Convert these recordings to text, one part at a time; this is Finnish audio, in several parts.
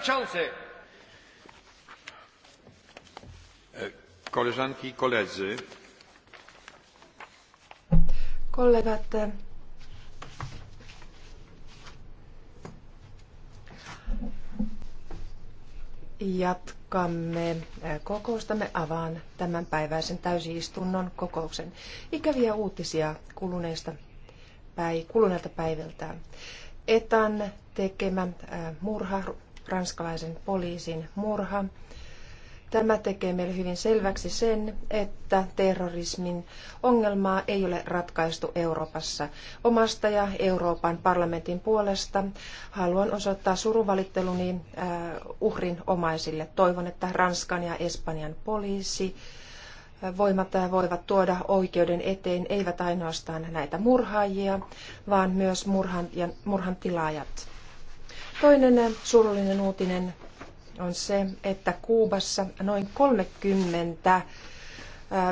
przewodniczący! koleżanki i koledzy! kollegat jatkamme kokoustamme avaan tämänpäiväisen täysistunnon kokouksen ikäviä uutisia kuluneista päi, kuluneelta päiviltä. Etan tekemä murha ranskalaisen poliisin murha. Tämä tekee meille hyvin selväksi sen, että terrorismin ongelmaa ei ole ratkaistu Euroopassa. Omasta ja Euroopan parlamentin puolesta haluan osoittaa surunvalitteluni äh, uhrin omaisille. Toivon, että Ranskan ja Espanjan poliisi äh, voimat äh, voivat tuoda oikeuden eteen eivät ainoastaan näitä murhaajia, vaan myös murhan, ja murhan tilaajat. Toinen surullinen uutinen on se, että Kuubassa noin 30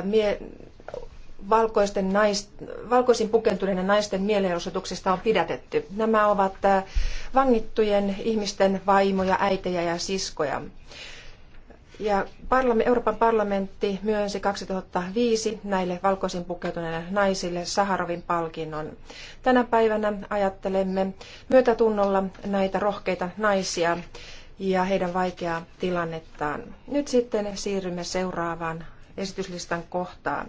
mie- valkoisten nais- valkoisin pukeutuneiden naisten mielenosoituksista on pidätetty. Nämä ovat vangittujen ihmisten vaimoja, äitejä ja siskoja. Ja Euroopan parlamentti myönsi 2005 näille valkoisin pukeutuneille naisille Saharovin palkinnon. Tänä päivänä ajattelemme myötätunnolla näitä rohkeita naisia ja heidän vaikeaa tilannettaan. Nyt sitten siirrymme seuraavaan esityslistan kohtaan.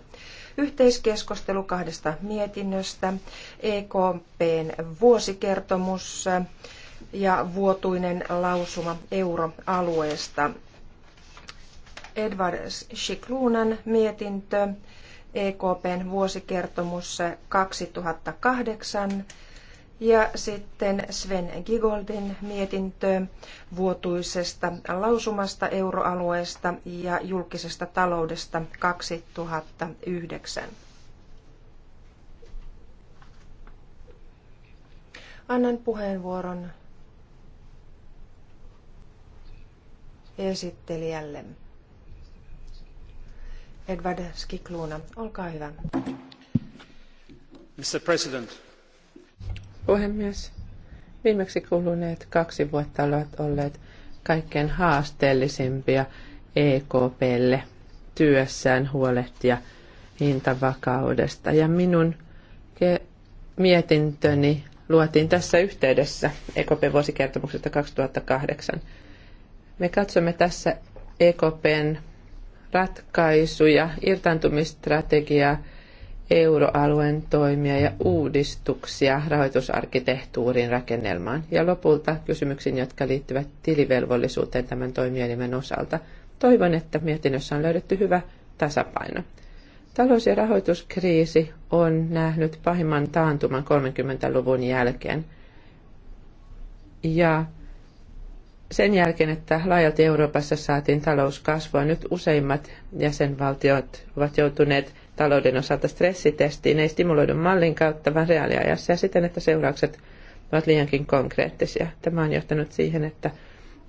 Yhteiskeskustelu kahdesta mietinnöstä, EKPn vuosikertomus ja vuotuinen lausuma euroalueesta. Edward Shikluunan mietintö, EKPn vuosikertomus 2008 ja sitten Sven Gigoldin mietintö vuotuisesta lausumasta euroalueesta ja julkisesta taloudesta 2009. Annan puheenvuoron esittelijälle. Edward Skikluna, olkaa hyvä. Mr. President. Puhemies, viimeksi kuluneet kaksi vuotta ovat olleet kaikkein haasteellisimpia EKPlle työssään huolehtia hintavakaudesta. Ja minun mietintöni luotiin tässä yhteydessä EKP-vuosikertomuksesta 2008. Me katsomme tässä EKPn ratkaisuja, irtaantumistrategiaa, euroalueen toimia ja uudistuksia rahoitusarkkitehtuurin rakennelmaan. Ja lopulta kysymyksiin, jotka liittyvät tilivelvollisuuteen tämän toimielimen osalta. Toivon, että mietinnössä on löydetty hyvä tasapaino. Talous- ja rahoituskriisi on nähnyt pahimman taantuman 30-luvun jälkeen. Ja sen jälkeen, että laajalti Euroopassa saatiin talouskasvua, nyt useimmat jäsenvaltiot ovat joutuneet talouden osalta stressitestiin, ei stimuloidun mallin kautta, vaan reaaliajassa ja siten, että seuraukset ovat liiankin konkreettisia. Tämä on johtanut siihen, että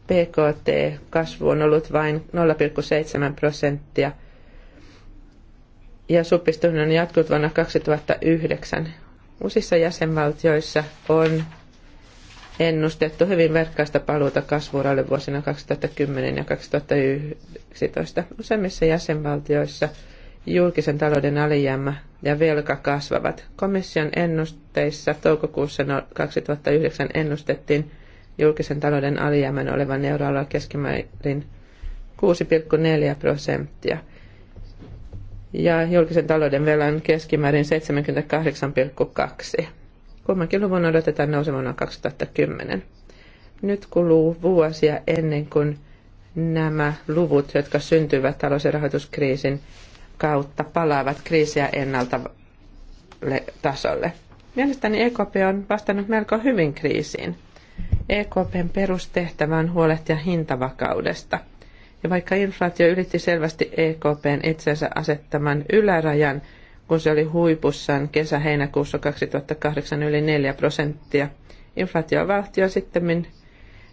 PKT-kasvu on ollut vain 0,7 prosenttia ja supistuminen on jatkunut vuonna 2009. Uusissa jäsenvaltioissa on ennustettu hyvin verkkaista paluuta kasvuuralle vuosina 2010 ja 2011. Useimmissa jäsenvaltioissa julkisen talouden alijäämä ja velka kasvavat. Komission ennusteissa toukokuussa 2009 no- ennustettiin julkisen talouden alijäämän olevan euroalueella keskimäärin 6,4 prosenttia ja julkisen talouden velan keskimäärin 78,2. Kummankin luvun odotetaan nousemana 2010. Nyt kuluu vuosia ennen kuin nämä luvut, jotka syntyvät talous- ja rahoituskriisin kautta, palaavat kriisiä ennalta tasolle. Mielestäni EKP on vastannut melko hyvin kriisiin. EKPn perustehtävä on huolehtia hintavakaudesta. Ja vaikka inflaatio ylitti selvästi EKPn itsensä asettaman ylärajan, kun se oli huipussaan kesä-heinäkuussa 2008 yli 4 prosenttia. Inflaatiovauhti on sitten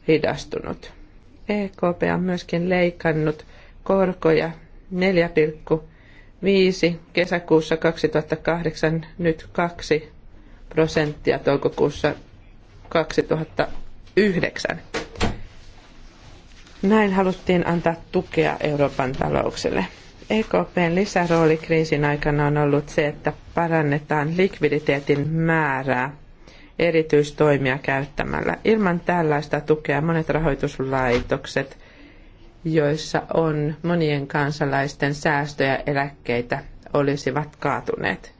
hidastunut. EKP on myöskin leikannut korkoja 4,5 kesäkuussa 2008, nyt 2 prosenttia toukokuussa 2009. Näin haluttiin antaa tukea Euroopan taloukselle. EKPn lisärooli kriisin aikana on ollut se, että parannetaan likviditeetin määrää erityistoimia käyttämällä. Ilman tällaista tukea monet rahoituslaitokset, joissa on monien kansalaisten säästöjä eläkkeitä, olisivat kaatuneet.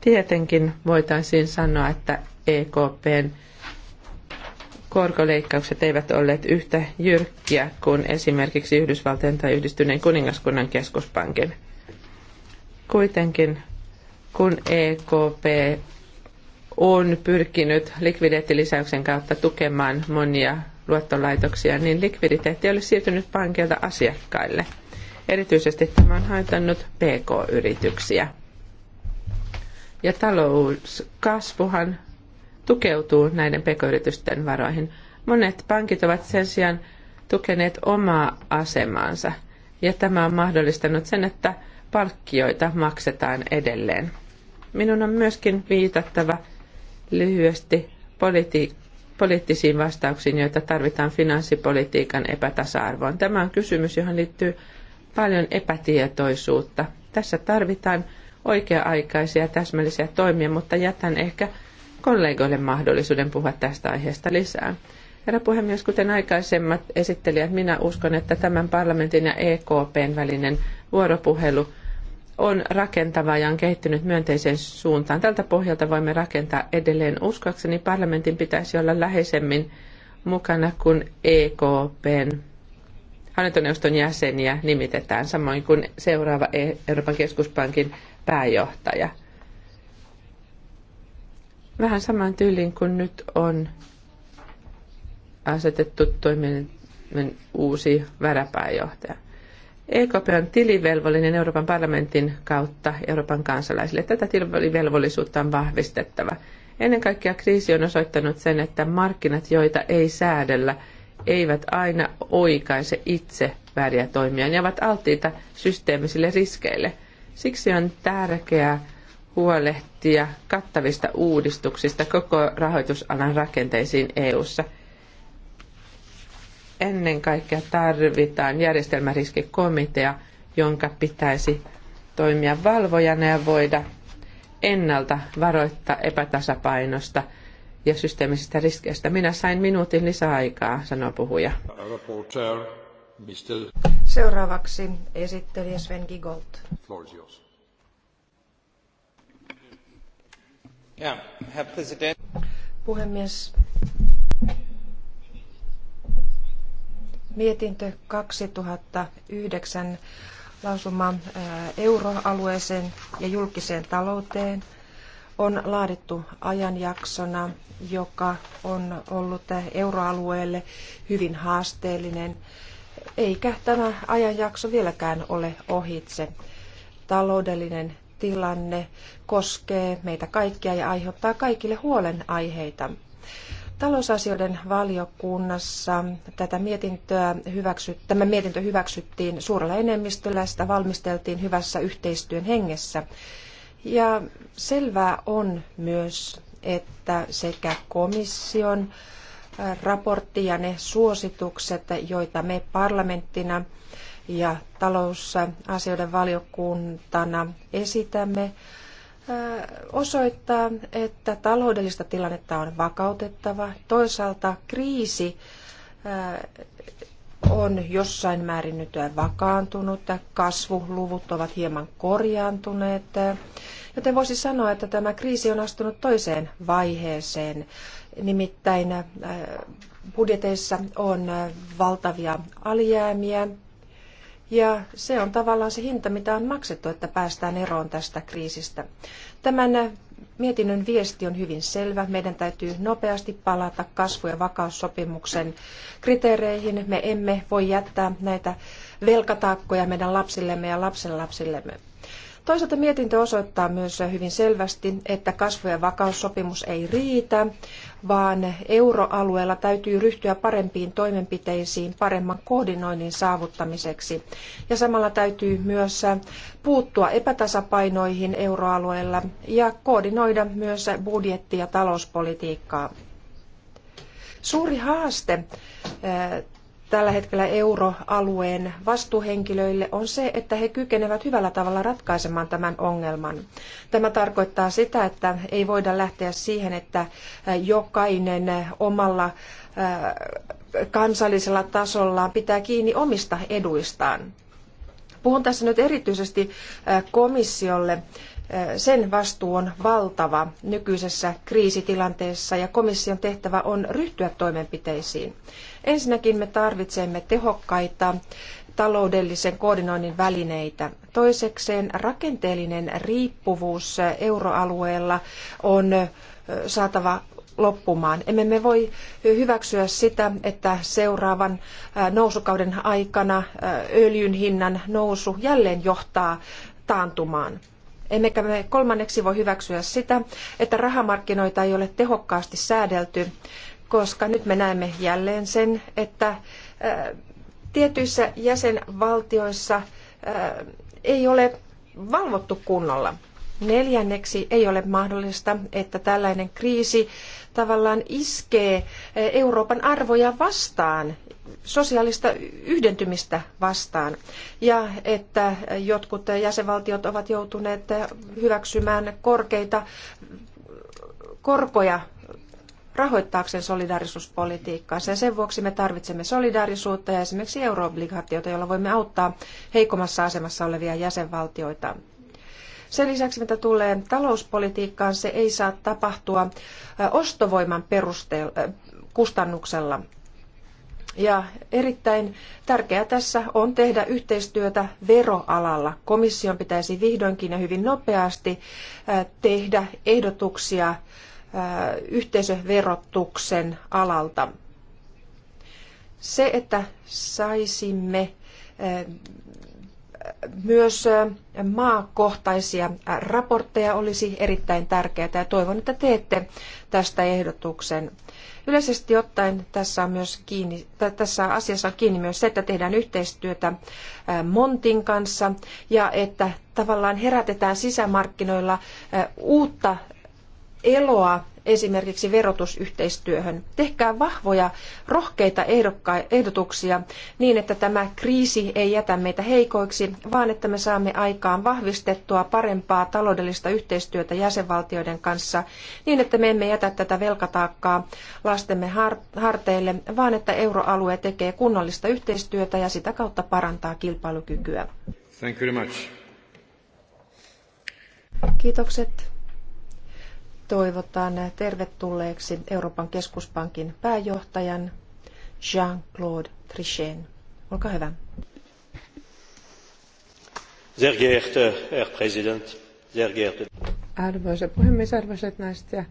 Tietenkin voitaisiin sanoa, että EKPn korkoleikkaukset eivät olleet yhtä jyrkkiä kuin esimerkiksi Yhdysvaltain tai Yhdistyneen kuningaskunnan keskuspankin. Kuitenkin kun EKP on pyrkinyt likviditeettilisäyksen kautta tukemaan monia luottolaitoksia, niin likviditeetti ei ole siirtynyt pankilta asiakkaille. Erityisesti tämä on haitannut PK-yrityksiä. Ja talouskasvuhan tukeutuu näiden pekoyritysten varoihin. Monet pankit ovat sen sijaan tukeneet omaa asemaansa, ja tämä on mahdollistanut sen, että palkkioita maksetaan edelleen. Minun on myöskin viitattava lyhyesti politi- poliittisiin vastauksiin, joita tarvitaan finanssipolitiikan epätasa-arvoon. Tämä on kysymys, johon liittyy paljon epätietoisuutta. Tässä tarvitaan oikea-aikaisia täsmällisiä toimia, mutta jätän ehkä kollegoille mahdollisuuden puhua tästä aiheesta lisää. Herra puhemies, kuten aikaisemmat esittelijät, minä uskon, että tämän parlamentin ja EKPn välinen vuoropuhelu on rakentava ja on kehittynyt myönteiseen suuntaan. Tältä pohjalta voimme rakentaa edelleen. Uskoakseni parlamentin pitäisi olla läheisemmin mukana, kun EKPn hallintoneuvoston jäseniä nimitetään, samoin kuin seuraava e- Euroopan keskuspankin pääjohtaja – vähän samaan tyyliin kuin nyt on asetettu toiminnan uusi väräpääjohtaja. EKP on tilivelvollinen Euroopan parlamentin kautta Euroopan kansalaisille. Tätä tilivelvollisuutta on vahvistettava. Ennen kaikkea kriisi on osoittanut sen, että markkinat, joita ei säädellä, eivät aina oikaise itse väriä toimia ja ovat alttiita systeemisille riskeille. Siksi on tärkeää huolehtia kattavista uudistuksista koko rahoitusalan rakenteisiin EU:ssa. Ennen kaikkea tarvitaan järjestelmäriskikomitea, jonka pitäisi toimia valvojana ja voida ennalta varoittaa epätasapainosta ja systeemisistä riskeistä. Minä sain minuutin lisäaikaa, sanoo puhuja. Seuraavaksi esittelijä Sven Gigolt. Floor is yours. arvoisa Puhemies. Mietintö 2009 lausuma äh, euroalueeseen ja julkiseen talouteen on laadittu ajanjaksona, joka on ollut euroalueelle hyvin haasteellinen, eikä tämä ajanjakso vieläkään ole ohitse. Taloudellinen tilanne koskee meitä kaikkia ja aiheuttaa kaikille huolenaiheita. Talousasioiden valiokunnassa tätä mietintöä hyväksy, tämä mietintö hyväksyttiin suurella enemmistöllä ja sitä valmisteltiin hyvässä yhteistyön hengessä. Ja selvää on myös, että sekä komission äh, raportti ja ne suositukset, joita me parlamenttina ja talousasioiden valiokuntana esitämme, osoittaa, että taloudellista tilannetta on vakautettava. Toisaalta kriisi on jossain määrin nyt vakaantunut, kasvuluvut ovat hieman korjaantuneet, joten voisi sanoa, että tämä kriisi on astunut toiseen vaiheeseen. Nimittäin budjeteissa on valtavia alijäämiä, ja se on tavallaan se hinta, mitä on maksettu, että päästään eroon tästä kriisistä. Tämän äh, mietinnön viesti on hyvin selvä. Meidän täytyy nopeasti palata kasvu- ja vakaussopimuksen kriteereihin. Me emme voi jättää näitä velkataakkoja meidän lapsillemme ja lapsenlapsillemme. Toisaalta mietintö osoittaa myös hyvin selvästi, että kasvu- ja vakaussopimus ei riitä, vaan euroalueella täytyy ryhtyä parempiin toimenpiteisiin paremman koordinoinnin saavuttamiseksi. Ja samalla täytyy myös puuttua epätasapainoihin euroalueella ja koordinoida myös budjetti- ja talouspolitiikkaa. Suuri haaste tällä hetkellä euroalueen vastuuhenkilöille on se, että he kykenevät hyvällä tavalla ratkaisemaan tämän ongelman. Tämä tarkoittaa sitä, että ei voida lähteä siihen, että äh, jokainen äh, omalla äh, kansallisella tasollaan pitää kiinni omista eduistaan. Puhun tässä nyt erityisesti komissiolle. Sen vastuu on valtava nykyisessä kriisitilanteessa ja komission tehtävä on ryhtyä toimenpiteisiin. Ensinnäkin me tarvitsemme tehokkaita taloudellisen koordinoinnin välineitä. Toisekseen rakenteellinen riippuvuus euroalueella on saatava loppumaan. Emme me voi hyväksyä sitä, että seuraavan nousukauden aikana öljyn hinnan nousu jälleen johtaa taantumaan. Emmekä me kolmanneksi voi hyväksyä sitä, että rahamarkkinoita ei ole tehokkaasti säädelty koska nyt me näemme jälleen sen, että äh, tietyissä jäsenvaltioissa äh, ei ole valvottu kunnolla. Neljänneksi ei ole mahdollista, että tällainen kriisi tavallaan iskee äh, Euroopan arvoja vastaan, sosiaalista yhdentymistä vastaan, ja että jotkut jäsenvaltiot ovat joutuneet hyväksymään korkeita korkoja rahoittaakseen solidaarisuuspolitiikkaansa. Ja sen vuoksi me tarvitsemme solidaarisuutta ja esimerkiksi euroobligaatiota, jolla voimme auttaa heikommassa asemassa olevia jäsenvaltioita. Sen lisäksi, mitä tulee talouspolitiikkaan, se ei saa tapahtua ostovoiman perusteella, kustannuksella. Ja erittäin tärkeää tässä on tehdä yhteistyötä veroalalla. Komission pitäisi vihdoinkin ja hyvin nopeasti tehdä ehdotuksia yhteisöverotuksen alalta. Se, että saisimme myös maakohtaisia raportteja olisi erittäin tärkeää ja toivon, että teette tästä ehdotuksen. Yleisesti ottaen tässä, on myös kiinni, tässä asiassa on kiinni myös se, että tehdään yhteistyötä Montin kanssa ja että tavallaan herätetään sisämarkkinoilla uutta eloa esimerkiksi verotusyhteistyöhön. Tehkää vahvoja, rohkeita ehdotuksia niin, että tämä kriisi ei jätä meitä heikoiksi, vaan että me saamme aikaan vahvistettua parempaa taloudellista yhteistyötä jäsenvaltioiden kanssa niin, että me emme jätä tätä velkataakkaa lastemme harteille, vaan että euroalue tekee kunnollista yhteistyötä ja sitä kautta parantaa kilpailukykyä. Thank you very much. Kiitokset toivotan tervetulleeksi Euroopan keskuspankin pääjohtajan Jean-Claude Trichet. Olkaa hyvä. Sehr geehrter Herr Präsident, sehr geehrte. Arvoisa puhemies, arvoisat naiset ja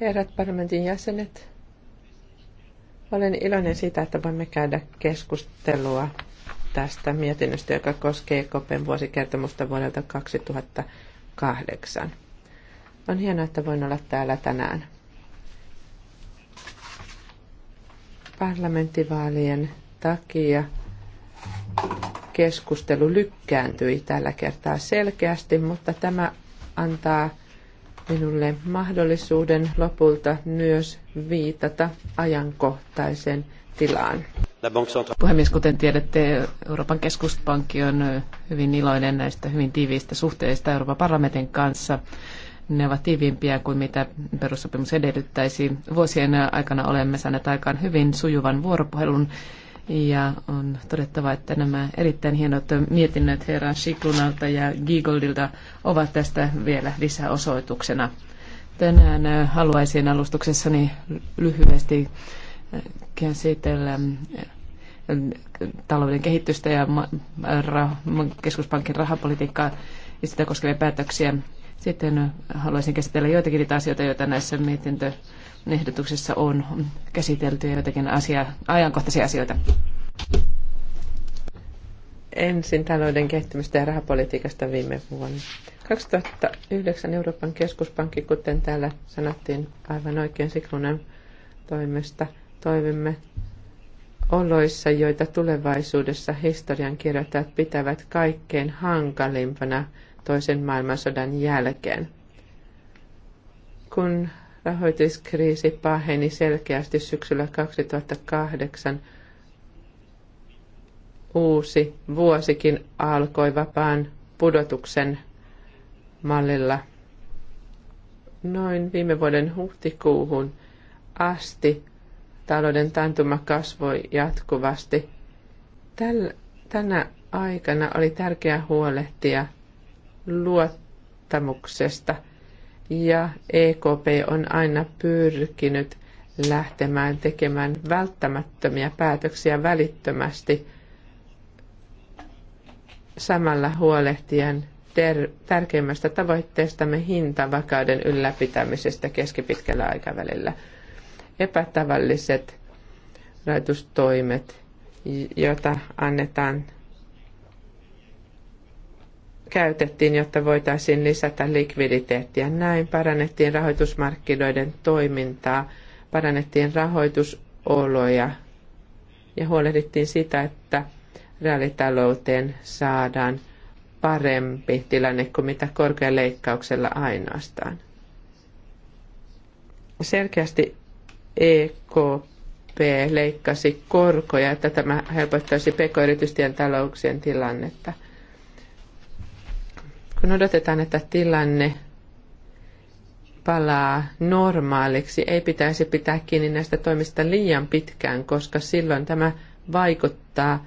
herrat parlamentin jäsenet, olen iloinen siitä, että voimme käydä keskustelua tästä mietinnöstä, joka koskee Kopen vuosikertomusta vuodelta 2008. On hienoa, että voin olla täällä tänään. Parlamenttivaalien takia keskustelu lykkääntyi tällä kertaa selkeästi, mutta tämä antaa minulle mahdollisuuden lopulta myös viitata ajankohtaisen tilaan. Puhemies, kuten tiedätte, Euroopan keskuspankki on hyvin iloinen näistä hyvin tiiviistä suhteista Euroopan parlamentin kanssa. Ne ovat tiiviimpiä kuin mitä perussopimus edellyttäisi. Vuosien aikana olemme saaneet aikaan hyvin sujuvan vuoropuhelun ja on todettava, että nämä erittäin hienot mietinnöt herran Siklunalta ja Giegoldilta ovat tästä vielä lisäosoituksena. Tänään haluaisin alustuksessani lyhyesti käsitellä talouden kehitystä ja keskuspankin rahapolitiikkaa ja sitä koskevia päätöksiä sitten haluaisin käsitellä joitakin niitä asioita, joita näissä mietintöehdotuksissa on käsitelty ja joitakin asia, ajankohtaisia asioita. Ensin talouden kehittymistä ja rahapolitiikasta viime vuonna. 2009 Euroopan keskuspankki, kuten täällä sanottiin aivan oikein Siklunen toimesta, toivimme oloissa, joita tulevaisuudessa kirjoittajat pitävät kaikkein hankalimpana – toisen maailmansodan jälkeen. Kun rahoituskriisi paheni selkeästi syksyllä 2008, uusi vuosikin alkoi vapaan pudotuksen mallilla. Noin viime vuoden huhtikuuhun asti talouden tantuma kasvoi jatkuvasti. tänä aikana oli tärkeää huolehtia luottamuksesta ja EKP on aina pyrkinyt lähtemään tekemään välttämättömiä päätöksiä välittömästi samalla huolehtien ter- tärkeimmästä tavoitteestamme hintavakauden ylläpitämisestä keskipitkällä aikavälillä. Epätavalliset rajoitustoimet, joita annetaan käytettiin, jotta voitaisiin lisätä likviditeettiä. Näin parannettiin rahoitusmarkkinoiden toimintaa, parannettiin rahoitusoloja ja huolehdittiin sitä, että reaalitalouteen saadaan parempi tilanne kuin mitä korkealeikkauksella ainoastaan. Selkeästi EKP leikkasi korkoja, että tämä helpottaisi pk-yritysten talouksien tilannetta – kun odotetaan, että tilanne palaa normaaliksi, ei pitäisi pitää kiinni näistä toimista liian pitkään, koska silloin tämä vaikuttaa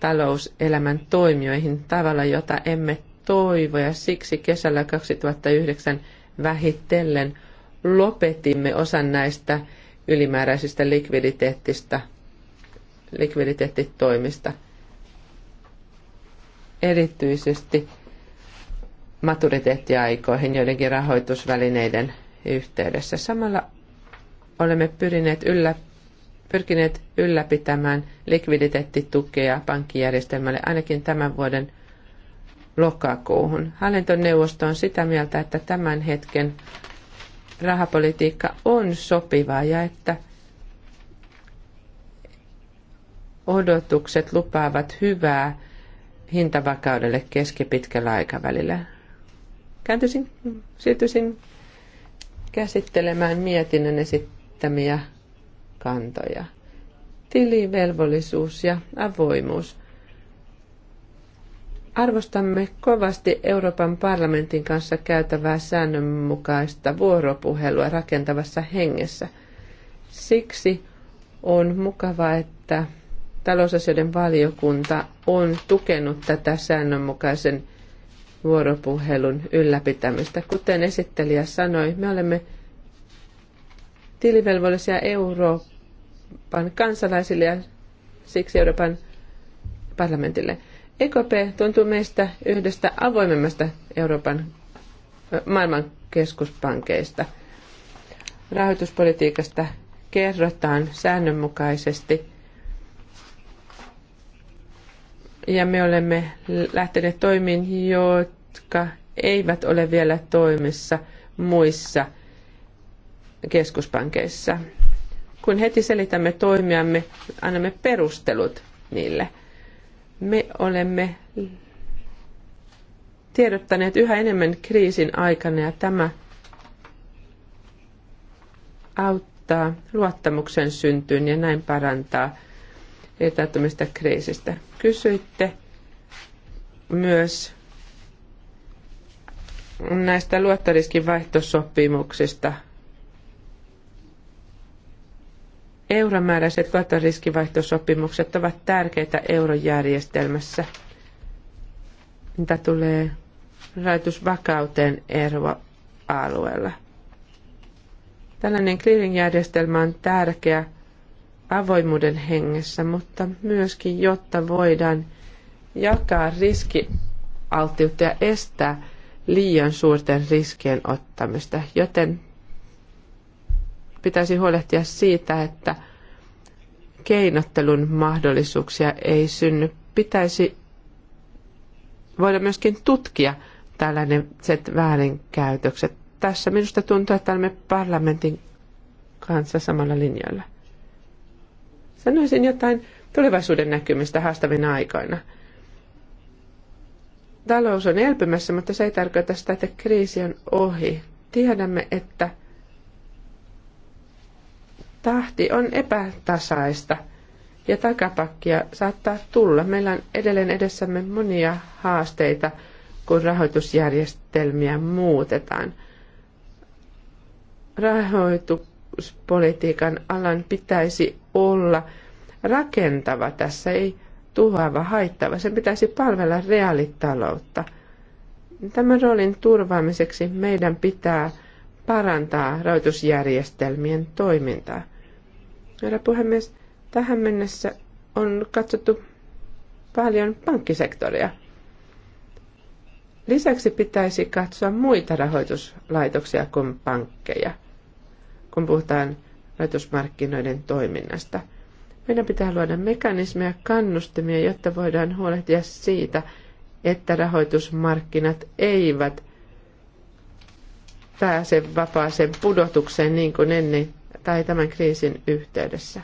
talouselämän toimijoihin tavalla, jota emme toivo. Ja siksi kesällä 2009 vähitellen lopetimme osan näistä ylimääräisistä likviditeettistä, likviditeettitoimista. Erityisesti maturiteettiaikoihin joidenkin rahoitusvälineiden yhteydessä. Samalla olemme pyrineet yllä, pyrkineet ylläpitämään likviditeettitukea pankkijärjestelmälle ainakin tämän vuoden lokakuuhun. Hallintoneuvosto on sitä mieltä, että tämän hetken rahapolitiikka on sopiva ja että odotukset lupaavat hyvää hintavakaudelle keskipitkällä aikavälillä kääntyisin, siirtyisin käsittelemään mietinnön esittämiä kantoja. Tilivelvollisuus ja avoimuus. Arvostamme kovasti Euroopan parlamentin kanssa käytävää säännönmukaista vuoropuhelua rakentavassa hengessä. Siksi on mukavaa, että talousasioiden valiokunta on tukenut tätä säännönmukaisen vuoropuhelun ylläpitämistä. Kuten esittelijä sanoi, me olemme tilivelvollisia Euroopan kansalaisille ja siksi Euroopan parlamentille. EKP tuntuu meistä yhdestä avoimemmasta Euroopan maailman keskuspankeista. Rahoituspolitiikasta kerrotaan säännönmukaisesti – ja me olemme lähteneet toimiin, jotka eivät ole vielä toimissa muissa keskuspankeissa. Kun heti selitämme toimiamme, annamme perustelut niille. Me olemme tiedottaneet yhä enemmän kriisin aikana ja tämä auttaa luottamuksen syntyyn ja näin parantaa – irtautumista kriisistä. Kysyitte myös näistä luottoriskin vaihtosopimuksista. Euromääräiset luottoriskivaihtosopimukset ovat tärkeitä eurojärjestelmässä. Mitä tulee rahoitusvakauteen euroalueella. Tällainen clearing-järjestelmä on tärkeä – avoimuuden hengessä, mutta myöskin, jotta voidaan jakaa riskialtiutta ja estää liian suurten riskien ottamista. Joten pitäisi huolehtia siitä, että keinottelun mahdollisuuksia ei synny. Pitäisi voida myöskin tutkia tällaiset väärinkäytökset. Tässä minusta tuntuu, että olemme parlamentin kanssa samalla linjalla. Sanoisin jotain tulevaisuuden näkymistä haastavina aikoina. Talous on elpymässä, mutta se ei tarkoita sitä, että kriisi on ohi. Tiedämme, että tahti on epätasaista ja takapakkia saattaa tulla. Meillä on edelleen edessämme monia haasteita, kun rahoitusjärjestelmiä muutetaan. Rahoituspolitiikan alan pitäisi olla rakentava tässä, ei tuhoava, haittava. Sen pitäisi palvella reaalitaloutta. Tämän roolin turvaamiseksi meidän pitää parantaa rahoitusjärjestelmien toimintaa. Herra puhemies, tähän mennessä on katsottu paljon pankkisektoria. Lisäksi pitäisi katsoa muita rahoituslaitoksia kuin pankkeja, kun puhutaan rahoitusmarkkinoiden toiminnasta. Meidän pitää luoda mekanismeja, kannustimia, jotta voidaan huolehtia siitä, että rahoitusmarkkinat eivät pääse vapaaseen pudotukseen niin kuin ennen tai tämän kriisin yhteydessä.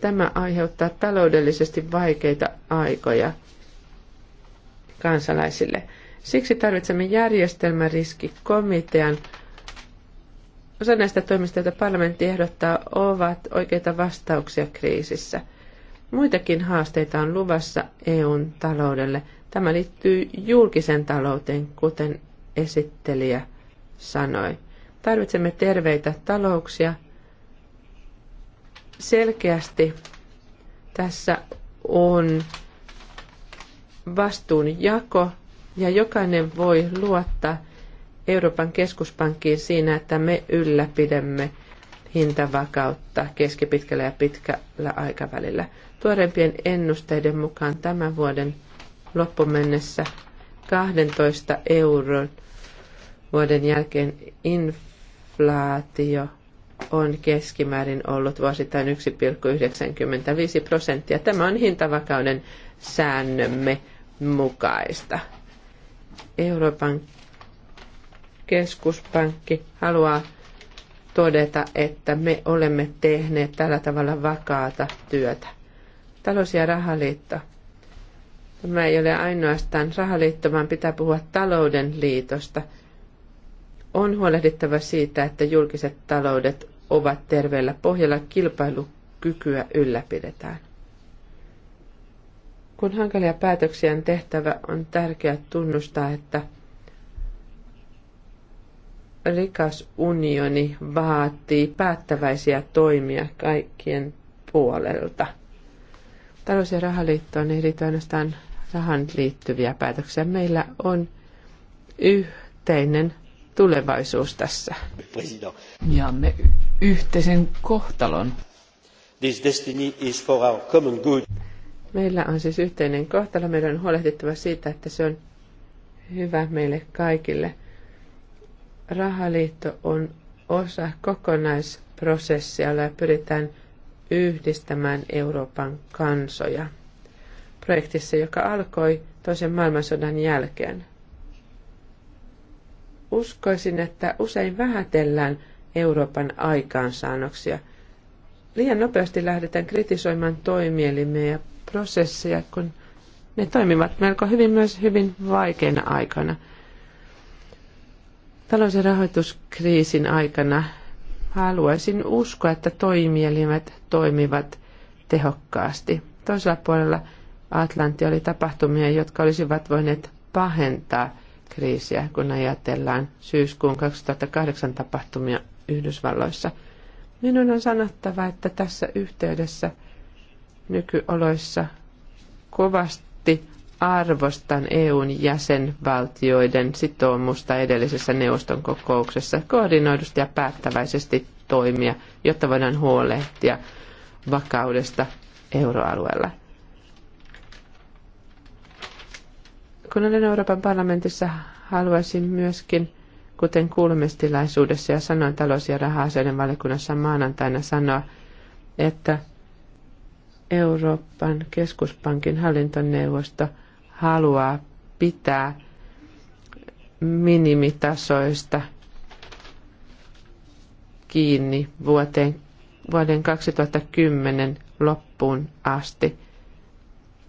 Tämä aiheuttaa taloudellisesti vaikeita aikoja kansalaisille. Siksi tarvitsemme järjestelmäriskikomitean, Osa näistä toimista, joita parlamentti ehdottaa, ovat oikeita vastauksia kriisissä. Muitakin haasteita on luvassa EUn taloudelle. Tämä liittyy julkisen talouteen, kuten esittelijä sanoi. Tarvitsemme terveitä talouksia. Selkeästi tässä on vastuunjako ja jokainen voi luottaa Euroopan keskuspankkiin siinä, että me ylläpidämme hintavakautta keskipitkällä ja pitkällä aikavälillä. Tuorempien ennusteiden mukaan tämän vuoden loppumennessä 12 euron vuoden jälkeen inflaatio on keskimäärin ollut vuosittain 1,95 prosenttia. Tämä on hintavakauden säännömme mukaista. Euroopan keskuspankki haluaa todeta, että me olemme tehneet tällä tavalla vakaata työtä. Talous- ja rahaliitto. Tämä ei ole ainoastaan rahaliitto, vaan pitää puhua talouden liitosta. On huolehdittava siitä, että julkiset taloudet ovat terveellä pohjalla, kilpailukykyä ylläpidetään. Kun hankalia päätöksiä on tehtävä, on tärkeää tunnustaa, että – rikas unioni vaatii päättäväisiä toimia kaikkien puolelta. Talous- ja rahaliittoon ei liity ainoastaan rahan liittyviä päätöksiä. Meillä on yhteinen tulevaisuus tässä. ja me yhteisen kohtalon. This destiny is for our common good. Meillä on siis yhteinen kohtalo. Meidän on huolehdittava siitä, että se on hyvä meille kaikille rahaliitto on osa kokonaisprosessia, jolla pyritään yhdistämään Euroopan kansoja projektissa, joka alkoi toisen maailmansodan jälkeen. Uskoisin, että usein vähätellään Euroopan aikaansaannoksia. Liian nopeasti lähdetään kritisoimaan toimielimiä ja prosesseja, kun ne toimivat melko hyvin myös hyvin vaikeina aikana – Talous- ja rahoituskriisin aikana haluaisin uskoa, että toimielimet toimivat tehokkaasti. Toisella puolella Atlantti oli tapahtumia, jotka olisivat voineet pahentaa kriisiä, kun ajatellaan syyskuun 2008 tapahtumia Yhdysvalloissa. Minun on sanottava, että tässä yhteydessä nykyoloissa kovasti arvostan EUn jäsenvaltioiden sitoumusta edellisessä neuvoston kokouksessa koordinoidusti ja päättäväisesti toimia, jotta voidaan huolehtia vakaudesta euroalueella. Kun olen Euroopan parlamentissa, haluaisin myöskin, kuten kuulemistilaisuudessa ja sanoin talous- ja raha-asioiden valiokunnassa maanantaina sanoa, että Euroopan keskuspankin hallintoneuvosto – haluaa pitää minimitasoista kiinni vuoteen, vuoden 2010 loppuun asti.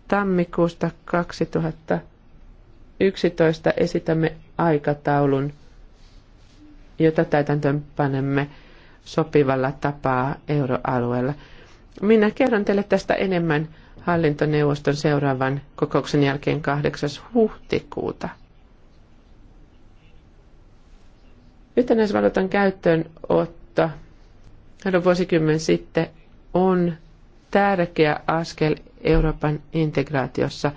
Tammikuusta 2011 esitämme aikataulun, jota täytäntöön panemme sopivalla tapaa euroalueella. Minä kerron teille tästä enemmän hallintoneuvoston seuraavan kokouksen jälkeen 8. huhtikuuta. Yhtenäisvaluutan käyttöönotto noin vuosikymmen sitten on tärkeä askel Euroopan integraatiossa.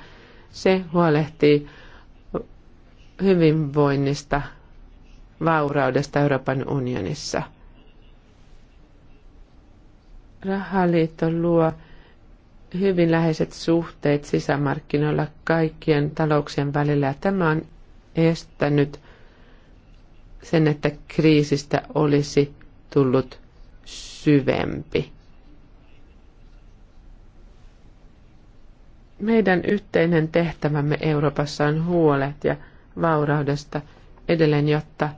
Se huolehtii hyvinvoinnista, vauraudesta Euroopan unionissa. Rahaliitto luo hyvin läheiset suhteet sisämarkkinoilla kaikkien talouksien välillä ja tämä on estänyt sen, että kriisistä olisi tullut syvempi. Meidän yhteinen tehtävämme Euroopassa on huolehtia vaurahdesta edelleen, jotta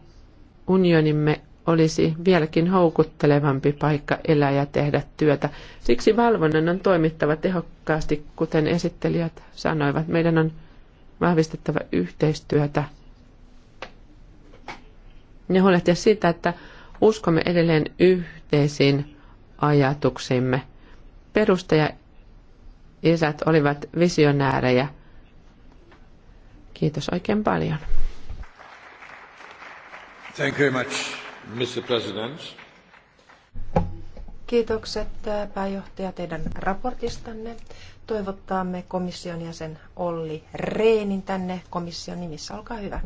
unionimme olisi vieläkin houkuttelevampi paikka elää ja tehdä työtä. Siksi valvonnan on toimittava tehokkaasti, kuten esittelijät sanoivat. Meidän on vahvistettava yhteistyötä ja huolehtia siitä, että uskomme edelleen yhteisiin ajatuksimme. Perustaja isät olivat visionäärejä. Kiitos oikein paljon. Thank you very much. Mr. President. Kiitokset pääjohtaja teidän raportistanne. Toivottaamme komission jäsen Olli Reenin tänne komission nimissä. Olkaa hyvä.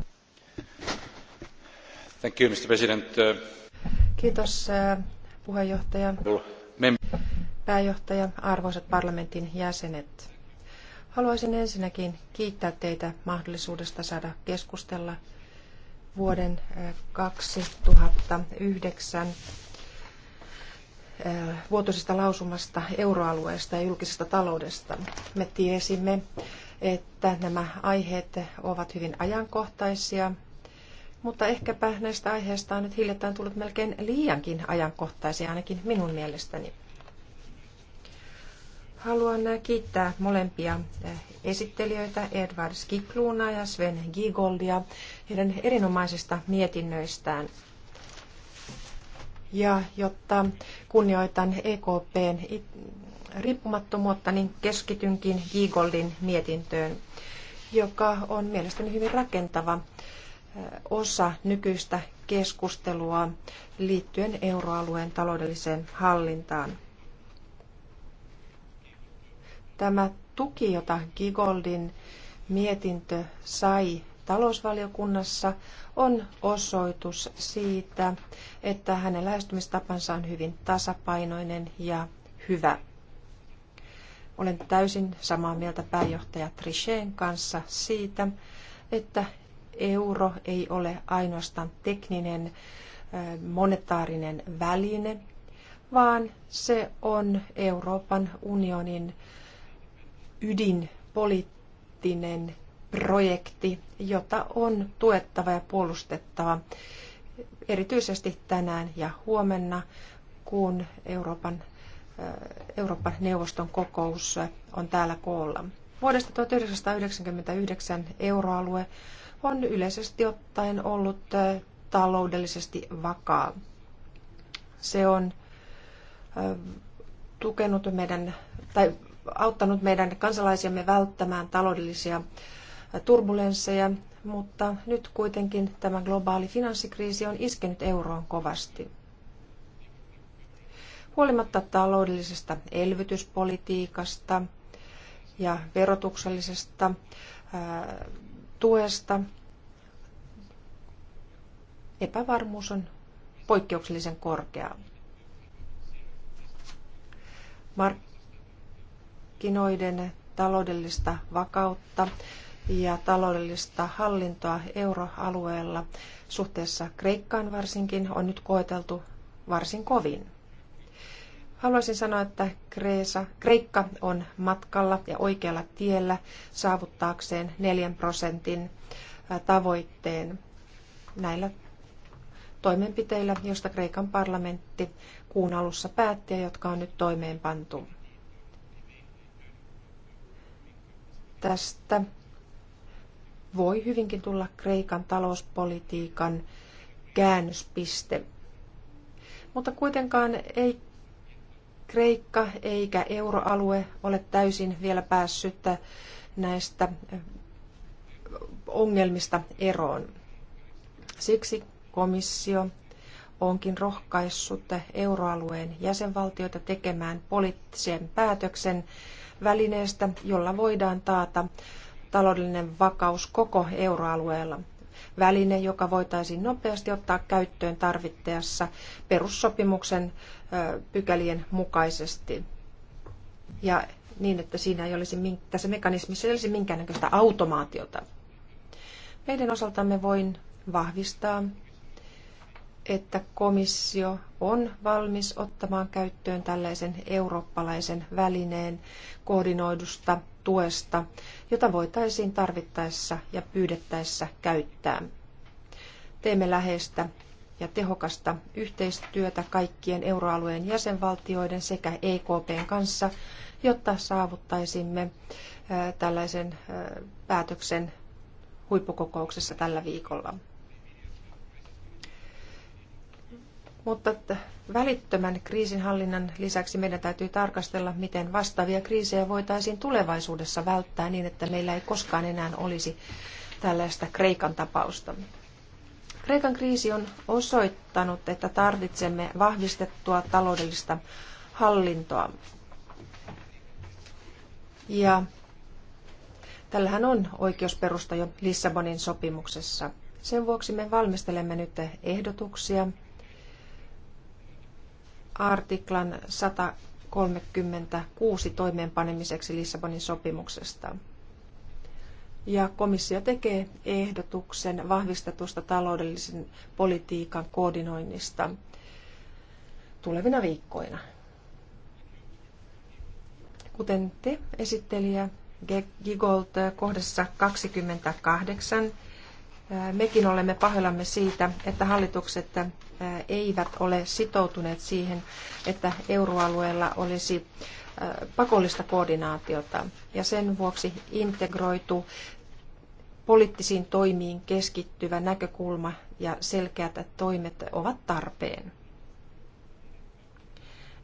Thank you, Mr. President. Kiitos puheenjohtaja. Pääjohtaja, arvoisat parlamentin jäsenet. Haluaisin ensinnäkin kiittää teitä mahdollisuudesta saada keskustella vuoden 2009 vuotuisesta lausumasta euroalueesta ja julkisesta taloudesta. Me tiesimme, että nämä aiheet ovat hyvin ajankohtaisia, mutta ehkäpä näistä aiheista on nyt hiljattain tullut melkein liiankin ajankohtaisia, ainakin minun mielestäni. Haluan kiittää molempia eh, esittelijöitä, Edvard Skikluuna ja Sven Gigoldia, heidän erinomaisista mietinnöistään. Ja jotta kunnioitan EKPn riippumattomuutta, niin keskitynkin Gigoldin mietintöön, joka on mielestäni hyvin rakentava eh, osa nykyistä keskustelua liittyen euroalueen taloudelliseen hallintaan. Tämä tuki, jota Gigoldin mietintö sai talousvaliokunnassa, on osoitus siitä, että hänen lähestymistapansa on hyvin tasapainoinen ja hyvä. Olen täysin samaa mieltä pääjohtaja Trichén kanssa siitä, että euro ei ole ainoastaan tekninen monetaarinen väline, vaan se on Euroopan unionin ydinpoliittinen projekti, jota on tuettava ja puolustettava erityisesti tänään ja huomenna, kun Euroopan, äh, Euroopan neuvoston kokous on täällä koolla. Vuodesta 1999 euroalue on yleisesti ottaen ollut äh, taloudellisesti vakaa. Se on äh, tukenut meidän, tai auttanut meidän kansalaisiamme välttämään taloudellisia turbulensseja, mutta nyt kuitenkin tämä globaali finanssikriisi on iskenyt euroon kovasti. Huolimatta taloudellisesta elvytyspolitiikasta ja verotuksellisesta tuesta, epävarmuus on poikkeuksellisen korkea. Mark- markkinoiden taloudellista vakautta ja taloudellista hallintoa euroalueella suhteessa Kreikkaan varsinkin on nyt koeteltu varsin kovin. Haluaisin sanoa, että Kreisa, Kreikka on matkalla ja oikealla tiellä saavuttaakseen 4 prosentin tavoitteen näillä toimenpiteillä, joista Kreikan parlamentti kuun alussa päätti ja jotka on nyt toimeenpantu. tästä voi hyvinkin tulla Kreikan talouspolitiikan käännöspiste. Mutta kuitenkaan ei Kreikka eikä euroalue ole täysin vielä päässyt näistä ongelmista eroon. Siksi komissio onkin rohkaissut euroalueen jäsenvaltioita tekemään poliittisen päätöksen välineestä, jolla voidaan taata taloudellinen vakaus koko euroalueella. Väline, joka voitaisiin nopeasti ottaa käyttöön tarvittaessa perussopimuksen pykälien mukaisesti. Ja niin, että siinä ei olisi, tässä mekanismissa ei olisi minkäännäköistä automaatiota. Meidän osaltamme voin vahvistaa, että komissio on valmis ottamaan käyttöön tällaisen eurooppalaisen välineen koordinoidusta tuesta, jota voitaisiin tarvittaessa ja pyydettäessä käyttää. Teemme läheistä ja tehokasta yhteistyötä kaikkien euroalueen jäsenvaltioiden sekä EKPn kanssa, jotta saavuttaisimme tällaisen päätöksen huippukokouksessa tällä viikolla. Mutta välittömän kriisinhallinnan lisäksi meidän täytyy tarkastella, miten vastaavia kriisejä voitaisiin tulevaisuudessa välttää niin, että meillä ei koskaan enää olisi tällaista Kreikan tapausta. Kreikan kriisi on osoittanut, että tarvitsemme vahvistettua taloudellista hallintoa. Ja tällähän on oikeusperusta jo Lissabonin sopimuksessa. Sen vuoksi me valmistelemme nyt ehdotuksia – artiklan 136 toimeenpanemiseksi Lissabonin sopimuksesta. Ja komissio tekee ehdotuksen vahvistetusta taloudellisen politiikan koordinoinnista tulevina viikkoina. Kuten te, esittelijä Gigolt, kohdassa 28 Mekin olemme pahoillamme siitä, että hallitukset eivät ole sitoutuneet siihen, että euroalueella olisi pakollista koordinaatiota ja sen vuoksi integroitu poliittisiin toimiin keskittyvä näkökulma ja selkeät toimet ovat tarpeen.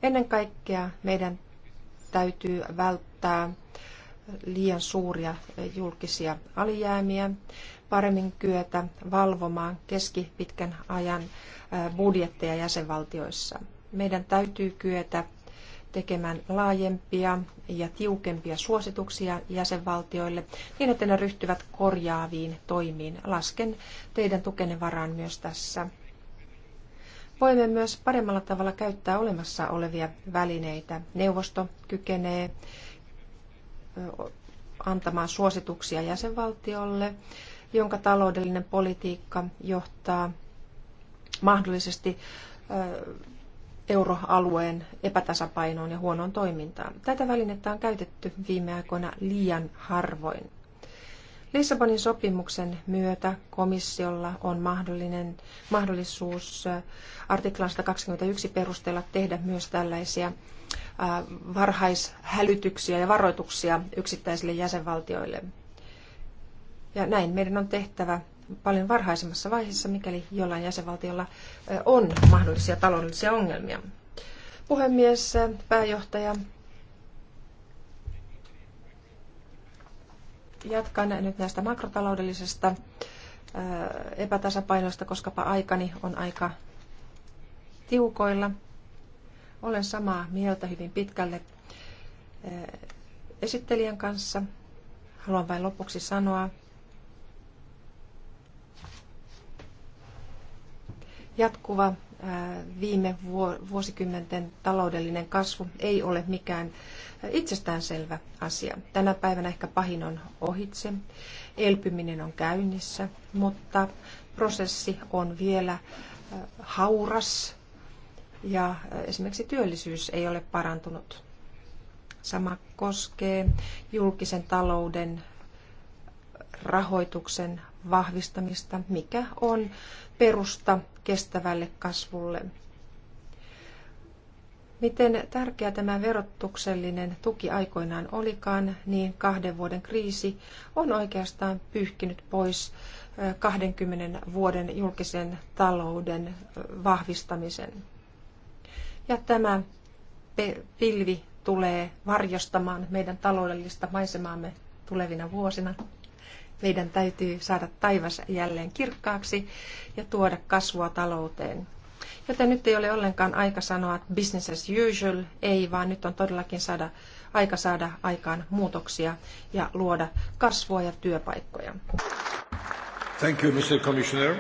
Ennen kaikkea meidän täytyy välttää liian suuria julkisia alijäämiä paremmin kyetä valvomaan keskipitkän ajan budjetteja jäsenvaltioissa. Meidän täytyy kyetä tekemään laajempia ja tiukempia suosituksia jäsenvaltioille niin, että ne ryhtyvät korjaaviin toimiin. Lasken teidän tukenne varaan myös tässä. Voimme myös paremmalla tavalla käyttää olemassa olevia välineitä. Neuvosto kykenee antamaan suosituksia jäsenvaltiolle jonka taloudellinen politiikka johtaa mahdollisesti euroalueen epätasapainoon ja huonoon toimintaan. Tätä välinettä on käytetty viime aikoina liian harvoin. Lissabonin sopimuksen myötä komissiolla on mahdollinen, mahdollisuus artiklan 121 perusteella tehdä myös tällaisia varhaishälytyksiä ja varoituksia yksittäisille jäsenvaltioille. Ja näin meidän on tehtävä paljon varhaisemmassa vaiheessa, mikäli jollain jäsenvaltiolla on mahdollisia taloudellisia ongelmia. Puhemies, pääjohtaja, jatkan nyt näistä makrotaloudellisesta epätasapainoista, koska aikani on aika tiukoilla. Olen samaa mieltä hyvin pitkälle esittelijän kanssa. Haluan vain lopuksi sanoa, Jatkuva viime vuosikymmenten taloudellinen kasvu ei ole mikään itsestäänselvä asia. Tänä päivänä ehkä pahin on ohitse, elpyminen on käynnissä, mutta prosessi on vielä hauras ja esimerkiksi työllisyys ei ole parantunut. Sama koskee julkisen talouden rahoituksen vahvistamista, mikä on perusta kestävälle kasvulle. Miten tärkeä tämä verotuksellinen tuki aikoinaan olikaan, niin kahden vuoden kriisi on oikeastaan pyyhkinyt pois 20 vuoden julkisen talouden vahvistamisen. Ja tämä pilvi tulee varjostamaan meidän taloudellista maisemaamme tulevina vuosina. Meidän täytyy saada taivas jälleen kirkkaaksi ja tuoda kasvua talouteen. Joten nyt ei ole ollenkaan aika sanoa, että business as usual, ei, vaan nyt on todellakin saada, aika saada aikaan muutoksia ja luoda kasvua ja työpaikkoja. Thank you, Mr. Commissioner.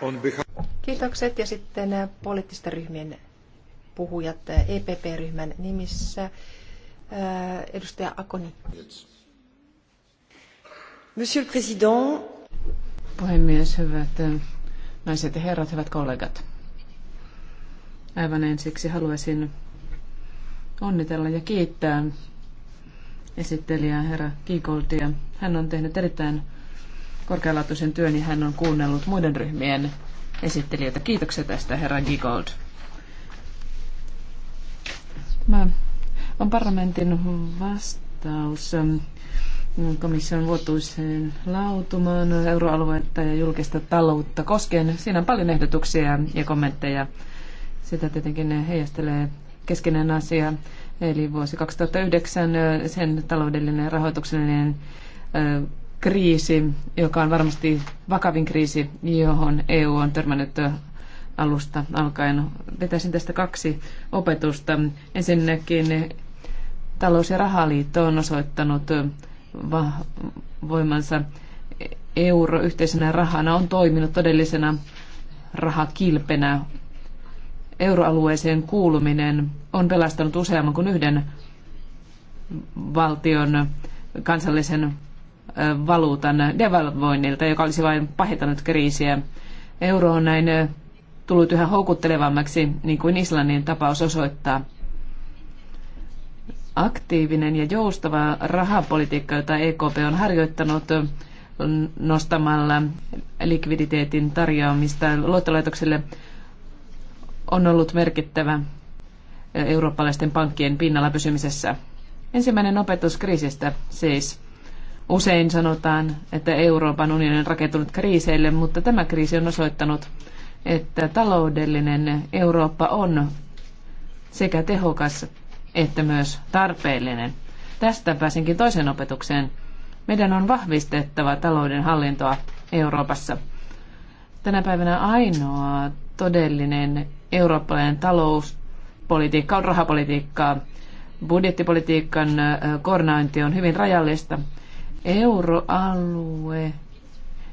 On behalf... Kiitokset ja sitten äh, poliittisten ryhmien puhujat äh, EPP-ryhmän nimissä. Äh, edustaja Akoni. Yes. Monsieur le Président. Puhemies, hyvät äh, naiset ja herrat, hyvät kollegat. Aivan ensiksi haluaisin onnitella ja kiittää esittelijää herra Kikoltia. Hän on tehnyt erittäin korkealaatuisen työn ja hän on kuunnellut muiden ryhmien esittelijöitä. Kiitoksia tästä herra Giegold. Tämä on parlamentin vastaus ähm, komission vuotuiseen lautumaan euroaluetta ja julkista taloutta koskien. Siinä on paljon ehdotuksia ja kommentteja. Sitä tietenkin heijastelee keskeinen asia, eli vuosi 2009, sen taloudellinen ja rahoituksellinen kriisi, joka on varmasti vakavin kriisi, johon EU on törmännyt alusta alkaen. Vetäisin tästä kaksi opetusta. Ensinnäkin talous- ja rahaliitto on osoittanut voimansa euro yhteisenä rahana on toiminut todellisena rahakilpenä. Euroalueeseen kuuluminen on pelastanut useamman kuin yhden valtion kansallisen valuutan devalvoinnilta, joka olisi vain pahitanut kriisiä. Euro on näin tullut yhä houkuttelevammaksi, niin kuin Islannin tapaus osoittaa aktiivinen ja joustava rahapolitiikka, jota EKP on harjoittanut nostamalla likviditeetin tarjoamista luottolaitoksille, on ollut merkittävä eurooppalaisten pankkien pinnalla pysymisessä. Ensimmäinen opetus kriisistä siis. Usein sanotaan, että Euroopan unioni on rakentunut kriiseille, mutta tämä kriisi on osoittanut, että taloudellinen Eurooppa on sekä tehokas että myös tarpeellinen. Tästä pääsinkin toisen opetukseen. Meidän on vahvistettava talouden hallintoa Euroopassa. Tänä päivänä ainoa todellinen eurooppalainen talouspolitiikka on rahapolitiikkaa. Budjettipolitiikan koordinointi on hyvin rajallista. Euroalue,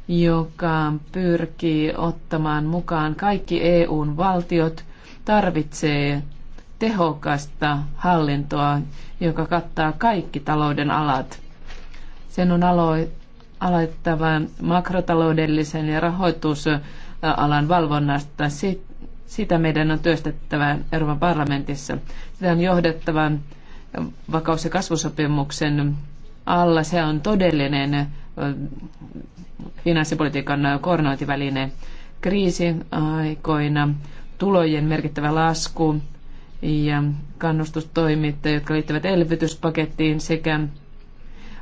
joka pyrkii ottamaan mukaan kaikki EUn valtiot, tarvitsee tehokasta hallintoa, joka kattaa kaikki talouden alat. Sen on alo- aloittavan makrotaloudellisen ja rahoitusalan valvonnasta. Sitä meidän on työstettävä Euroopan parlamentissa. Sitä on johdettava vakaus- ja kasvusopimuksen alla. Se on todellinen finanssipolitiikan koordinointiväline kriisin aikoina, tulojen merkittävä lasku, ja kannustustoimit, jotka liittyvät elvytyspakettiin sekä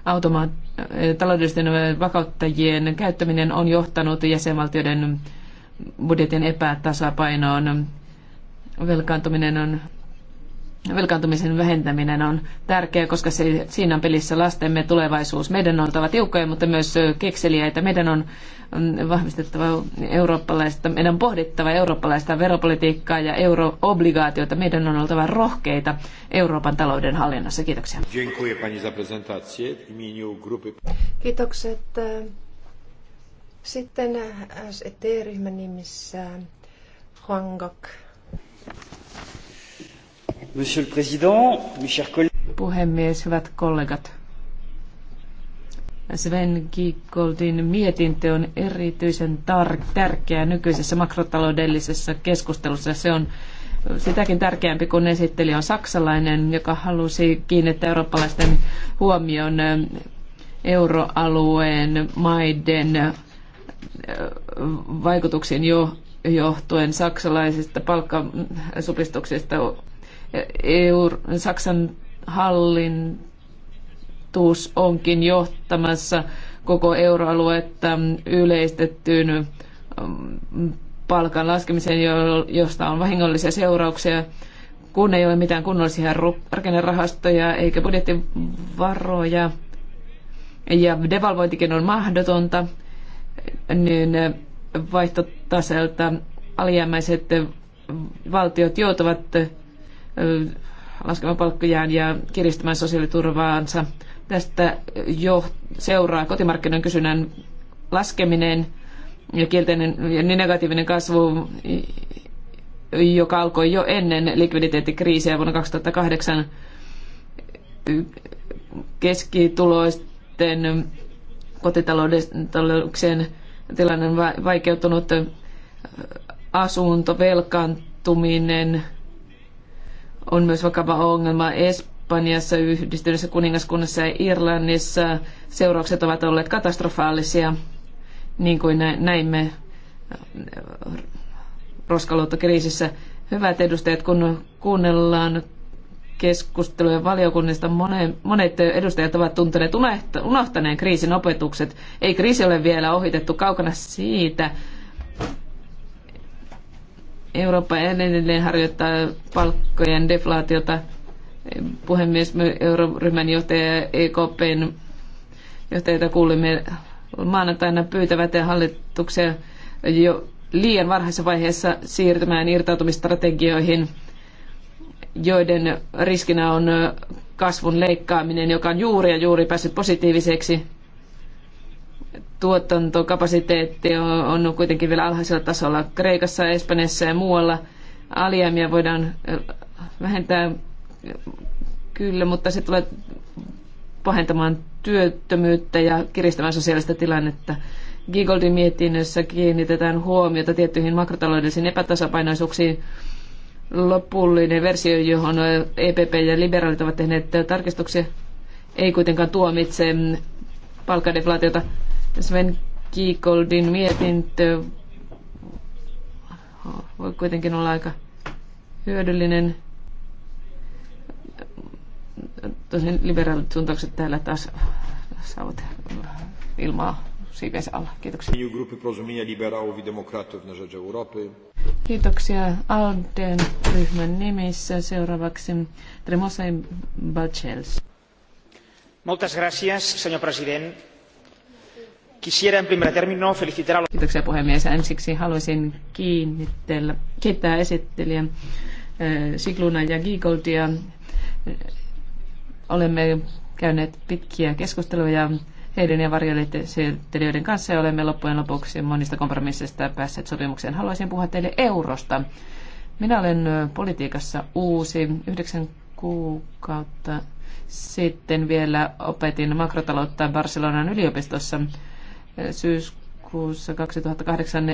automaat, eh, taloudellisten vakauttajien käyttäminen on johtanut jäsenvaltioiden budjetin epätasapainoon. Velkaantuminen on velkaantumisen vähentäminen on tärkeää, koska se, siinä on pelissä lastemme tulevaisuus. Meidän on oltava tiukkoja, mutta myös kekseliäitä. Meidän on mm, vahvistettava eurooppalaista, meidän on pohdittava eurooppalaista veropolitiikkaa ja obligaatioita. Meidän on oltava rohkeita Euroopan talouden hallinnassa. Kiitoksia. Kiitokset. Sitten SET-ryhmän nimissä Monsieur le Président, mes chers collègues. Puhemies, hyvät kollegat. Sven Giegoldin mietintö on erityisen tärkeä nykyisessä makrotaloudellisessa keskustelussa. Se on sitäkin tärkeämpi, kun esittelijä on saksalainen, joka halusi kiinnittää eurooppalaisten huomion euroalueen maiden vaikutuksiin jo johtuen saksalaisista palkkasupistuksista EU, Saksan hallintuus onkin johtamassa koko euroaluetta yleistettyyn mm, palkan laskemiseen, josta on vahingollisia seurauksia, kun ei ole mitään kunnollisia rakennerahastoja eikä budjettivaroja ja devalvointikin on mahdotonta, niin vaihtotaselta alijäämäiset valtiot joutuvat laskemaan palkkojaan ja kiristämään sosiaaliturvaansa. Tästä jo seuraa kotimarkkinoiden kysynnän laskeminen ja kielteinen ja niin negatiivinen kasvu, joka alkoi jo ennen likviditeettikriisiä vuonna 2008 keskituloisten kotitalouksien tilanne on vaikeutunut asunto, velkaantuminen, on myös vakava ongelma Espanjassa, Yhdistyneessä kuningaskunnassa ja Irlannissa. Seuraukset ovat olleet katastrofaalisia, niin kuin näimme äh, roskaluottokriisissä. Hyvät edustajat, kun kuunnellaan keskustelujen valiokunnista, monet edustajat ovat tunteneet unohtaneen kriisin opetukset. Ei kriisi ole vielä ohitettu kaukana siitä Eurooppa niin edelleen harjoittaa palkkojen deflaatiota. Puhemies, euroryhmän johtaja EKPn johtajilta kuulimme maanantaina pyytävät hallituksia jo liian varhaisessa vaiheessa siirtymään irtautumistrategioihin, joiden riskinä on kasvun leikkaaminen, joka on juuri ja juuri päässyt positiiviseksi tuotantokapasiteetti on kuitenkin vielä alhaisella tasolla. Kreikassa, Espanjassa ja muualla alijäämiä voidaan äh, vähentää äh, kyllä, mutta se tulee pahentamaan työttömyyttä ja kiristämään sosiaalista tilannetta. Gigoldin mietinnössä kiinnitetään huomiota tiettyihin makrotaloudellisiin epätasapainoisuuksiin. Lopullinen versio, johon EPP ja liberaalit ovat tehneet tarkistuksia, ei kuitenkaan tuomitse palkkadeflaatiota. Sven Kiikoldin mietintö voi kuitenkin olla aika hyödyllinen. Tosin liberaalit suuntaukset täällä taas saavat ilmaa siipeensä alla. Kiitoksia. Kiitoksia Alden ryhmän nimissä. Seuraavaksi Tremosain Balchels. Muchas gracias, señor presidente Kiitoksia puhemies. Ensiksi haluaisin kiittää esittelijä eh, Sikluna ja Giegoldia. Eh, olemme käyneet pitkiä keskusteluja heidän ja varjoelittelijöiden kanssa ja olemme loppujen lopuksi monista kompromisseista päässeet sopimukseen. Haluaisin puhua teille eurosta. Minä olen eh, politiikassa uusi. Yhdeksän kuukautta sitten vielä opetin makrotaloutta Barcelonan yliopistossa syyskuussa 2008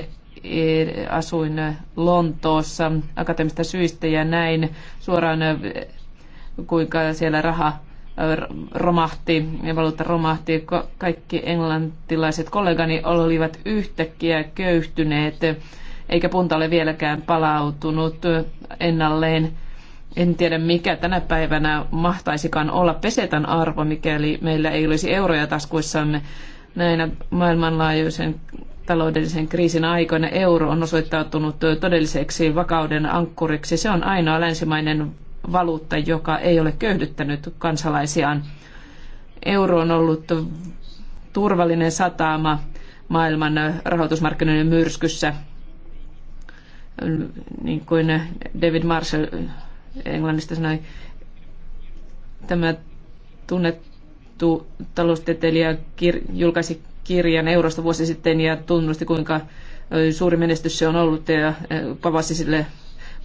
asuin Lontoossa akateemista syistä ja näin suoraan kuinka siellä raha romahti ja valuutta romahti. Kaikki englantilaiset kollegani olivat yhtäkkiä köyhtyneet, eikä punta ole vieläkään palautunut ennalleen. En tiedä mikä tänä päivänä mahtaisikaan olla pesetän arvo, mikäli meillä ei olisi euroja taskuissamme näinä maailmanlaajuisen taloudellisen kriisin aikoina euro on osoittautunut todelliseksi vakauden ankkuriksi. Se on ainoa länsimainen valuutta, joka ei ole köyhdyttänyt kansalaisiaan. Euro on ollut turvallinen satama maailman rahoitusmarkkinoiden myrskyssä, niin kuin David Marshall Englannista sanoi. Tämä tunnet tunnettu taloustieteilijä kir, julkaisi kirjan eurosta vuosi sitten ja tunnusti, kuinka suuri menestys se on ollut ja pavasi sille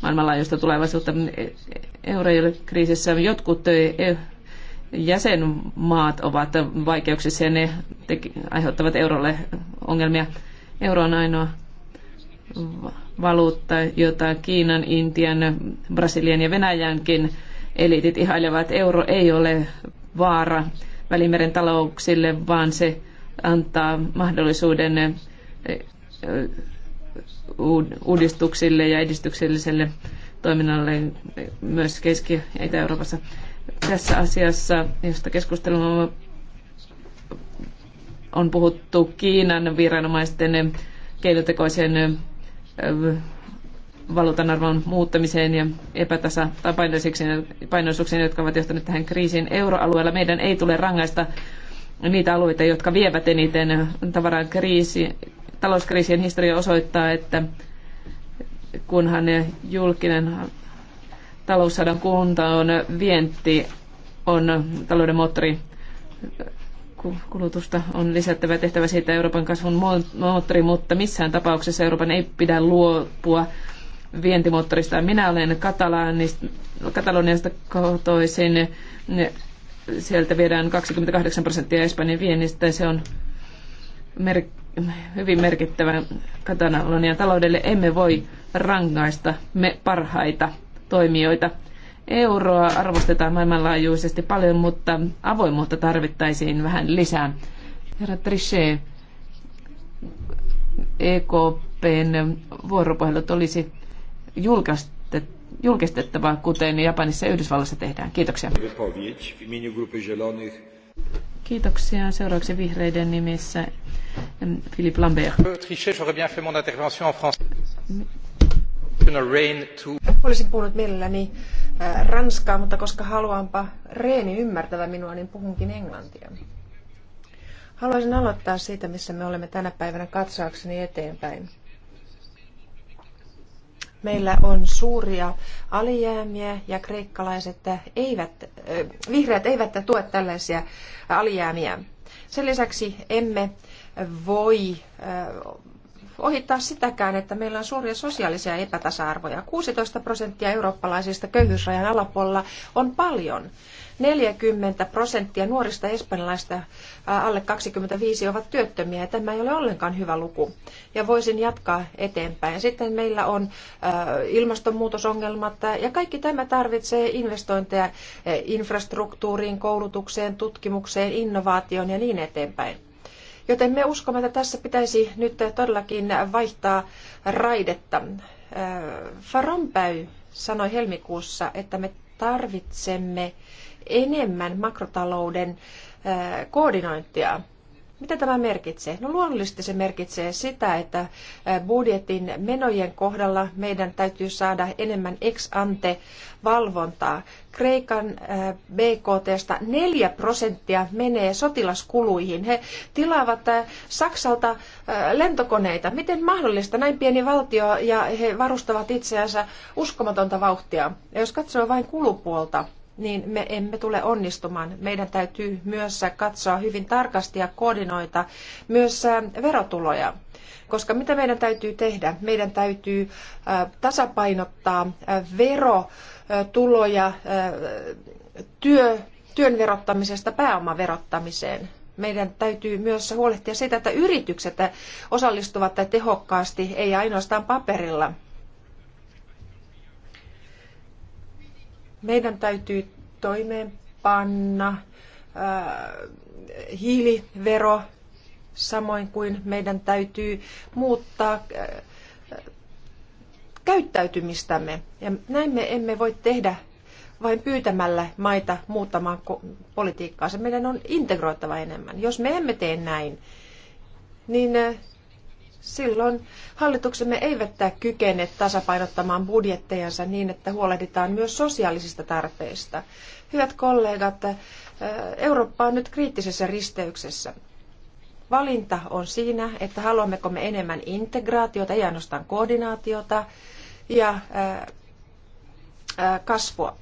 maailmanlaajuista tulevaisuutta. E, e, euro ei ole kriisissä. Jotkut e, jäsenmaat ovat vaikeuksissa ja ne aiheuttavat eurolle ongelmia. Euro on ainoa valuutta, jota Kiinan, Intian, Brasilian ja Venäjänkin eliitit ihailevat. Euro ei ole vaara Välimeren talouksille, vaan se antaa mahdollisuuden eh, eh, uudistuksille ja edistykselliselle toiminnalle myös Keski- ja Itä-Euroopassa. Tässä asiassa, josta keskustelua on puhuttu Kiinan viranomaisten keinotekoisen eh, valuutan arvon muuttamiseen ja epätasapainoisuuksiin, jotka ovat johtaneet tähän kriisiin euroalueella. Meidän ei tule rangaista niitä alueita, jotka vievät eniten tavaraan kriisi. Talouskriisien historia osoittaa, että kunhan julkinen taloussadan kunta on vienti on talouden moottori kulutusta on lisättävä tehtävä siitä Euroopan kasvun moottori, mutta missään tapauksessa Euroopan ei pidä luopua vientimoottorista. Minä olen Kataloniasta kotoisin. Sieltä viedään 28 prosenttia Espanjan viennistä. Se on mer- hyvin merkittävä Katalonian taloudelle. Emme voi rangaista me parhaita toimijoita. Euroa arvostetaan maailmanlaajuisesti paljon, mutta avoimuutta tarvittaisiin vähän lisää. Herra Trichet, EKPn vuoropuhelut olisi julkistettava, kuten Japanissa ja Yhdysvalloissa tehdään. Kiitoksia. Kiitoksia. Seuraavaksi vihreiden nimissä Philippe Lambert. Olisin puhunut mielelläni ranskaa, mutta koska haluanpa reeni ymmärtävä minua, niin puhunkin englantia. Haluaisin aloittaa siitä, missä me olemme tänä päivänä katsaakseni eteenpäin meillä on suuria alijäämiä ja kreikkalaiset eivät, vihreät eivät tue tällaisia alijäämiä. Sen lisäksi emme voi ohittaa sitäkään, että meillä on suuria sosiaalisia epätasa-arvoja. 16 prosenttia eurooppalaisista köyhyysrajan alapuolella on paljon. 40 prosenttia nuorista espanjalaista alle 25 ovat työttömiä ja tämä ei ole ollenkaan hyvä luku. Ja voisin jatkaa eteenpäin. Sitten meillä on ilmastonmuutosongelmat ja kaikki tämä tarvitsee investointeja infrastruktuuriin, koulutukseen, tutkimukseen, innovaatioon ja niin eteenpäin. Joten me uskomme, että tässä pitäisi nyt todellakin vaihtaa raidetta. Farampäy äh, sanoi helmikuussa, että me tarvitsemme enemmän makrotalouden äh, koordinointia mitä tämä merkitsee? No luonnollisesti se merkitsee sitä, että budjetin menojen kohdalla meidän täytyy saada enemmän ex ante valvontaa. Kreikan BKTstä 4 prosenttia menee sotilaskuluihin. He tilaavat Saksalta lentokoneita. Miten mahdollista näin pieni valtio ja he varustavat itseänsä uskomatonta vauhtia? Ja jos katsoo vain kulupuolta, niin me emme tule onnistumaan. Meidän täytyy myös katsoa hyvin tarkasti ja koordinoita myös verotuloja. Koska mitä meidän täytyy tehdä? Meidän täytyy tasapainottaa verotuloja työ, työn verottamisesta pääomaverottamiseen. Meidän täytyy myös huolehtia siitä, että yritykset osallistuvat tehokkaasti, ei ainoastaan paperilla – Meidän täytyy toimeenpanna äh, hiilivero, samoin kuin meidän täytyy muuttaa äh, käyttäytymistämme. Ja näin me emme voi tehdä vain pyytämällä maita muuttamaan politiikkaa. Se meidän on integroittava enemmän. Jos me emme tee näin, niin äh, silloin hallituksemme eivät kykene tasapainottamaan budjettejansa niin, että huolehditaan myös sosiaalisista tarpeista. Hyvät kollegat, Eurooppa on nyt kriittisessä risteyksessä. Valinta on siinä, että haluammeko me enemmän integraatiota, ei ainoastaan koordinaatiota ja kasvua.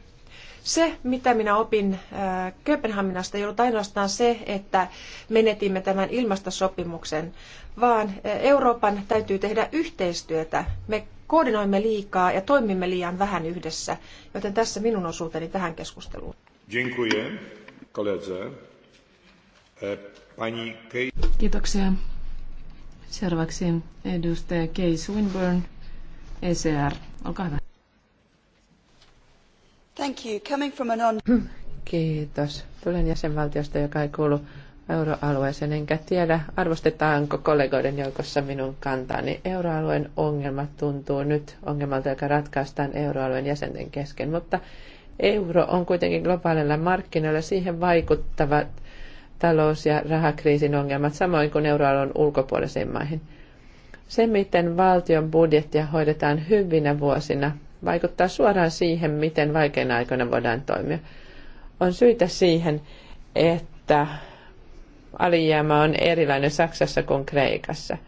Se, mitä minä opin äh, Kööpenhaminasta, ei ollut ainoastaan se, että menetimme tämän ilmastosopimuksen, vaan äh, Euroopan täytyy tehdä yhteistyötä. Me koordinoimme liikaa ja toimimme liian vähän yhdessä, joten tässä minun osuuteni tähän keskusteluun. E, Kiitoksia. Seuraavaksi edustaja Kay Swinburne, ECR. Olkaa hyvä. Thank you. Coming from an on... Hmm. Kiitos. Tulen jäsenvaltiosta, joka ei kuulu euroalueeseen, enkä tiedä arvostetaanko kollegoiden joukossa minun kantaani. Euroalueen ongelma tuntuu nyt ongelmalta, joka ratkaistaan euroalueen jäsenten kesken, mutta euro on kuitenkin globaalilla markkinoilla. Siihen vaikuttavat talous- ja rahakriisin ongelmat, samoin kuin euroalueen ulkopuolisiin maihin. Se, miten valtion budjettia hoidetaan hyvinä vuosina, vaikuttaa suoraan siihen, miten vaikeina aikoina voidaan toimia. On syitä siihen, että alijäämä on erilainen Saksassa kuin Kreikassa.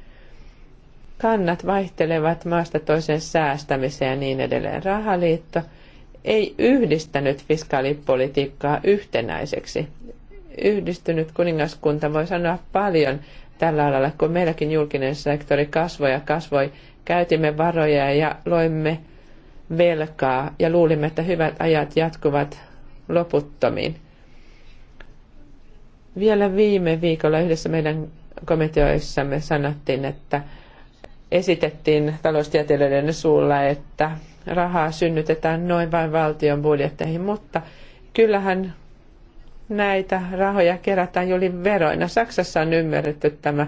Kannat vaihtelevat maasta toiseen säästämiseen ja niin edelleen. Rahaliitto ei yhdistänyt fiskaalipolitiikkaa yhtenäiseksi. Yhdistynyt kuningaskunta voi sanoa paljon tällä alalla, kun meilläkin julkinen sektori kasvoi ja kasvoi. Käytimme varoja ja loimme velkaa ja luulimme, että hyvät ajat jatkuvat loputtomiin. Vielä viime viikolla yhdessä meidän komiteoissamme sanottiin, että esitettiin taloustieteilijöiden suulla, että rahaa synnytetään noin vain valtion budjetteihin, mutta kyllähän näitä rahoja kerätään juuri veroina. Saksassa on ymmärretty tämä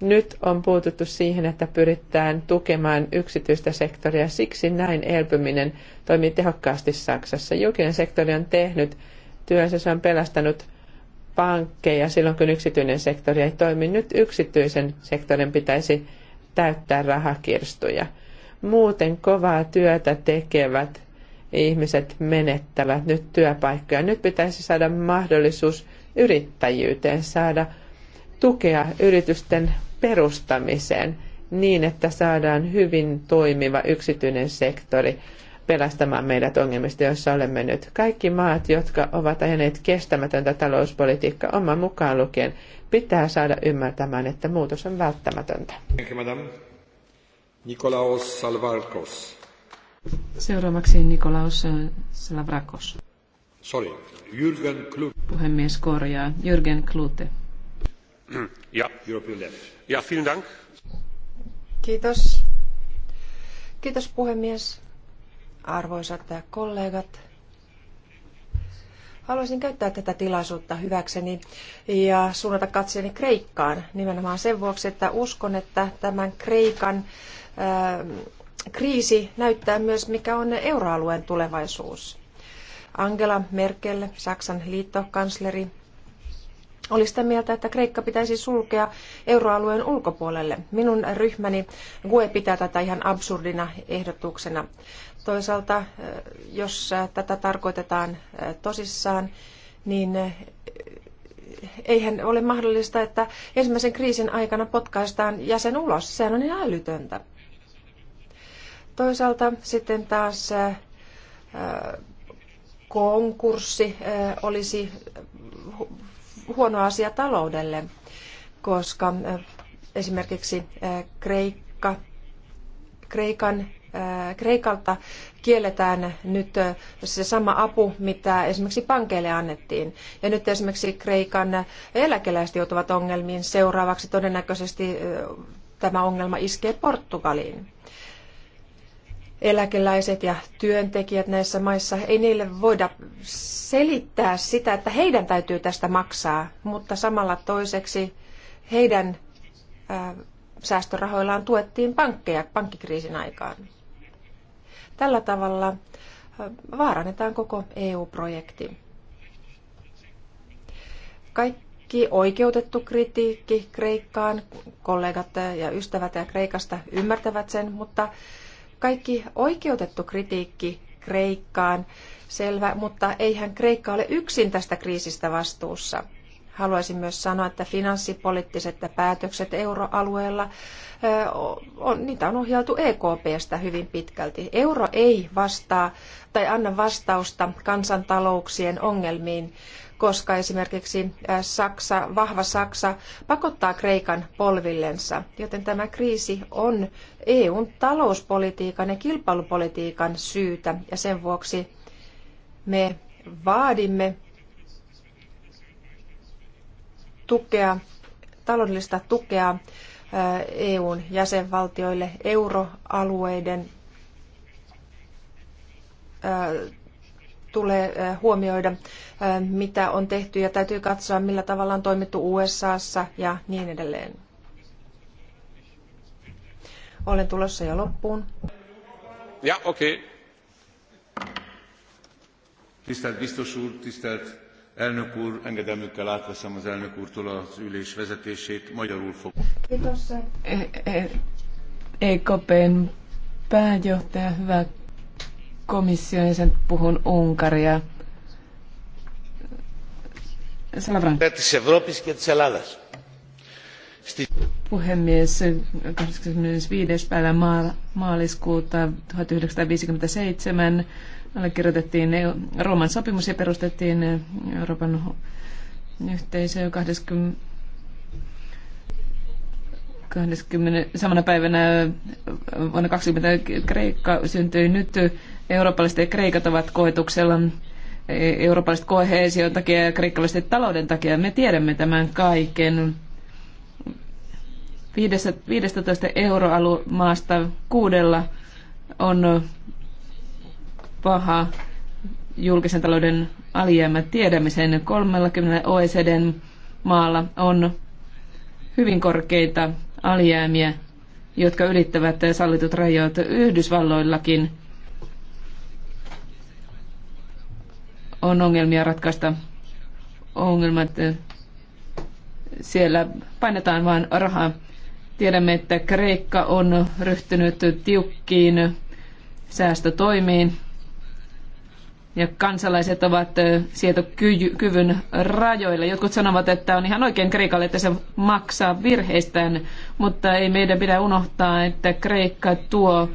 nyt on puututtu siihen, että pyritään tukemaan yksityistä sektoria. Siksi näin elpyminen toimii tehokkaasti Saksassa. Julkinen sektori on tehnyt työnsä, se on pelastanut pankkeja silloin, kun yksityinen sektori ei toimi. Nyt yksityisen sektorin pitäisi täyttää rahakirstuja. Muuten kovaa työtä tekevät ihmiset menettävät nyt työpaikkoja. Nyt pitäisi saada mahdollisuus yrittäjyyteen, saada tukea yritysten perustamiseen niin, että saadaan hyvin toimiva yksityinen sektori pelastamaan meidät ongelmista, joissa olemme nyt. Kaikki maat, jotka ovat ajaneet kestämätöntä talouspolitiikkaa oman mukaan lukien, pitää saada ymmärtämään, että muutos on välttämätöntä. Nikolaos Salvarkos. Seuraavaksi Nikolaos Salvrakos. Sorry, Jürgen Klute. Puhemies korjaa. Jürgen Klute. Ja, European Left arvoisa Kiitos. Kiitos puhemies. Arvoisat kollegat. Haluaisin käyttää tätä tilaisuutta hyväkseni ja suunnata katseeni Kreikkaan nimenomaan sen vuoksi, että uskon, että tämän Kreikan ää, ähm, kriisi näyttää myös, mikä on euroalueen tulevaisuus. Angela Merkel, Saksan liittokansleri, oli sitä mieltä, että Kreikka pitäisi sulkea euroalueen ulkopuolelle. Minun ryhmäni GUE pitää tätä ihan absurdina ehdotuksena. Toisaalta, eh, jos eh, tätä tarkoitetaan eh, tosissaan, niin eihän ole mahdollista, että ensimmäisen kriisin aikana potkaistaan jäsen ulos. Sehän on ihan älytöntä. Toisaalta sitten taas konkurssi olisi huono asia taloudelle, koska esimerkiksi Kreikka, Kreikan Kreikalta kielletään nyt se sama apu, mitä esimerkiksi pankeille annettiin. Ja nyt esimerkiksi Kreikan eläkeläiset joutuvat ongelmiin. Seuraavaksi todennäköisesti tämä ongelma iskee Portugaliin eläkeläiset ja työntekijät näissä maissa, ei niille voida selittää sitä, että heidän täytyy tästä maksaa, mutta samalla toiseksi heidän ää, säästörahoillaan tuettiin pankkeja pankkikriisin aikaan. Tällä tavalla vaarannetaan koko EU-projekti. Kaikki oikeutettu kritiikki Kreikkaan, kollegat ja ystävät ja Kreikasta ymmärtävät sen, mutta kaikki oikeutettu kritiikki Kreikkaan, selvä, mutta eihän Kreikka ole yksin tästä kriisistä vastuussa. Haluaisin myös sanoa, että finanssipoliittiset päätökset euroalueella, on, niitä on ohjeltu EKPstä hyvin pitkälti. Euro ei vastaa tai anna vastausta kansantalouksien ongelmiin, koska esimerkiksi Saksa, vahva Saksa pakottaa Kreikan polvillensa. Joten tämä kriisi on EUn talouspolitiikan ja kilpailupolitiikan syytä ja sen vuoksi me vaadimme tukea, taloudellista tukea EUn jäsenvaltioille euroalueiden tulee huomioida, mitä on tehty ja täytyy katsoa, millä tavalla on toimittu USAssa ja niin edelleen. Olen tulossa jo loppuun. Ja, okei. Okay. Tisztelt biztos úr, tisztelt elnök úr, engedelmükkel átveszem az elnök úrtól az ülés vezetését, magyarul fog. Kiitos. EKPn pääjohtaja, hyvä komission jäsen puhun Unkaria. Salavran. Puhemies, 25. päivä maaliskuuta 1957 allekirjoitettiin Rooman sopimus ja perustettiin Euroopan yhteisö 20 20, samana päivänä äh, vuonna 20 Kreikka syntyi nyt. Eurooppalaiset ja Kreikat ovat koetuksella e- eurooppalaiset koheesion takia ja kreikkalaiset talouden takia. Me tiedämme tämän kaiken. 15 euroalumaasta kuudella on paha julkisen talouden alijäämä tiedämisen. 30 OECDn maalla on hyvin korkeita alijäämiä, jotka ylittävät sallitut rajat Yhdysvalloillakin. On ongelmia ratkaista ongelmat. Siellä painetaan vain rahaa. Tiedämme, että Kreikka on ryhtynyt tiukkiin säästötoimiin ja kansalaiset ovat sietokyvyn rajoilla. Jotkut sanovat, että on ihan oikein Kreikalle, että se maksaa virheistään, mutta ei meidän pidä unohtaa, että Kreikka tuo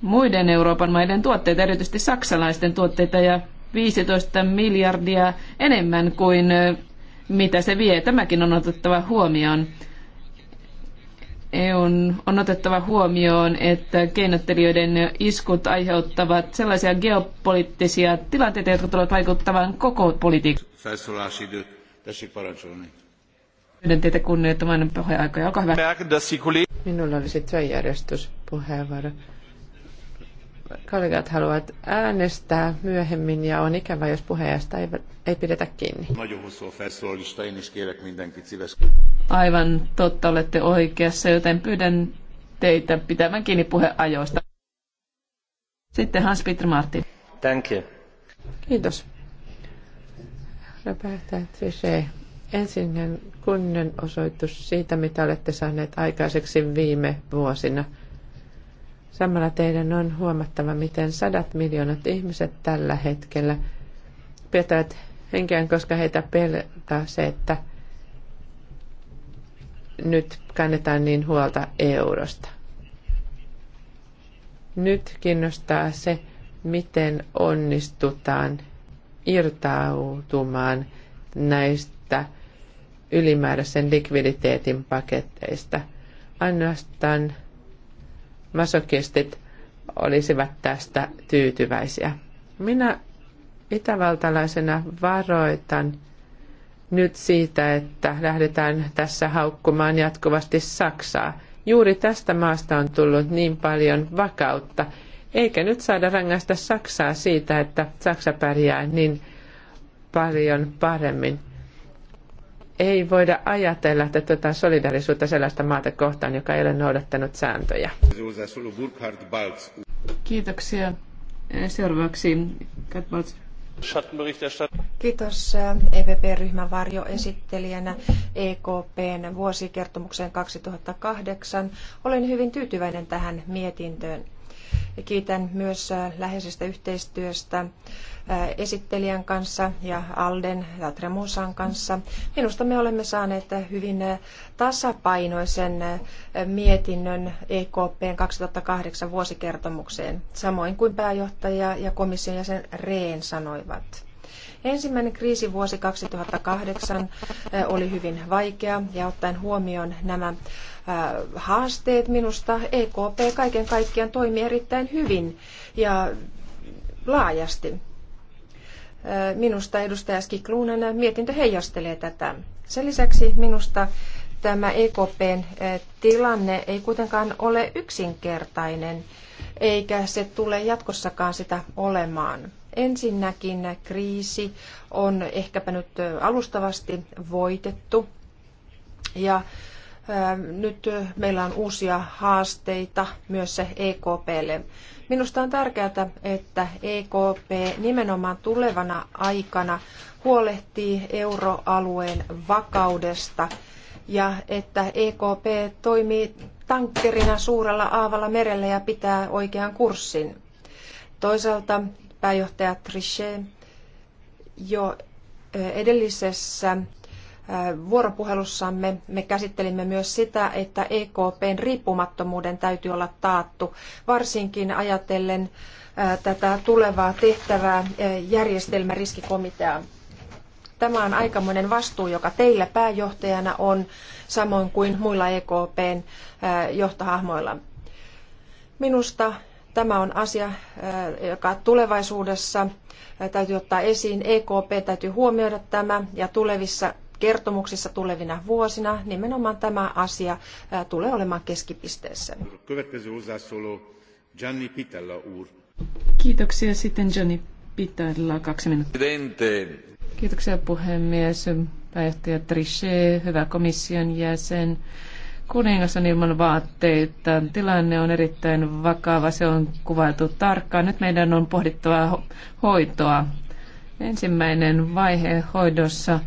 muiden Euroopan maiden tuotteita, erityisesti saksalaisten tuotteita ja 15 miljardia enemmän kuin mitä se vie. Tämäkin on otettava huomioon. EUn on otettava huomioon, että keinottelijoiden iskut aiheuttavat sellaisia geopoliittisia tilanteita, jotka tulevat vaikuttamaan koko politiikkaan. Pyydän teitä kunnioittamaan puheaikoja. Olkaa hyvä. Minulla olisi työjärjestyspuheenvuoro kollegat haluavat äänestää myöhemmin ja on ikävä, jos puheesta ei, ei pidetä kiinni. Aivan totta, olette oikeassa, joten pyydän teitä pitämään kiinni puheajoista. Sitten Hans-Peter Martin. Thank you. Kiitos. Roberta Trichet, ensinnäkin kunnianosoitus siitä, mitä olette saaneet aikaiseksi viime vuosina – Samalla teidän on huomattava, miten sadat miljoonat ihmiset tällä hetkellä pitävät henkeään, koska heitä pelkää se, että nyt kannetaan niin huolta eurosta. Nyt kiinnostaa se, miten onnistutaan irtautumaan näistä ylimääräisen likviditeetin paketteista. Ainoastaan masokistit olisivat tästä tyytyväisiä. Minä itävaltalaisena varoitan nyt siitä, että lähdetään tässä haukkumaan jatkuvasti Saksaa. Juuri tästä maasta on tullut niin paljon vakautta, eikä nyt saada rangaista Saksaa siitä, että Saksa pärjää niin paljon paremmin ei voida ajatella, että tätä solidarisuutta sellaista maata kohtaan, joka ei ole noudattanut sääntöjä. Kiitoksia. Seuraavaksi Kiitos EPP-ryhmän varjoesittelijänä EKPn vuosikertomukseen 2008. Olen hyvin tyytyväinen tähän mietintöön ja kiitän myös äh, läheisestä yhteistyöstä äh, esittelijän kanssa ja Alden ja Tremusan kanssa. Minusta me olemme saaneet äh, hyvin tasapainoisen mietinnön EKPn 2008 vuosikertomukseen, samoin kuin pääjohtaja ja komission jäsen Reen sanoivat. Ensimmäinen kriisivuosi 2008 oli hyvin vaikea ja ottaen huomioon nämä haasteet. Minusta EKP kaiken kaikkiaan toimii erittäin hyvin ja laajasti. Minusta edustaja Skikluunen mietintö heijastelee tätä. Sen lisäksi minusta tämä EKPn tilanne ei kuitenkaan ole yksinkertainen, eikä se tule jatkossakaan sitä olemaan. Ensinnäkin kriisi on ehkäpä nyt alustavasti voitettu ja Ähm, nyt meillä on uusia haasteita myös se EKPlle. Minusta on tärkeää, että EKP nimenomaan tulevana aikana huolehtii euroalueen vakaudesta ja että EKP toimii tankkerina suurella aavalla merellä ja pitää oikean kurssin. Toisaalta pääjohtaja Trichet jo edellisessä vuoropuhelussamme me käsittelimme myös sitä, että EKPn riippumattomuuden täytyy olla taattu, varsinkin ajatellen tätä tulevaa tehtävää järjestelmäriskikomitea. Tämä on aikamoinen vastuu, joka teillä pääjohtajana on, samoin kuin muilla EKPn johtohahmoilla. Minusta tämä on asia, joka tulevaisuudessa täytyy ottaa esiin. EKP täytyy huomioida tämä ja tulevissa kertomuksissa tulevina vuosina nimenomaan tämä asia tulee olemaan keskipisteessä. Kiitoksia sitten Gianni Pitella, kaksi minuuttia. Kiitoksia puhemies, pääjohtaja Trichet, hyvä komission jäsen. Kuningas on ilman vaatteita. Tilanne on erittäin vakava, se on kuvailtu tarkkaan. Nyt meidän on pohdittava hoitoa. Ensimmäinen vaihe hoidossa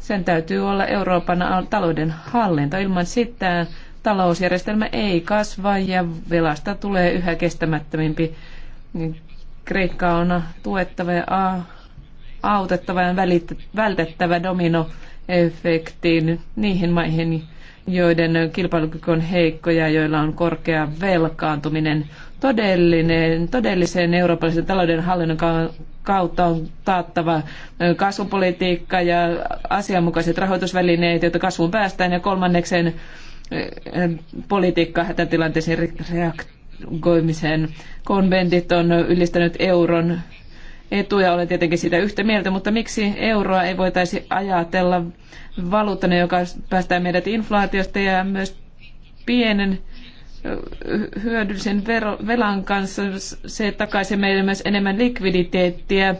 sen täytyy olla Euroopan talouden hallinta. Ilman sitä talousjärjestelmä ei kasva ja velasta tulee yhä kestämättömämpi. Kreikka on tuettava ja autettava ja vältettävä dominoefektiin niihin maihin, joiden kilpailukyky on heikko ja joilla on korkea velkaantuminen. Todellinen, todellisen eurooppalaisen talouden hallinnon kautta on taattava kasvupolitiikka ja asianmukaiset rahoitusvälineet, joita kasvuun päästään, ja kolmannekseen eh, politiikka hätätilanteeseen reagoimiseen. Konventit on ylistänyt euron etuja, olen tietenkin sitä yhtä mieltä, mutta miksi euroa ei voitaisi ajatella valuuttana, joka päästää meidät inflaatiosta ja myös pienen hyödyllisen vero, velan kanssa. Se takaisi meille myös enemmän likviditeettiä,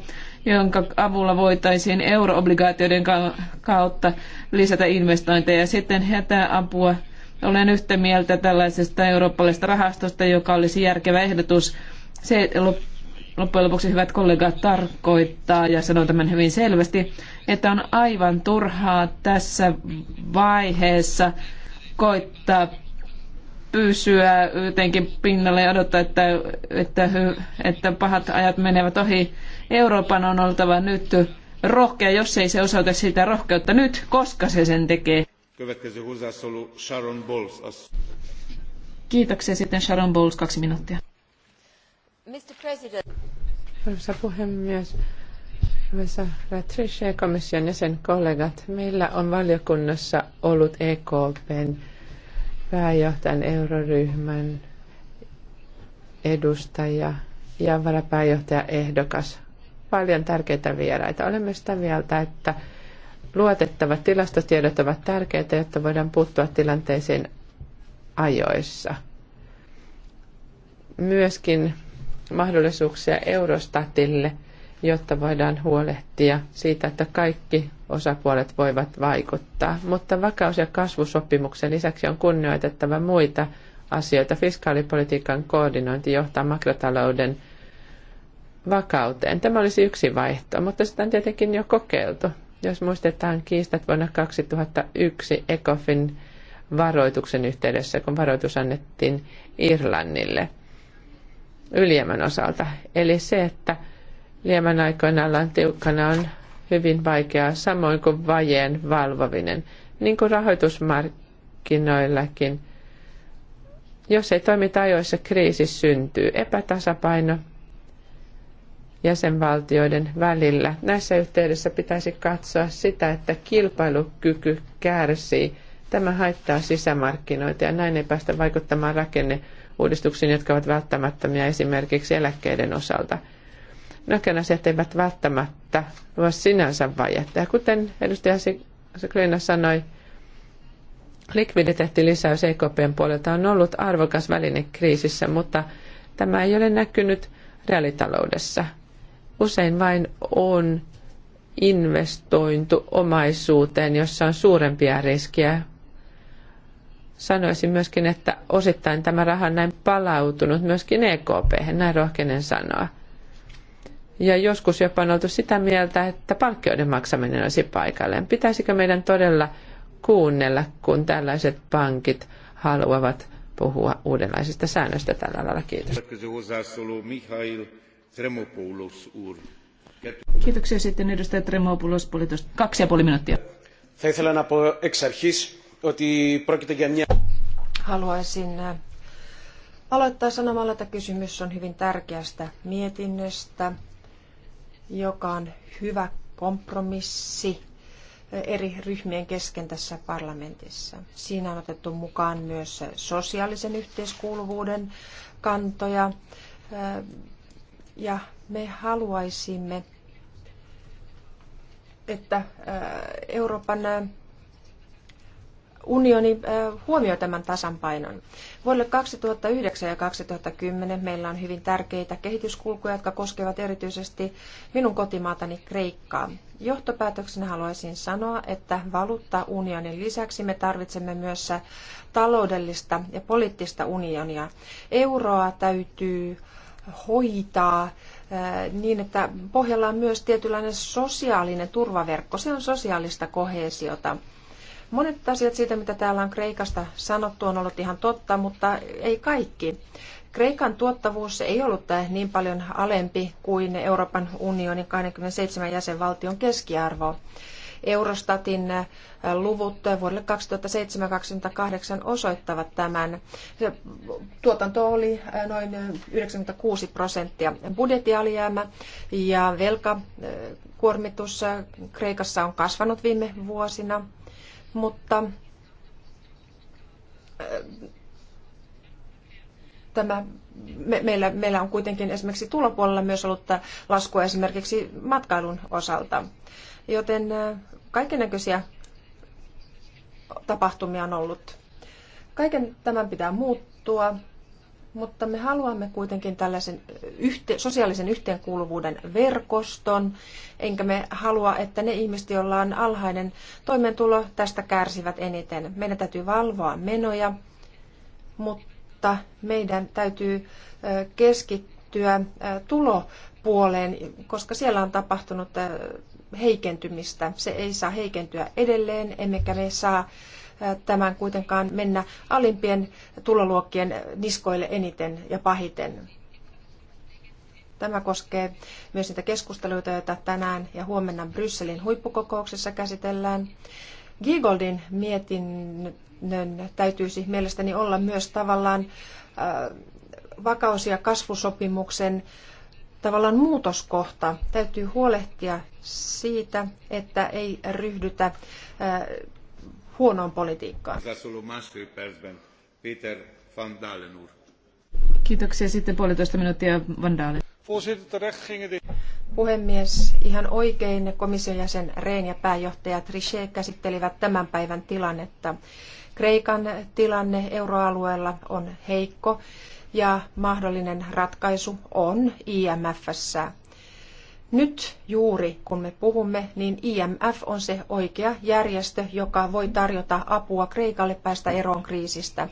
jonka avulla voitaisiin euroobligaatioiden kautta lisätä investointeja. Sitten hätäapua. Olen yhtä mieltä tällaisesta eurooppalaisesta rahastosta, joka olisi järkevä ehdotus. Se loppujen lopuksi, hyvät kollegat, tarkoittaa, ja sanoo tämän hyvin selvästi, että on aivan turhaa tässä vaiheessa koittaa pysyä jotenkin pinnalle ja odottaa, että, että, että pahat ajat menevät ohi. Euroopan on oltava nyt rohkea, jos ei se osoita sitä rohkeutta nyt, koska se sen tekee. Kiitoksia sitten Sharon Bowles, kaksi minuuttia. Arvoisa puhemies, arvoisa Ratrisha ja komission jäsen kollegat, meillä on valiokunnassa ollut EKPn pääjohtajan euroryhmän edustaja ja varapääjohtaja ehdokas. Paljon tärkeitä vieraita. Olemme sitä mieltä, että luotettavat tilastotiedot ovat tärkeitä, jotta voidaan puuttua tilanteisiin ajoissa. Myöskin mahdollisuuksia Eurostatille, jotta voidaan huolehtia siitä, että kaikki osapuolet voivat vaikuttaa. Mutta vakaus- ja kasvusopimuksen lisäksi on kunnioitettava muita asioita. Fiskaalipolitiikan koordinointi johtaa makrotalouden vakauteen. Tämä olisi yksi vaihto, mutta sitä on tietenkin jo kokeiltu. Jos muistetaan kiistat vuonna 2001 ECOFIN varoituksen yhteydessä, kun varoitus annettiin Irlannille – ylijäämän osalta. Eli se, että liemän aikoina ollaan tiukkana on hyvin vaikeaa, samoin kuin vajeen valvovinen, niin kuin rahoitusmarkkinoillakin. Jos ei toimita ajoissa, kriisi syntyy. Epätasapaino jäsenvaltioiden välillä. Näissä yhteydessä pitäisi katsoa sitä, että kilpailukyky kärsii. Tämä haittaa sisämarkkinoita ja näin ei päästä vaikuttamaan rakenne uudistuksiin, jotka ovat välttämättömiä esimerkiksi eläkkeiden osalta. Näkään no, asiat eivät välttämättä luo sinänsä vajetta. Ja kuten edustaja Seklina sanoi, likviditeettilisäys EKPn puolelta on ollut arvokas väline kriisissä, mutta tämä ei ole näkynyt reaalitaloudessa. Usein vain on investointu omaisuuteen, jossa on suurempia riskejä sanoisin myöskin, että osittain tämä raha on näin palautunut myöskin EKP, näin rohkenen sanoa. Ja joskus jopa on oltu sitä mieltä, että palkkioiden maksaminen olisi paikalleen. Pitäisikö meidän todella kuunnella, kun tällaiset pankit haluavat puhua uudenlaisista säännöistä tällä lailla? Kiitos. Kiitoksia sitten edustaja Tremopoulos, kaksi ja puoli minuuttia. Θα ήθελα να πω εξ αρχής Haluaisin äh, aloittaa sanomalla, että kysymys on hyvin tärkeästä mietinnöstä, joka on hyvä kompromissi äh, eri ryhmien kesken tässä parlamentissa. Siinä on otettu mukaan myös sosiaalisen yhteiskuuluvuuden kantoja äh, ja me haluaisimme, että Euroopan unioni huomioi tämän tasapainon. Vuodelle 2009 ja 2010 meillä on hyvin tärkeitä kehityskulkuja, jotka koskevat erityisesti minun kotimaatani Kreikkaa. Johtopäätöksenä haluaisin sanoa, että valuutta unionin lisäksi me tarvitsemme myös taloudellista ja poliittista unionia. Euroa täytyy hoitaa niin, että pohjalla on myös tietynlainen sosiaalinen turvaverkko. Se on sosiaalista kohesiota Monet asiat siitä, mitä täällä on Kreikasta sanottu, on ollut ihan totta, mutta ei kaikki. Kreikan tuottavuus ei ollut niin paljon alempi kuin Euroopan unionin 27 jäsenvaltion keskiarvo. Eurostatin äh, luvut vuodelle 2007 2008 osoittavat tämän. Tuotanto oli äh, noin 96 prosenttia. Budjetialijäämä ja velkakuormitus äh, Kreikassa on kasvanut viime vuosina mutta äh, tämä, me, meillä, meillä on kuitenkin esimerkiksi tulopuolella myös ollut laskua esimerkiksi matkailun osalta. Joten äh, kaikennäköisiä tapahtumia on ollut. Kaiken tämän pitää muuttua mutta me haluamme kuitenkin tällaisen yhte, sosiaalisen yhteenkuuluvuuden verkoston, enkä me halua, että ne ihmiset, joilla on alhainen toimeentulo, tästä kärsivät eniten. Meidän täytyy valvoa menoja, mutta meidän täytyy keskittyä tulopuoleen, koska siellä on tapahtunut heikentymistä. Se ei saa heikentyä edelleen, emmekä me saa tämän kuitenkaan mennä alimpien tuloluokkien niskoille eniten ja pahiten. Tämä koskee myös niitä keskusteluita, joita tänään ja huomenna Brysselin huippukokouksessa käsitellään. Giegoldin mietinnön täytyisi mielestäni olla myös tavallaan vakaus- ja kasvusopimuksen tavallaan muutoskohta. Täytyy huolehtia siitä, että ei ryhdytä huonoon politiikkaan. Peter van Dalenur. Kiitoksia. Sitten puolitoista minuuttia Van Dalen. Puhemies, ihan oikein komission jäsen Rehn ja pääjohtaja Trichet käsittelivät tämän päivän tilannetta. Kreikan tilanne euroalueella on heikko ja mahdollinen ratkaisu on IMFssä. Nyt juuri kun me puhumme, niin IMF on se oikea järjestö, joka voi tarjota apua Kreikalle päästä eroon kriisistä.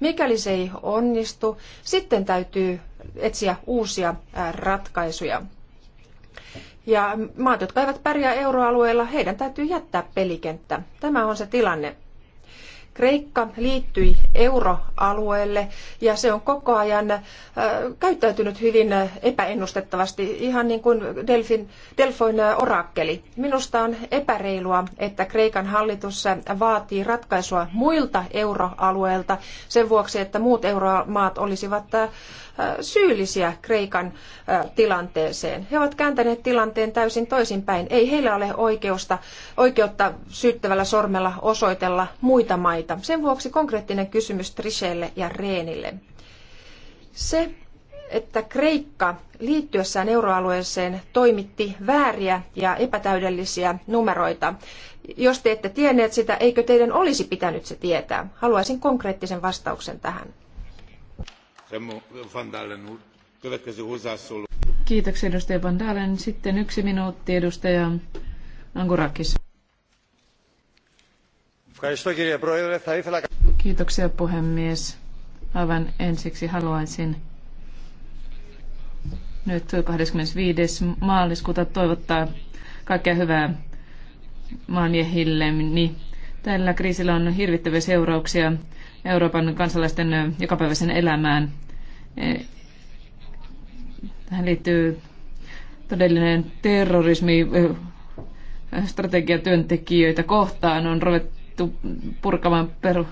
Mikäli se ei onnistu, sitten täytyy etsiä uusia ratkaisuja. Ja maat, jotka eivät pärjää euroalueella, heidän täytyy jättää pelikenttä. Tämä on se tilanne. Kreikka liittyi euroalueelle ja se on koko ajan äh, käyttäytynyt hyvin äh, epäennustettavasti, ihan niin kuin Delfin, Delfoin äh, orakkeli. Minusta on epäreilua, että Kreikan hallitus vaatii ratkaisua muilta euroalueilta sen vuoksi, että muut euromaat olisivat syyllisiä Kreikan tilanteeseen. He ovat kääntäneet tilanteen täysin toisinpäin. Ei heillä ole oikeusta, oikeutta syyttävällä sormella osoitella muita maita. Sen vuoksi konkreettinen kysymys Trishelle ja Reenille. Se, että Kreikka liittyessään euroalueeseen toimitti vääriä ja epätäydellisiä numeroita. Jos te ette tienneet sitä, eikö teidän olisi pitänyt se tietää? Haluaisin konkreettisen vastauksen tähän. Van Dalen Következő hozzászóló. Kiitoksia edustaja Van Dalen. Sitten yksi minuutti edustaja Angurakis. Kiitoksia puhemies. Aivan ensiksi haluaisin nyt 25. maaliskuuta toivottaa kaikkea hyvää maanmiehilleni. Tällä kriisillä on hirvittäviä seurauksia Euroopan kansalaisten jokapäiväisen elämään. E, tähän liittyy todellinen terrorismi strategiatyöntekijöitä kohtaan. On ruvettu purkamaan peru,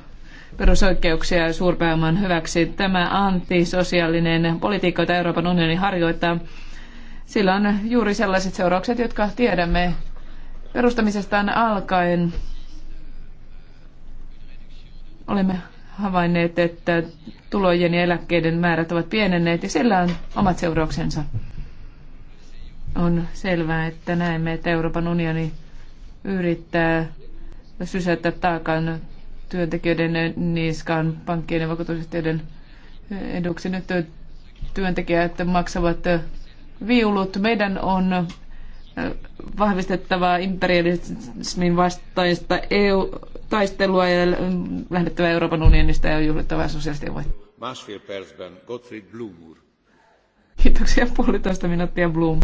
perusoikeuksia suurpääoman hyväksi. Tämä antisosiaalinen politiikka, jota Euroopan unioni harjoittaa, sillä on juuri sellaiset seuraukset, jotka tiedämme perustamisestaan alkaen. Olemme havainneet, että tulojen ja eläkkeiden määrät ovat pienenneet ja sillä on omat seurauksensa. On selvää, että näemme, että Euroopan unioni yrittää sysätä taakan työntekijöiden niskaan pankkien ja vakuutusyhtiöiden eduksi. Nyt työntekijät maksavat viulut. Meidän on vahvistettavaa imperialismin vastaista EU, taistelua ja lähdettävä Euroopan unionista ja juhlittavaa sosiaalisten voittoa. Kiitoksia puolitoista minuuttia Blum.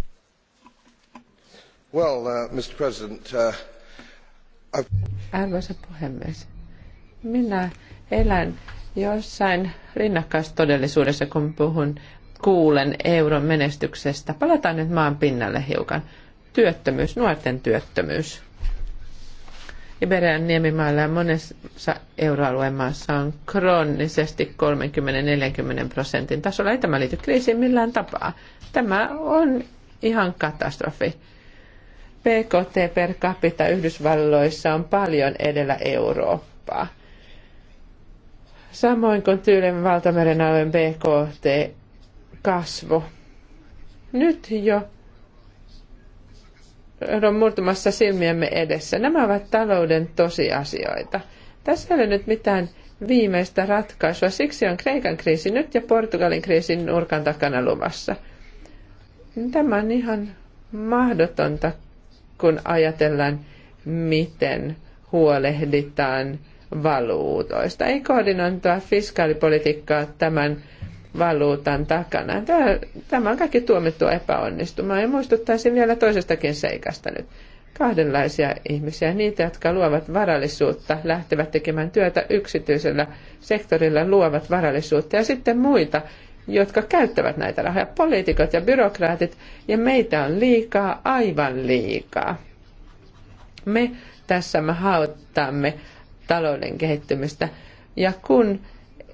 Well, uh, Mr. President, uh, Arvoisa puhemies, minä elän jossain rinnakkaistodellisuudessa, kun puhun kuulen euron menestyksestä. Palataan nyt maan pinnalle hiukan työttömyys, nuorten työttömyys. Iberian niemimaalla ja monessa euroalueen maassa on kroonisesti 30-40 prosentin tasolla. Ei tämä liity kriisiin millään tapaa. Tämä on ihan katastrofi. PKT per capita Yhdysvalloissa on paljon edellä Eurooppaa. Samoin kuin Tyylen valtameren alueen BKT kasvu. Nyt jo on murtumassa silmiemme edessä. Nämä ovat talouden tosiasioita. Tässä ei ole nyt mitään viimeistä ratkaisua. Siksi on Kreikan kriisi nyt ja Portugalin kriisin nurkan takana luvassa. Tämä on ihan mahdotonta, kun ajatellaan, miten huolehditaan valuutoista. Ei koordinointua fiskaalipolitiikkaa tämän valuutan takana. Tämä on kaikki tuomittu epäonnistumaan ja muistuttaisin vielä toisestakin seikasta nyt. Kahdenlaisia ihmisiä, niitä, jotka luovat varallisuutta, lähtevät tekemään työtä yksityisellä sektorilla, luovat varallisuutta ja sitten muita, jotka käyttävät näitä rahoja, poliitikot ja byrokraatit, ja meitä on liikaa, aivan liikaa. Me tässä me hauttaamme talouden kehittymistä, ja kun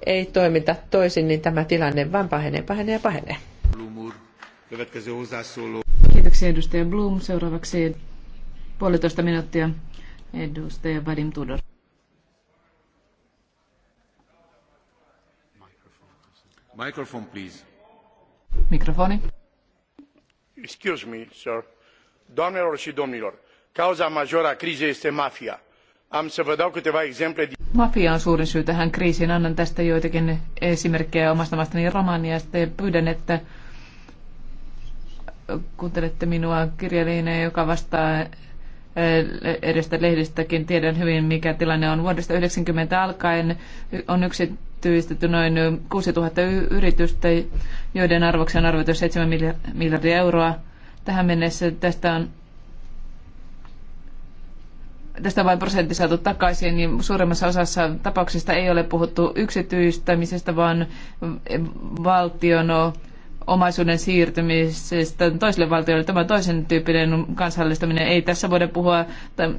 ei toimita toisin, niin tämä tilanne vain pahenee, pahenee ja pahenee. Kiitoksia edustaja Bloom. Seuraavaksi puolitoista minuuttia edustaja Vadim Tudor. Microphone, please. Mikrofoni. Excuse me, sir. Doamnelor și domnilor, cauza majoră a crizei este mafia. Am să vă dau câteva exemple. Mafia on suurin syy tähän kriisiin. Annan tästä joitakin esimerkkejä omasta maastani Romaniasta ja pyydän, että kuuntelette minua kirjailijana, joka vastaa eh, edestä lehdistäkin. Tiedän hyvin, mikä tilanne on. Vuodesta 90 alkaen on yksityistetty noin 6000 yritystä, joiden arvoksi on arvioitu 7 miljardia euroa. Tähän mennessä tästä on tästä on vain prosentti saatu takaisin, niin suuremmassa osassa tapauksista ei ole puhuttu yksityistämisestä, vaan valtion omaisuuden siirtymisestä toiselle valtiolle. Tämä toisen tyyppinen kansallistaminen ei tässä voida puhua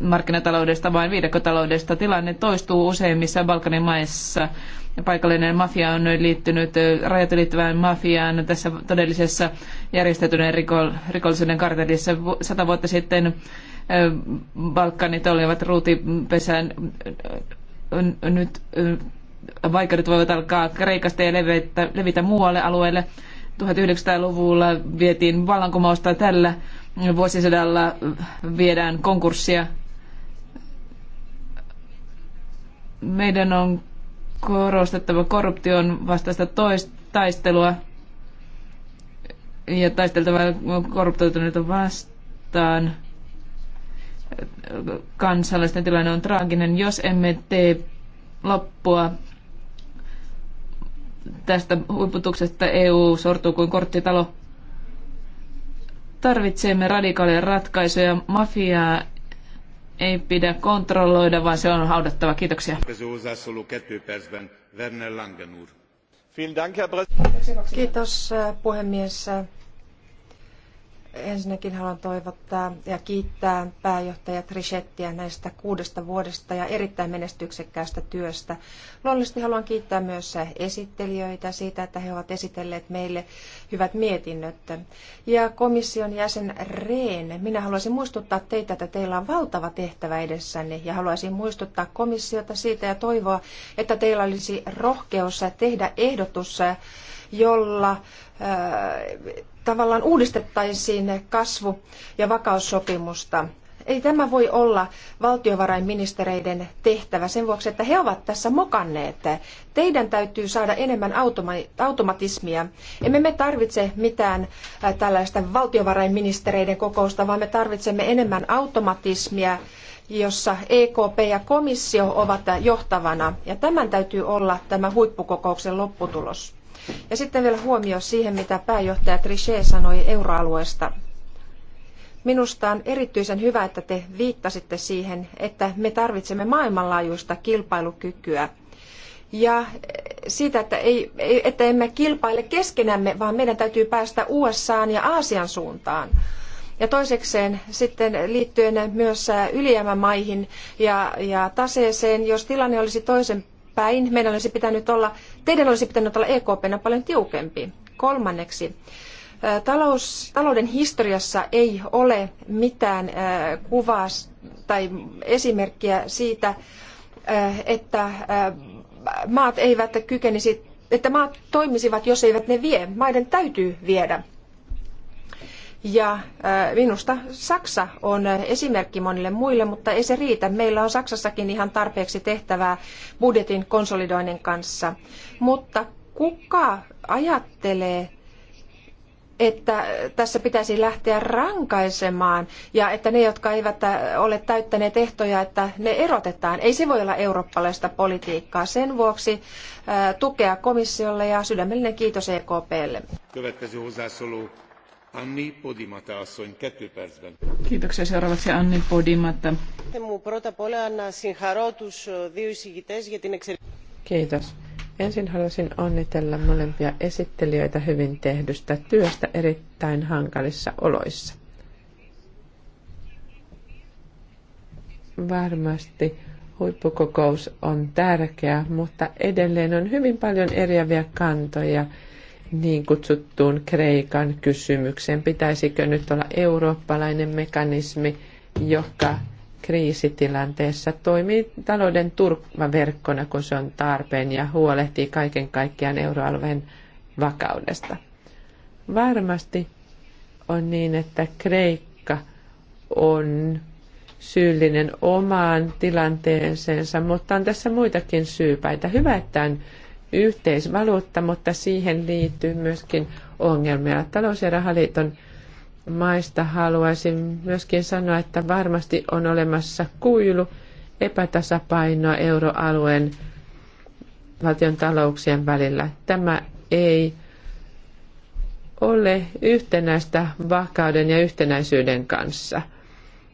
markkinataloudesta, vaan viidekotaloudesta. Tilanne toistuu useimmissa Balkanin maissa. Paikallinen mafia on liittynyt rajat ylittävään mafiaan tässä todellisessa järjestäytyneen rikollisuuden kartellissa. Sata vuotta sitten Balkanit olivat ruutipesän nyt vaikeudet voivat alkaa Kreikasta ja levitä, levitä muualle alueelle. 1900-luvulla vietiin vallankumousta tällä vuosisadalla viedään konkurssia. Meidän on korostettava korruption vastaista taistelua ja taisteltava korruptoituneita vastaan kansalaisten tilanne on traaginen, jos emme tee loppua tästä huiputuksesta EU sortuu kuin korttitalo. Tarvitsemme radikaaleja ratkaisuja. Mafiaa ei pidä kontrolloida, vaan se on haudattava. Kiitoksia. Kiitos puhemies. Ensinnäkin haluan toivottaa ja kiittää pääjohtaja Trishettiä näistä kuudesta vuodesta ja erittäin menestyksekkäästä työstä. Luonnollisesti haluan kiittää myös esittelijöitä siitä, että he ovat esitelleet meille hyvät mietinnöt. Ja komission jäsen Rehn, minä haluaisin muistuttaa teitä, että teillä on valtava tehtävä edessänne ja haluaisin muistuttaa komissiota siitä ja toivoa, että teillä olisi rohkeus tehdä ehdotus jolla äh, tavallaan uudistettaisiin kasvu- ja vakaussopimusta. Ei tämä voi olla valtiovarainministereiden tehtävä sen vuoksi, että he ovat tässä mokanneet. Teidän täytyy saada enemmän automatismia. Emme me tarvitse mitään tällaista valtiovarainministereiden kokousta, vaan me tarvitsemme enemmän automatismia jossa EKP ja komissio ovat johtavana. Ja tämän täytyy olla tämä huippukokouksen lopputulos. Ja sitten vielä huomio siihen, mitä pääjohtaja Trichet sanoi euroalueesta. Minusta on erityisen hyvä, että te viittasitte siihen, että me tarvitsemme maailmanlaajuista kilpailukykyä ja siitä, että, ei, että emme kilpaile keskenämme, vaan meidän täytyy päästä USAan ja Aasian suuntaan. Ja toisekseen sitten liittyen myös ylijäämämaihin ja, ja taseeseen, jos tilanne olisi toisen päin, meidän olisi pitänyt olla Teidän olisi pitänyt olla EKPnä paljon tiukempi. Kolmanneksi, Talous, talouden historiassa ei ole mitään kuvaa tai esimerkkiä siitä, että maat eivät kykenisi, että maat toimisivat, jos eivät ne vie. Maiden täytyy viedä. Ja minusta Saksa on esimerkki monille muille, mutta ei se riitä. Meillä on Saksassakin ihan tarpeeksi tehtävää budjetin konsolidoinnin kanssa. Mutta kuka ajattelee, että tässä pitäisi lähteä rankaisemaan ja että ne, jotka eivät ole täyttäneet ehtoja, että ne erotetaan. Ei se voi olla eurooppalaista politiikkaa. Sen vuoksi tukea komissiolle ja sydämellinen kiitos EKPlle. Anni Podimata asszony, kettő percben. Kiitoksia seuraavaksi Anni Podimata. Kiitos. Ensin haluaisin onnitella molempia esittelijöitä hyvin tehdystä työstä erittäin hankalissa oloissa. Varmasti huippukokous on tärkeä, mutta edelleen on hyvin paljon eriäviä kantoja – niin kutsuttuun Kreikan kysymykseen. Pitäisikö nyt olla eurooppalainen mekanismi, joka kriisitilanteessa toimii talouden turvaverkkona, kun se on tarpeen ja huolehtii kaiken kaikkiaan euroalueen vakaudesta. Varmasti on niin, että Kreikka on syyllinen omaan tilanteeseensa, mutta on tässä muitakin syypäitä. Hyvä, että on yhteisvaluutta, mutta siihen liittyy myöskin ongelmia. Talous- ja rahaliiton maista haluaisin myöskin sanoa, että varmasti on olemassa kuilu, epätasapainoa euroalueen valtion talouksien välillä. Tämä ei ole yhtenäistä vakauden ja yhtenäisyyden kanssa.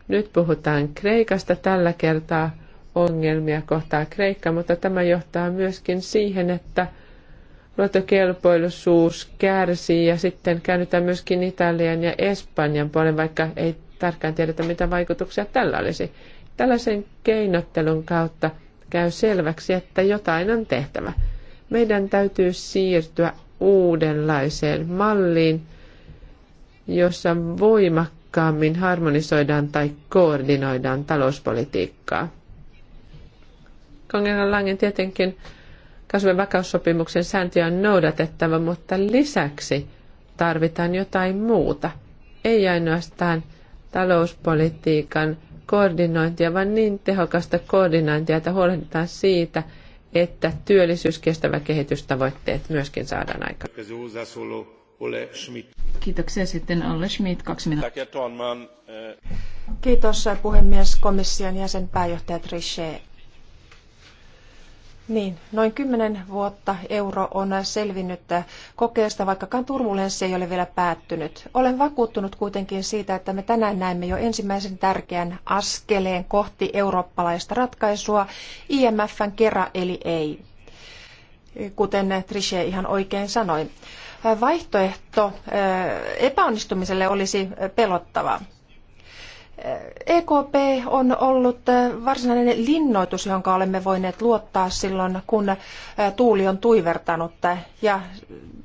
Nyt puhutaan Kreikasta tällä kertaa – ongelmia kohtaa Kreikka, mutta tämä johtaa myöskin siihen, että luottokelpoisuus kärsii ja sitten käännytään myöskin Italian ja Espanjan puolen, vaikka ei tarkkaan tiedetä, mitä vaikutuksia tällä olisi. Tällaisen keinottelun kautta käy selväksi, että jotain on tehtävä. Meidän täytyy siirtyä uudenlaiseen malliin, jossa voimakkaammin harmonisoidaan tai koordinoidaan talouspolitiikkaa. Kongen Langen tietenkin kasvien vakaussopimuksen sääntöjä on noudatettava, mutta lisäksi tarvitaan jotain muuta. Ei ainoastaan talouspolitiikan koordinointia, vaan niin tehokasta koordinointia, että huolehditaan siitä, että työllisyys- kestävä kehitystavoitteet myöskin saadaan aikaan. Kiitoksia sitten Olle Schmidt, kaksi minuuttia. Eh. Kiitos puhemies komission jäsen pääjohtaja Trichet. Niin, noin kymmenen vuotta euro on selvinnyt kokeesta, vaikkakaan turbulenssi ei ole vielä päättynyt. Olen vakuuttunut kuitenkin siitä, että me tänään näemme jo ensimmäisen tärkeän askeleen kohti eurooppalaista ratkaisua, IMFn kera eli ei, kuten Trichet ihan oikein sanoi. Vaihtoehto eh, epäonnistumiselle olisi pelottava. EKP on ollut varsinainen linnoitus, johon olemme voineet luottaa silloin, kun tuuli on tuivertanut. Ja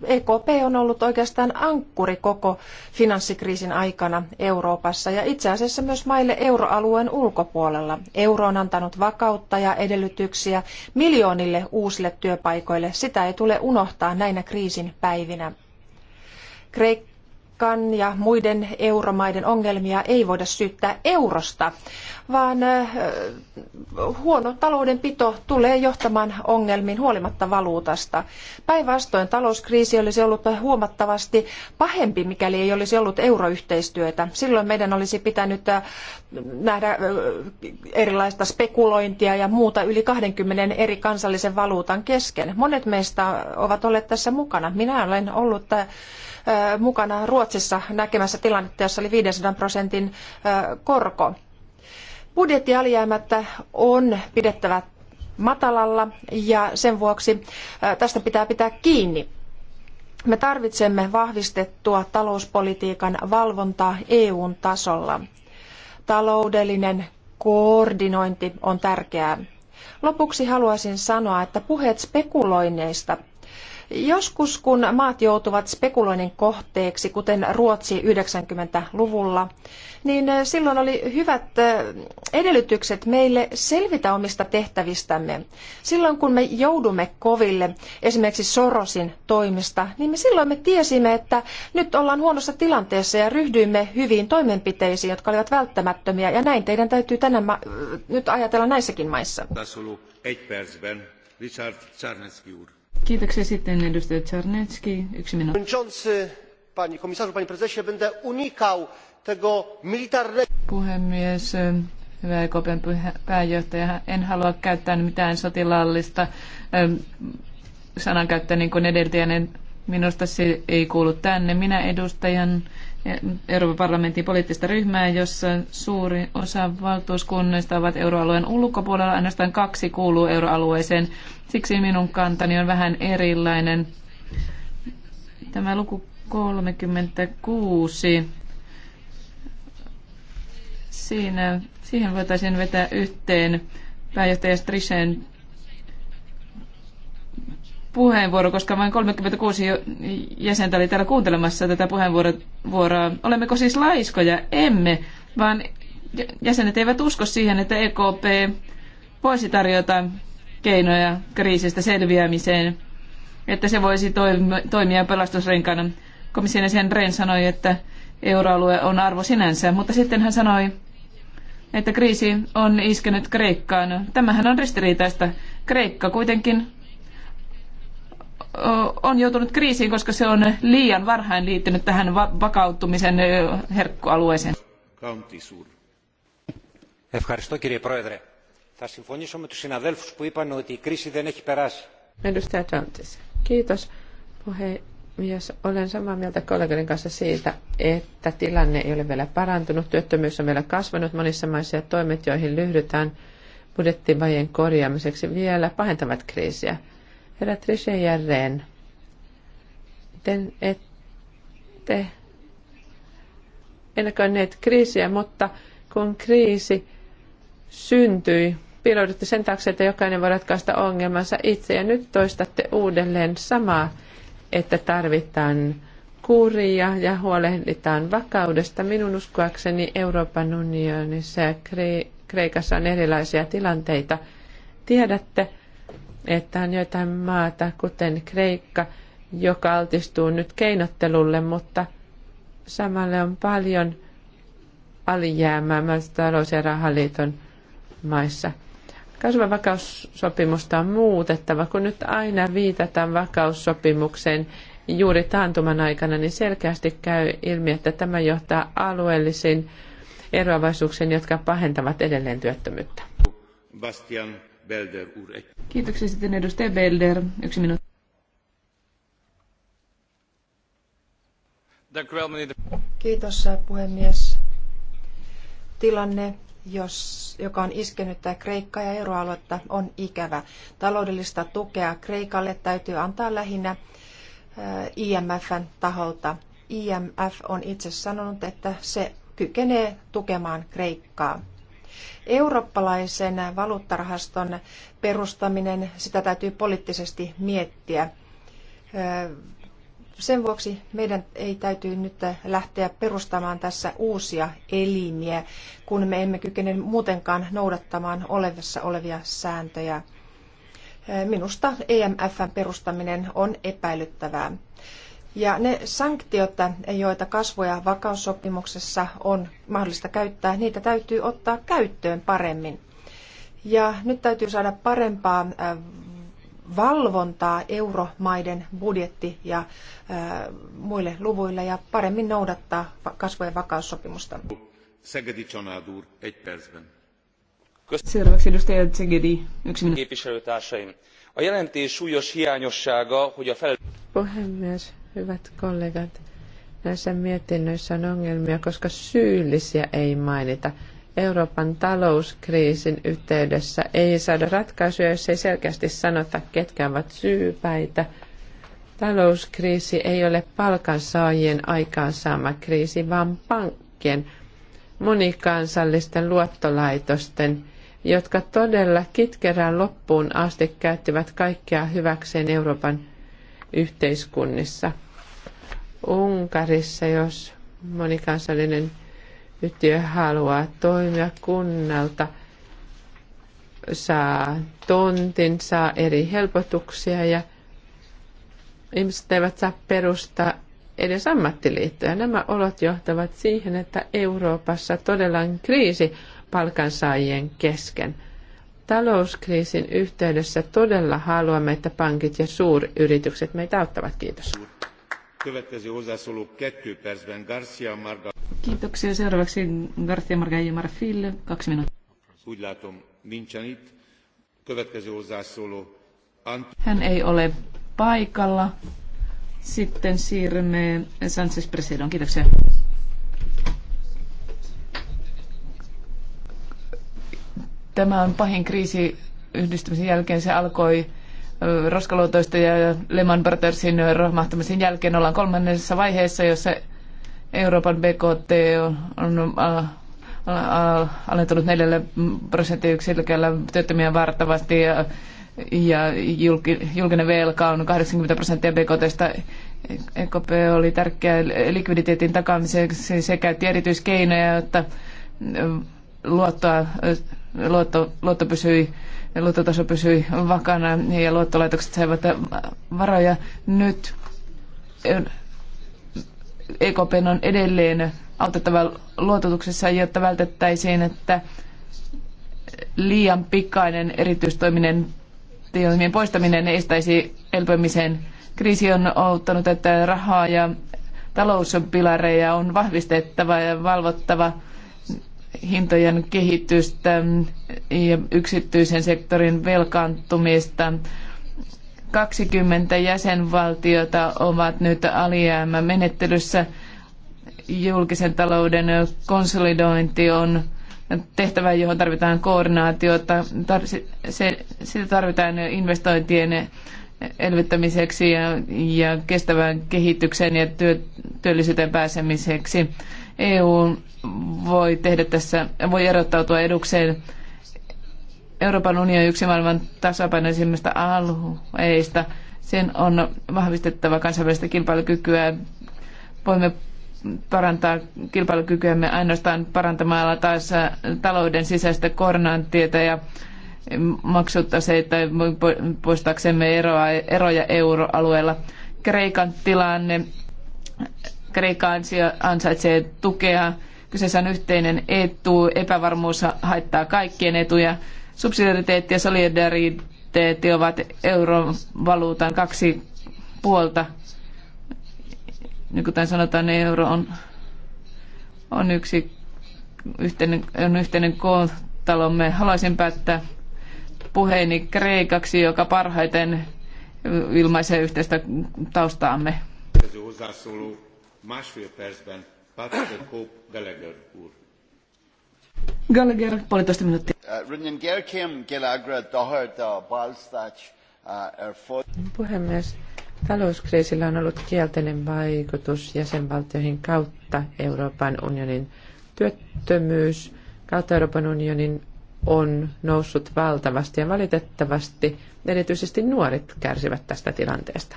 EKP on ollut oikeastaan ankkuri koko finanssikriisin aikana Euroopassa ja itse asiassa myös maille euroalueen ulkopuolella. Euro on antanut vakautta ja edellytyksiä miljoonille uusille työpaikoille. Sitä ei tule unohtaa näinä kriisin päivinä. Kreikka Kreikan ja muiden euromaiden ongelmia ei voida syyttää eurosta, vaan huono taloudenpito tulee johtamaan ongelmiin huolimatta valuutasta. Päinvastoin talouskriisi olisi ollut huomattavasti pahempi, mikäli ei olisi ollut euroyhteistyötä. Silloin meidän olisi pitänyt nähdä erilaista spekulointia ja muuta yli 20 eri kansallisen valuutan kesken. Monet meistä ovat olleet tässä mukana. Minä olen ollut mukana Ruotsissa näkemässä tilannetta, jossa oli 500 prosentin korko. Budjettialijäämättä on pidettävä matalalla ja sen vuoksi tästä pitää pitää kiinni. Me tarvitsemme vahvistettua talouspolitiikan valvontaa EUn tasolla. Taloudellinen koordinointi on tärkeää. Lopuksi haluaisin sanoa, että puheet spekuloinneista Joskus kun maat joutuvat spekuloinnin kohteeksi, kuten Ruotsi 90-luvulla, niin eh, silloin oli hyvät eh, edellytykset meille selvitä omista tehtävistämme. Silloin kun me joudumme koville, esimerkiksi Sorosin toimista, niin me silloin me tiesimme, että nyt ollaan huonossa tilanteessa ja ryhdyimme hyviin toimenpiteisiin, jotka olivat välttämättömiä. Ja näin teidän täytyy tänään eh, nyt ajatella näissäkin maissa. Richard Kiitoksia sitten edustaja Czarnecki. Yksi minuutti. komisarzu, prezesie, będę unikał tego militarnego... Puhemies, hyvä EKPn pääjohtaja, en halua käyttää mitään sotilaallista ähm, sanankäyttöä niin kuin edeltäjänen. Minusta se ei kuulu tänne. Minä edustajan Euroopan parlamentin poliittista ryhmää, jossa suuri osa valtuuskunnista ovat euroalueen ulkopuolella. Ainoastaan kaksi kuuluu euroalueeseen. Siksi minun kantani on vähän erilainen. Tämä luku 36. Siinä, siihen voitaisiin vetää yhteen pääjohtaja Strisen puheenvuoro, koska vain 36 jäsentä oli täällä kuuntelemassa tätä puheenvuoroa. Olemmeko siis laiskoja? Emme, vaan jäsenet eivät usko siihen, että EKP voisi tarjota keinoja kriisistä selviämiseen, että se voisi toimia pelastusrenkana. Komission jäsen Ren sanoi, että euroalue on arvo sinänsä, mutta sitten hän sanoi, että kriisi on iskenyt Kreikkaan. Tämähän on ristiriitaista. Kreikka kuitenkin on joutunut kriisiin, koska se on liian varhain liittynyt tähän vakauttumisen herkkualueeseen. Edustaja Tontis. Kiitos puhemies. Olen samaa mieltä kollegoiden kanssa siitä, että tilanne ei ole vielä parantunut. Työttömyys on vielä kasvanut monissa maissa ja toimet, joihin lyhdytään budjettivajeen korjaamiseksi, vielä pahentavat kriisiä Herra Trise ja te ette ennakoineet kriisiä, mutta kun kriisi syntyi, piiloudutte sen taakse, että jokainen voi ratkaista ongelmansa itse. Ja nyt toistatte uudelleen samaa, että tarvitaan kuria ja huolehditaan vakaudesta. Minun uskoakseni Euroopan unionissa ja Kreikassa on erilaisia tilanteita. Tiedätte, että on joitain maata, kuten Kreikka, joka altistuu nyt keinottelulle, mutta samalle on paljon alijäämää myös talous- ja rahaliiton maissa. Kasvava vakaussopimusta on muutettava, kun nyt aina viitataan vakaussopimukseen juuri taantuman aikana, niin selkeästi käy ilmi, että tämä johtaa alueellisiin eroavaisuuksiin, jotka pahentavat edelleen työttömyyttä. Bastian Belder úr. Kiitoksia sitten edustaja Belder. Yksi minuutti. Kiitos eh, puhemies. Tilanne, jos, joka on iskenyt Kreikka ja euroaluetta, on ikävä. Taloudellista tukea Kreikalle täytyy antaa lähinnä eh, IMFn taholta. IMF on itse sanonut, että se kykenee tukemaan Kreikkaa. Eurooppalaisen valuuttarahaston perustaminen, sitä täytyy poliittisesti miettiä. Sen vuoksi meidän ei täytyy nyt lähteä perustamaan tässä uusia elimiä, kun me emme kykene muutenkaan noudattamaan olevassa olevia sääntöjä. Minusta EMFn perustaminen on epäilyttävää. Ja ne sanktiot, joita kasvoja ja vakaussopimuksessa on mahdollista käyttää, niitä täytyy ottaa käyttöön paremmin. Ja nyt täytyy saada parempaa äh, valvontaa euromaiden budjetti ja äh, muille luvuille ja paremmin noudattaa kasvu- ja vakaussopimusta. Seuraavaksi edustaja Zegedi, yksi minuutti. Puhemies, hyvät kollegat, näissä mietinnöissä on ongelmia, koska syyllisiä ei mainita. Euroopan talouskriisin yhteydessä ei saada ratkaisuja, jos ei selkeästi sanota, ketkä ovat syypäitä. Talouskriisi ei ole palkansaajien aikaansaama kriisi, vaan pankkien, monikansallisten luottolaitosten, jotka todella kitkerään loppuun asti käyttivät kaikkea hyväkseen Euroopan yhteiskunnissa – Unkarissa, jos monikansallinen yhtiö haluaa toimia kunnalta, saa tontin, saa eri helpotuksia ja ihmiset eivät saa perustaa edes ammattiliittoja. Nämä olot johtavat siihen, että Euroopassa todella on kriisi palkansaajien kesken. Talouskriisin yhteydessä todella haluamme, että pankit ja suuryritykset meitä auttavat. Kiitos. Következő hozzászóló Kiitoksia. Seuraavaksi Garcia Marga Marfil, kaksi minuuttia. Úgy látom, nincsen itt. Következő hozzászóló Hän ei ole paikalla. Sitten siirrymme Sanchez Presidon. Kiitoksia. Tämä on pahin kriisi yhdistymisen jälkeen. Se alkoi roskaluotoista ja Lehman Brothersin romahtamisen jälkeen ollaan kolmannessa vaiheessa, jossa Euroopan BKT on äh, äh, äh, alentunut neljälle prosenttiyksiköllä työttömiä vartavasti ja, ja julkinen velka on 80 prosenttia BKTstä. EKP oli tärkeä likviditeetin takaamiseksi sekä erityiskeinoja, että luottoa, luotto, luotto pysyi luottotaso pysyi vakana ja luottolaitokset saivat varoja nyt. EKP eh, e on edelleen autettava luototuksessa, jotta vältettäisiin, että liian pikainen erityistoiminen toimien poistaminen estäisi elpymisen. Kriisi on auttanut, että rahaa ja talouspilareja on vahvistettava ja valvottava – hintojen kehitystä ja yksityisen sektorin velkaantumista. 20 jäsenvaltiota ovat nyt alijäämämenettelyssä. Julkisen talouden konsolidointi on tehtävä, johon tarvitaan koordinaatiota. sitä tarvitaan investointien elvyttämiseksi ja, kestävän kehityksen ja työllisyyteen pääsemiseksi. EU voi tehdä tässä, voi erottautua edukseen. Euroopan unionin yksi maailman tasapainoisimmista alueista. Sen on vahvistettava kansainvälistä kilpailukykyä. Voimme parantaa kilpailukykyämme ainoastaan parantamalla taas talouden sisäistä koordinaatiota ja maksutaseita poistaaksemme eroa, eroja euroalueella. Kreikan tilanne Kreikka ansaitsee tukea. Kyseessä on yhteinen etu. Epävarmuus haittaa kaikkien etuja. Subsidiariteetti ja solidariteetti ovat euron valuutan kaksi puolta. Niin kuten sanotaan, niin euro on, on yksi yhteinen, on yhteinen kohtalomme. Haluaisin päättää puheeni kreikaksi, joka parhaiten ilmaisee yhteistä taustaamme másfél percben Patrick Hope Gallagher úr. Gallagher, puolitoista uh, minuuttia. Uh, er Puhemies, talouskriisillä on ollut kielteinen vaikutus jäsenvaltioihin kautta Euroopan unionin työttömyys. Kautta Euroopan unionin on noussut valtavasti ja valitettavasti erityisesti nuoret kärsivät tästä tilanteesta.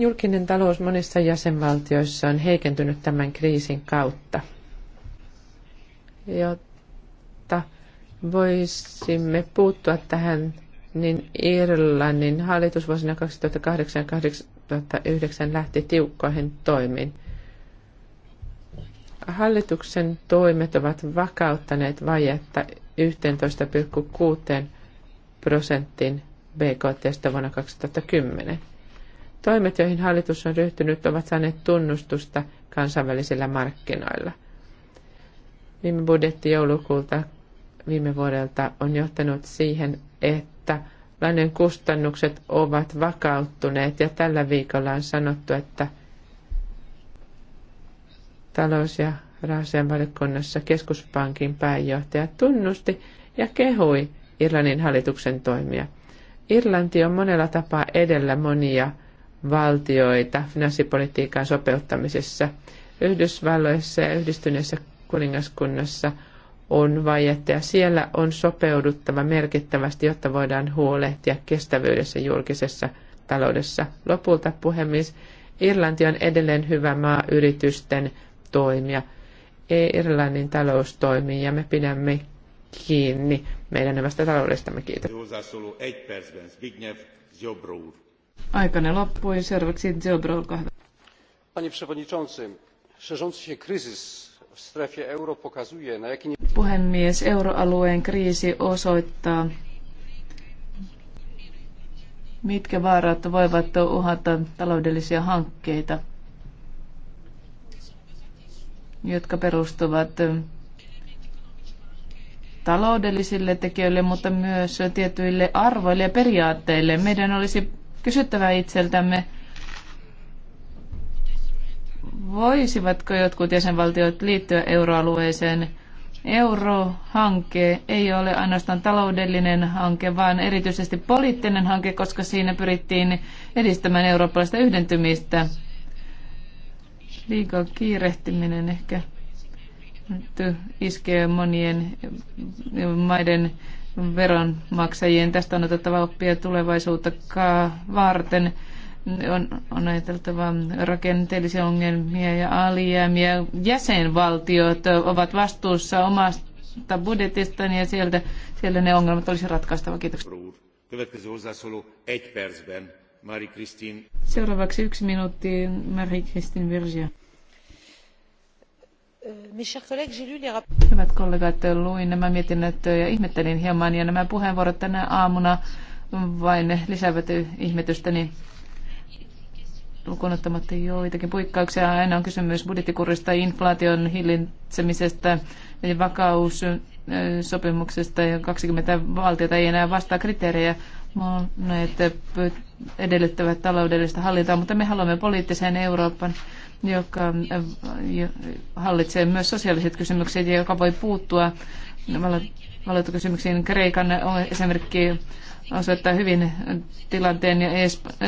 Julkinen talous monissa jäsenvaltioissa on heikentynyt tämän kriisin kautta, jotta voisimme puuttua tähän, niin Irlannin hallitus vuosina 2008-2009 lähti tiukkoihin toimiin. Hallituksen toimet ovat vakauttaneet vajetta 11,6 prosenttiin BKTstä vuonna 2010. Toimet, joihin hallitus on ryhtynyt, ovat saaneet tunnustusta kansainvälisillä markkinoilla. Viime budjetti joulukuulta viime vuodelta on johtanut siihen, että lainan kustannukset ovat vakauttuneet ja tällä viikolla on sanottu, että talous- ja rahasian keskuspankin pääjohtaja tunnusti ja kehui Irlannin hallituksen toimia. Irlanti on monella tapaa edellä monia valtioita finanssipolitiikan sopeuttamisessa. Yhdysvalloissa ja yhdistyneessä kuningaskunnassa on vajetta ja siellä on sopeuduttava merkittävästi, jotta voidaan huolehtia kestävyydessä julkisessa taloudessa. Lopulta puhemies, Irlanti on edelleen hyvä maa yritysten toimia. Ei Irlannin talous toimii ja me pidämme kiinni meidän hyvästä taloudestamme. Kiitos. Aikana loppui. Panie przewodniczący, szerzący się kryzys w strefie euro pokazuje, na jaki... Puhemies, euroalueen kriisi osoittaa, mitkä vaarat voivat uhata taloudellisia hankkeita, jotka perustuvat taloudellisille tekijöille, mutta myös tietyille arvoille ja periaatteille. Meidän olisi kysyttävä itseltämme, voisivatko jotkut jäsenvaltiot liittyä euroalueeseen? Eurohanke ei ole ainoastaan taloudellinen hanke, vaan erityisesti poliittinen hanke, koska siinä pyrittiin edistämään eurooppalaista yhdentymistä. Liikaa kiirehtiminen ehkä iskee monien maiden veronmaksajien. Tästä on otettava oppia tulevaisuutta varten. On, on ajateltava rakenteellisia ongelmia ja alijäämiä. Jäsenvaltiot ovat vastuussa omasta budjetistaan ja sieltä, siellä ne ongelmat olisi ratkaistava. Kiitoksia. Seuraavaksi yksi minuutti Marie-Christine Virgia. Euh, Hyvät kollegat, luin nämä mietinnöt ja ihmettelin hieman ja nämä puheenvuorot tänä aamuna vain lisäävät ihmetystäni lukuun ottamatta joitakin puikkauksia. Aina on kysymys budjettikurista, inflaation hillitsemisestä ja vakaussopimuksesta ja 20 valtiota ei enää vastaa kriteerejä monet edellyttävät taloudellista hallintaa, mutta me haluamme poliittisen Euroopan, joka hallitsee myös sosiaaliset kysymykset ja joka voi puuttua valuuttakysymyksiin. Kreikan esimerkki osoittaa hyvin tilanteen ja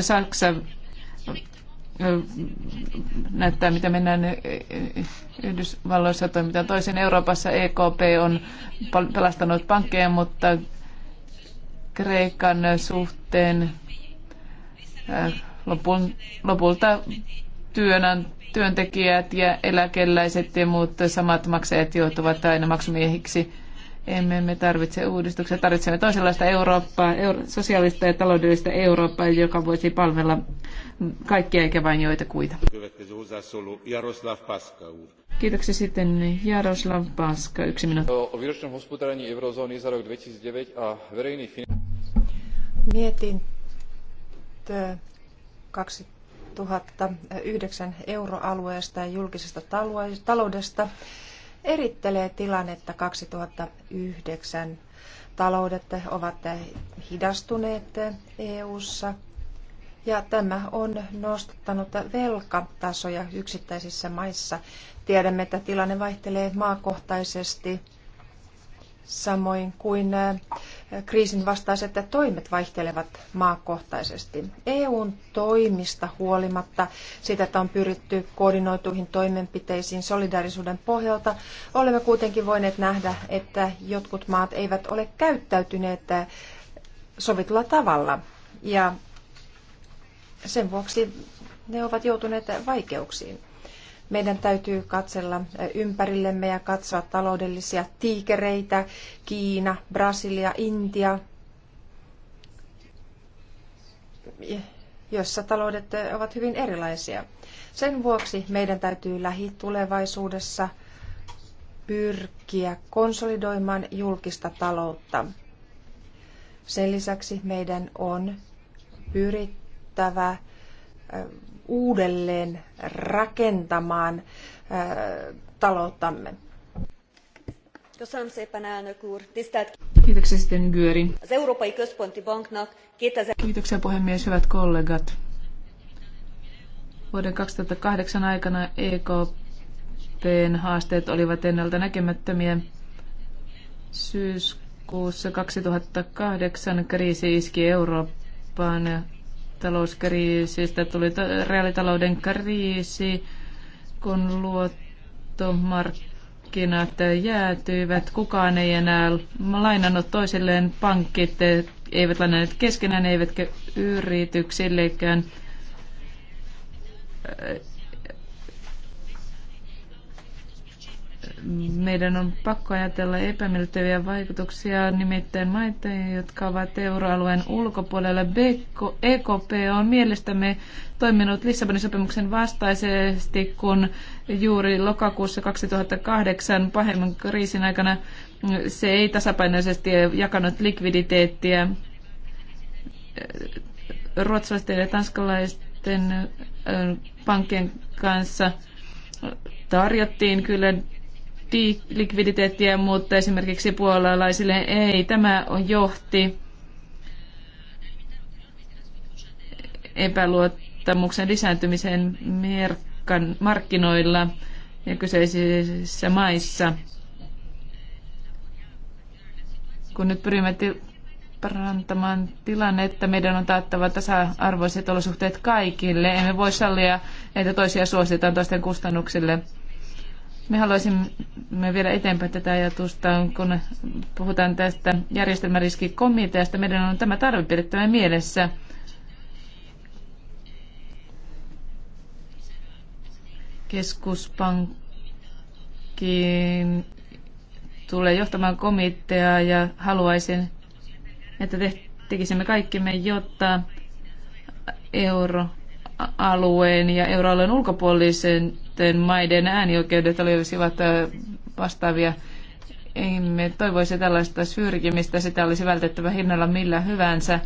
Saksa näyttää, mitä mennään Yhdysvalloissa toimitaan toisen Euroopassa. EKP on pelastanut pankkeja, mutta Kreikan suhteen äh, lopun, lopulta työnän, työntekijät ja eläkeläiset ja muut samat maksajat joutuvat aina maksumiehiksi. Emme me tarvitse uudistuksia, tarvitsemme toisenlaista Eurooppaa, euro, sosiaalista ja taloudellista Eurooppaa, joka voisi palvella kaikkia eikä vain kuita. Kiitoksia sitten Jaroslav Paska, yksi minuutti. 2009 a Mietintö 2009 euroalueesta ja julkisesta taloudesta erittelee tilannetta 2009. Taloudet ovat hidastuneet EU:ssa ja tämä on nostattanut velkatasoja yksittäisissä maissa. Tiedämme, että tilanne vaihtelee maakohtaisesti samoin kuin kriisin vastaiset toimet vaihtelevat maakohtaisesti. EUn toimista huolimatta siitä, että on pyritty koordinoituihin toimenpiteisiin solidaarisuuden pohjalta, olemme kuitenkin voineet nähdä, että jotkut maat eivät ole käyttäytyneet sovitulla tavalla. Ja sen vuoksi ne ovat joutuneet vaikeuksiin. Meidän täytyy katsella ympärillemme ja katsoa taloudellisia tiikereitä, Kiina, Brasilia, Intia, jossa taloudet ovat hyvin erilaisia. Sen vuoksi meidän täytyy lähitulevaisuudessa pyrkiä konsolidoimaan julkista taloutta. Sen lisäksi meidän on pyrittävä uudelleen rakentamaan talouttamme. Kiitoksia sitten Györi. 2000... Kiitoksia puhemies, hyvät kollegat. Vuoden 2008 aikana EKPn haasteet olivat ennalta näkemättömiä. Syyskuussa 2008 kriisi iski Eurooppaan talouskriisistä tuli reaalitalouden kriisi, kun luottomarkkinat jäätyivät. Kukaan ei enää lainannut toisilleen. pankkit, eivät lainanneet keskenään, eivätkä yrityksillekään Niin meidän on pakko ajatella epämiellyttäviä vaikutuksia, nimittäin maita, jotka ovat euroalueen ulkopuolella. EKP e on mielestämme toiminut Lissabonin sopimuksen vastaisesti, kun juuri lokakuussa 2008 pahemman kriisin aikana se ei tasapainoisesti jakanut likviditeettiä ruotsalaisten ja tanskalaisten pankkien kanssa tarjottiin kyllä likviditeettiä, mutta esimerkiksi puolalaisille ei. Tämä on johti epäluottamuksen lisääntymiseen merkan, markkinoilla ja kyseisissä maissa. Kun nyt pyrimme parantamaan tilannetta. Meidän on taattava tasa-arvoiset olosuhteet kaikille. Emme voi sallia, että toisia suositaan toisten kustannuksille. Me haluaisimme viedä eteenpäin tätä ajatusta, kun puhutaan tästä järjestelmäriskikomiteasta. Meidän on tämä tarve pidettävä mielessä. Keskuspankkiin tulee johtamaan komiteaa ja haluaisin, että tekisimme kaikkemme, jotta euroalueen ja euroalueen ulkopuolisen muiden maiden äänioikeudet olisivat vastaavia. Emme toivoisi tällaista syrjimistä, sitä olisi vältettävä hinnalla millä hyvänsä.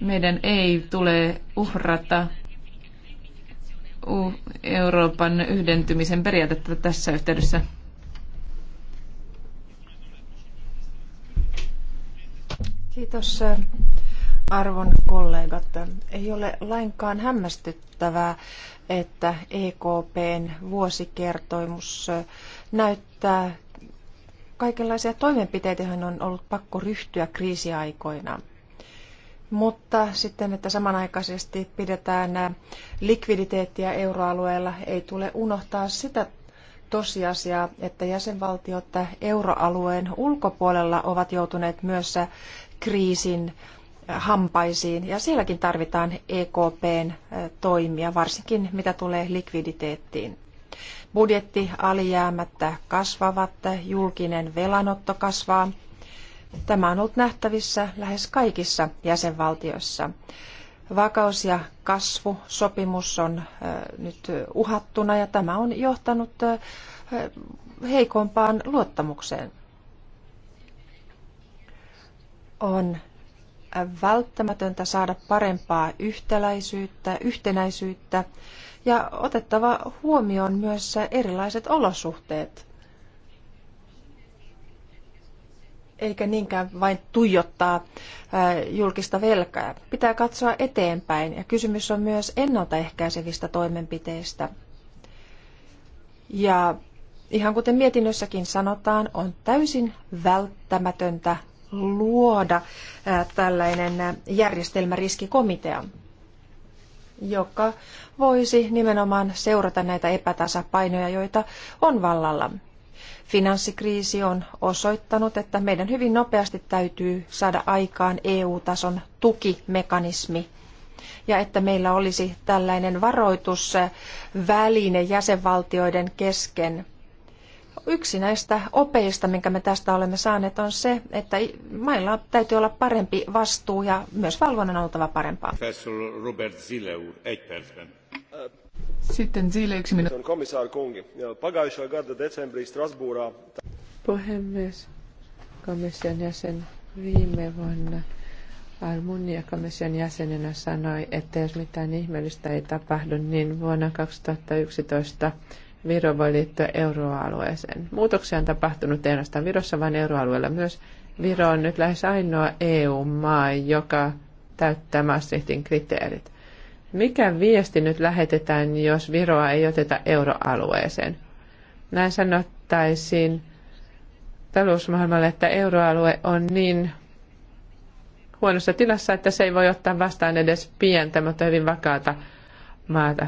Meidän ei tule uhrata Euroopan yhdentymisen periaatetta tässä yhteydessä. Kiitos arvon kollegat. Ei ole lainkaan hämmästyttävää, että EKPn vuosikertoimus näyttää kaikenlaisia toimenpiteitä, joihin on ollut pakko ryhtyä kriisiaikoina. Mutta sitten, että samanaikaisesti pidetään likviditeettiä euroalueella, ei tule unohtaa sitä tosiasiaa, että jäsenvaltiot euroalueen ulkopuolella ovat joutuneet myös kriisin hampaisiin. Ja sielläkin tarvitaan EKPn toimia, varsinkin mitä tulee likviditeettiin. Budjetti alijäämättä kasvavat, julkinen velanotto kasvaa. Tämä on ollut nähtävissä lähes kaikissa jäsenvaltioissa. Vakaus- ja kasvusopimus on nyt uhattuna ja tämä on johtanut heikompaan luottamukseen. On välttämätöntä saada parempaa yhtäläisyyttä, yhtenäisyyttä ja otettava huomioon myös erilaiset olosuhteet. Eikä niinkään vain tuijottaa julkista velkaa. Pitää katsoa eteenpäin ja kysymys on myös ennaltaehkäisevistä toimenpiteistä. Ja ihan kuten mietinnössäkin sanotaan, on täysin välttämätöntä luoda tällainen järjestelmäriskikomitea, joka voisi nimenomaan seurata näitä epätasapainoja, joita on vallalla. Finanssikriisi on osoittanut, että meidän hyvin nopeasti täytyy saada aikaan EU-tason tukimekanismi ja että meillä olisi tällainen varoitusväline jäsenvaltioiden kesken – Yksi näistä opeista, minkä me tästä olemme saaneet, on se, että mailla täytyy olla parempi vastuu ja myös valvonnan oltava parempaa. Robert Zileu, Sitten Zile yksi minuutti. Komissaari Kungi, pagaisella garda decembri Strasbourgissa. Puhemies, komission jäsen viime vuonna Almunia komission jäsenenä sanoi, että jos mitään ihmeellistä ei tapahdu, niin vuonna 2011 Viro voi liittyä euroalueeseen. Muutoksia on tapahtunut ei ainoastaan Virossa, vaan euroalueella myös. Viro on nyt lähes ainoa EU-maa, joka täyttää Maastrichtin kriteerit. Mikä viesti nyt lähetetään, jos Viroa ei oteta euroalueeseen? Näin sanottaisiin talousmaailmalle, että euroalue on niin huonossa tilassa, että se ei voi ottaa vastaan edes pientä, mutta hyvin vakaata maata.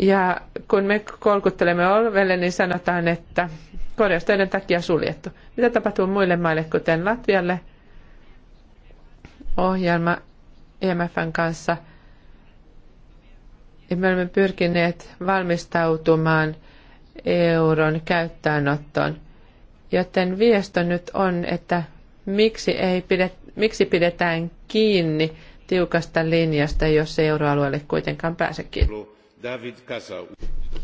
Ja kun me kolkuttelemme olvelle, niin sanotaan, että korjausteiden takia suljettu. Mitä tapahtuu muille maille, kuten Latvialle? Ohjelma IMFn e kanssa. Ja me olemme pyrkineet valmistautumaan euron käyttöönottoon. Joten viesto nyt on, että miksi, ei pidet, miksi pidetään kiinni tiukasta linjasta, jos euroalueelle kuitenkaan pääse kiinni. David Casa.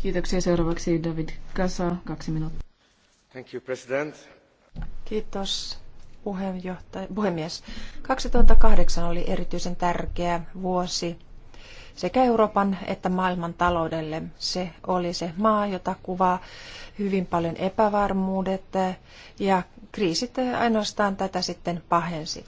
Kiitoksia. Seuraavaksi David Casa, kaksi minuuttia. Thank you, President. Kiitos puhemies. 2008 oli erityisen tärkeä vuosi sekä Euroopan että maailman taloudelle. Se oli se maa, jota kuvaa hyvin paljon epävarmuudet ja kriisit ainoastaan tätä sitten pahensi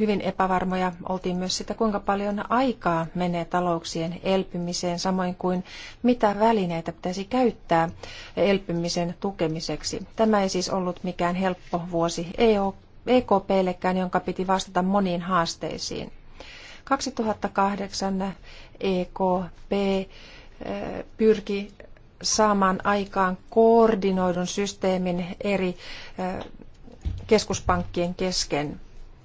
hyvin epävarmoja oltiin myös sitä, kuinka paljon aikaa menee talouksien elpymiseen, samoin kuin mitä välineitä pitäisi käyttää elpymisen tukemiseksi. Tämä ei siis ollut mikään helppo vuosi EKPllekään, e jonka piti vastata moniin haasteisiin. 2008 EKP eh, pyrki saamaan aikaan koordinoidun systeemin eri eh, keskuspankkien kesken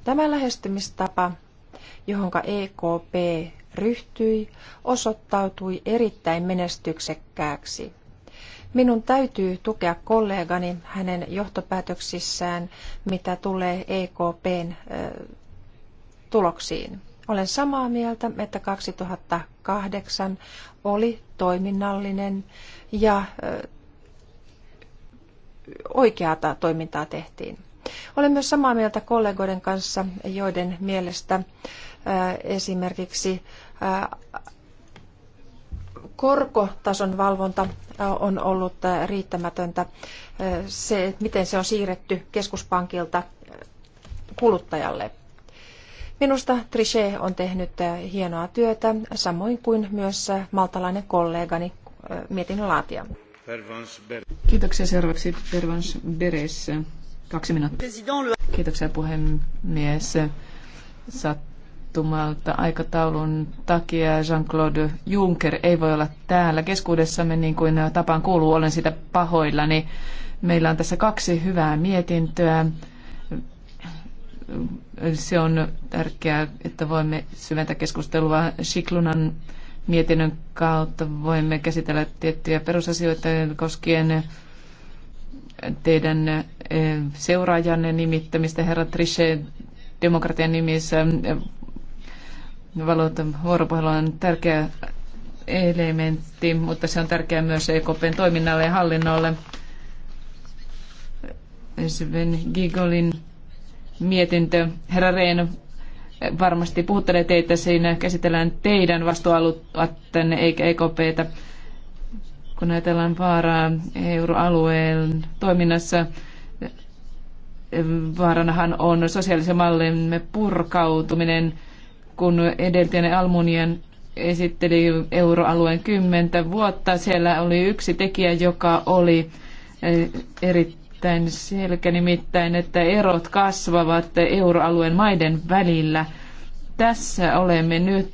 Tämä lähestymistapa, johon EKP ryhtyi, osoittautui erittäin menestyksekkääksi. Minun täytyy tukea kollegani hänen johtopäätöksissään, mitä tulee EKPn tuloksiin. Olen samaa mieltä, että 2008 oli toiminnallinen ja oikeata toimintaa tehtiin. Olen myös samaa mieltä kollegoiden kanssa, joiden mielestä äh, esimerkiksi äh, korkotason valvonta äh, on ollut riittämätöntä. Se, miten se on siirretty keskuspankilta kuluttajalle. Minusta Trichet on tehnyt hienoa työtä, samoin kuin myös maltalainen kollegani mietinnön laatija. Kiitoksia seuraavaksi Pervans Beres. Kaksi minuuttia. Kiitoksia puhemies. Sattumalta aikataulun takia Jean-Claude Juncker ei voi olla täällä keskuudessamme niin kuin tapaan kuuluu. Olen sitä pahoillani. Meillä on tässä kaksi hyvää mietintöä se on tärkeää, että voimme syventää keskustelua Shiklunan mietinnön kautta. Voimme käsitellä tiettyjä perusasioita koskien teidän eh, seuraajanne nimittämistä, herra Trichet, demokratian nimissä eh, valuutan vuoropuhelu on tärkeä elementti, mutta se on tärkeää myös EKPn toiminnalle ja hallinnolle. Sven Gigolin mietintö. Herra Rehn, varmasti puhuttelee teitä siinä. Käsitellään teidän vastuualuettenne eikä EKPtä kun ajatellaan vaaraa euroalueen toiminnassa, vaaranahan on sosiaalisen mallimme purkautuminen, kun edeltäjänne Almunian esitteli euroalueen kymmentä vuotta. Siellä oli yksi tekijä, joka oli eh, erittäin selkä, nimittäin, että erot kasvavat euroalueen maiden välillä. Tässä olemme nyt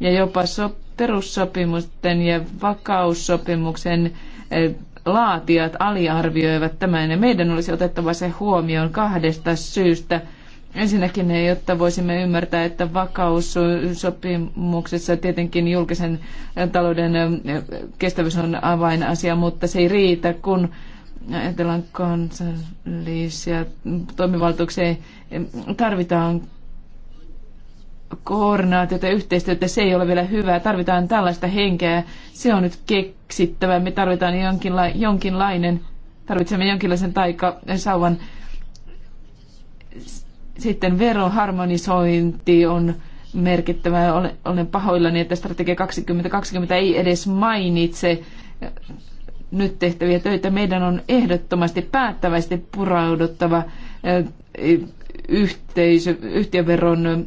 ja jopa sop- perussopimusten ja vakaussopimuksen eh, laatijat aliarvioivat tämän ja meidän olisi otettava se huomioon kahdesta syystä. Ensinnäkin, jotta voisimme ymmärtää, että vakaussopimuksessa tietenkin julkisen eh, talouden eh, kestävyys on avainasia, mutta se ei riitä, kun etelän kansallisia toimivaltuuksia. Tarvitaan koordinaatiota ja yhteistyötä, se ei ole vielä hyvää. Tarvitaan tällaista henkeä. Se on nyt keksittävä. Me tarvitaan jonkinla- jonkinlainen, tarvitsemme jonkinlaisen taikasauvan. Sitten veroharmonisointi on merkittävää. Olen pahoillani, että strategia 2020 ei edes mainitse nyt tehtäviä töitä. Meidän on ehdottomasti päättävästi purauduttava yhteisö, yhtiöveron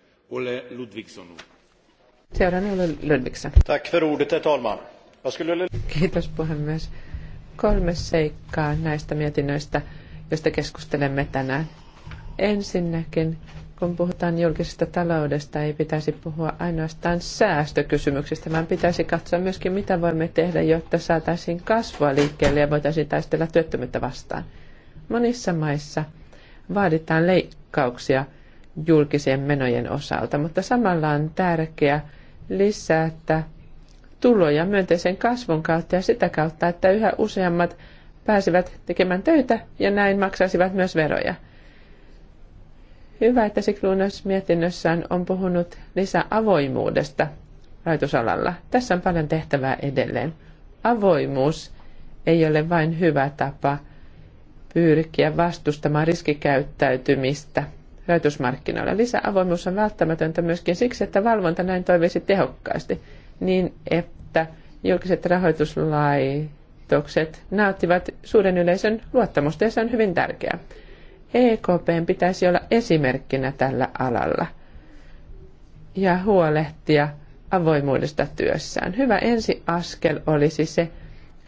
Seuraavana Ludvigsson. Tack för ordet, herr talman. Jag skulle... Kiitos puhemies. Kolme seikkaa näistä mietinnöistä, joista keskustelemme tänään. Ensinnäkin, kun puhutaan julkisesta taloudesta, ei pitäisi puhua ainoastaan säästökysymyksistä, vaan pitäisi katsoa myöskin, mitä voimme tehdä, jotta saataisiin kasvua liikkeelle ja voitaisiin taistella työttömyyttä vastaan. Monissa maissa vaaditaan leikkauksia – julkisen menojen osalta, mutta samalla on tärkeää lisätä tuloja myönteisen kasvun kautta ja sitä kautta, että yhä useammat pääsivät tekemään töitä ja näin maksaisivat myös veroja. Hyvä, että Sikluunas mietinnössään on puhunut lisäavoimuudesta rahoitusalalla. Tässä on paljon tehtävää edelleen. Avoimuus ei ole vain hyvä tapa pyrkiä vastustamaan riskikäyttäytymistä – rahoitusmarkkinoilla. Lisäavoimuus on välttämätöntä myöskin siksi, että valvonta näin toimisi tehokkaasti, niin että julkiset rahoituslaitokset nauttivat suuren yleisön luottamusta ja se on hyvin tärkeää. EKPn pitäisi olla esimerkkinä tällä alalla ja huolehtia avoimuudesta työssään. Hyvä ensiaskel olisi se,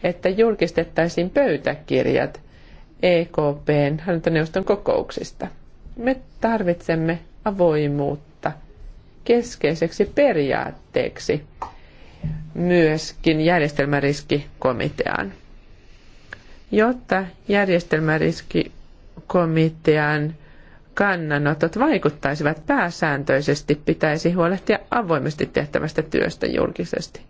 että julkistettaisiin pöytäkirjat EKPn hallintoneuvoston kokouksista – me tarvitsemme avoimuutta keskeiseksi periaatteeksi myöskin järjestelmäriskikomitean. Jotta järjestelmäriskikomitean kannanotot vaikuttaisivat pääsääntöisesti, pitäisi huolehtia avoimesti tehtävästä työstä julkisesti.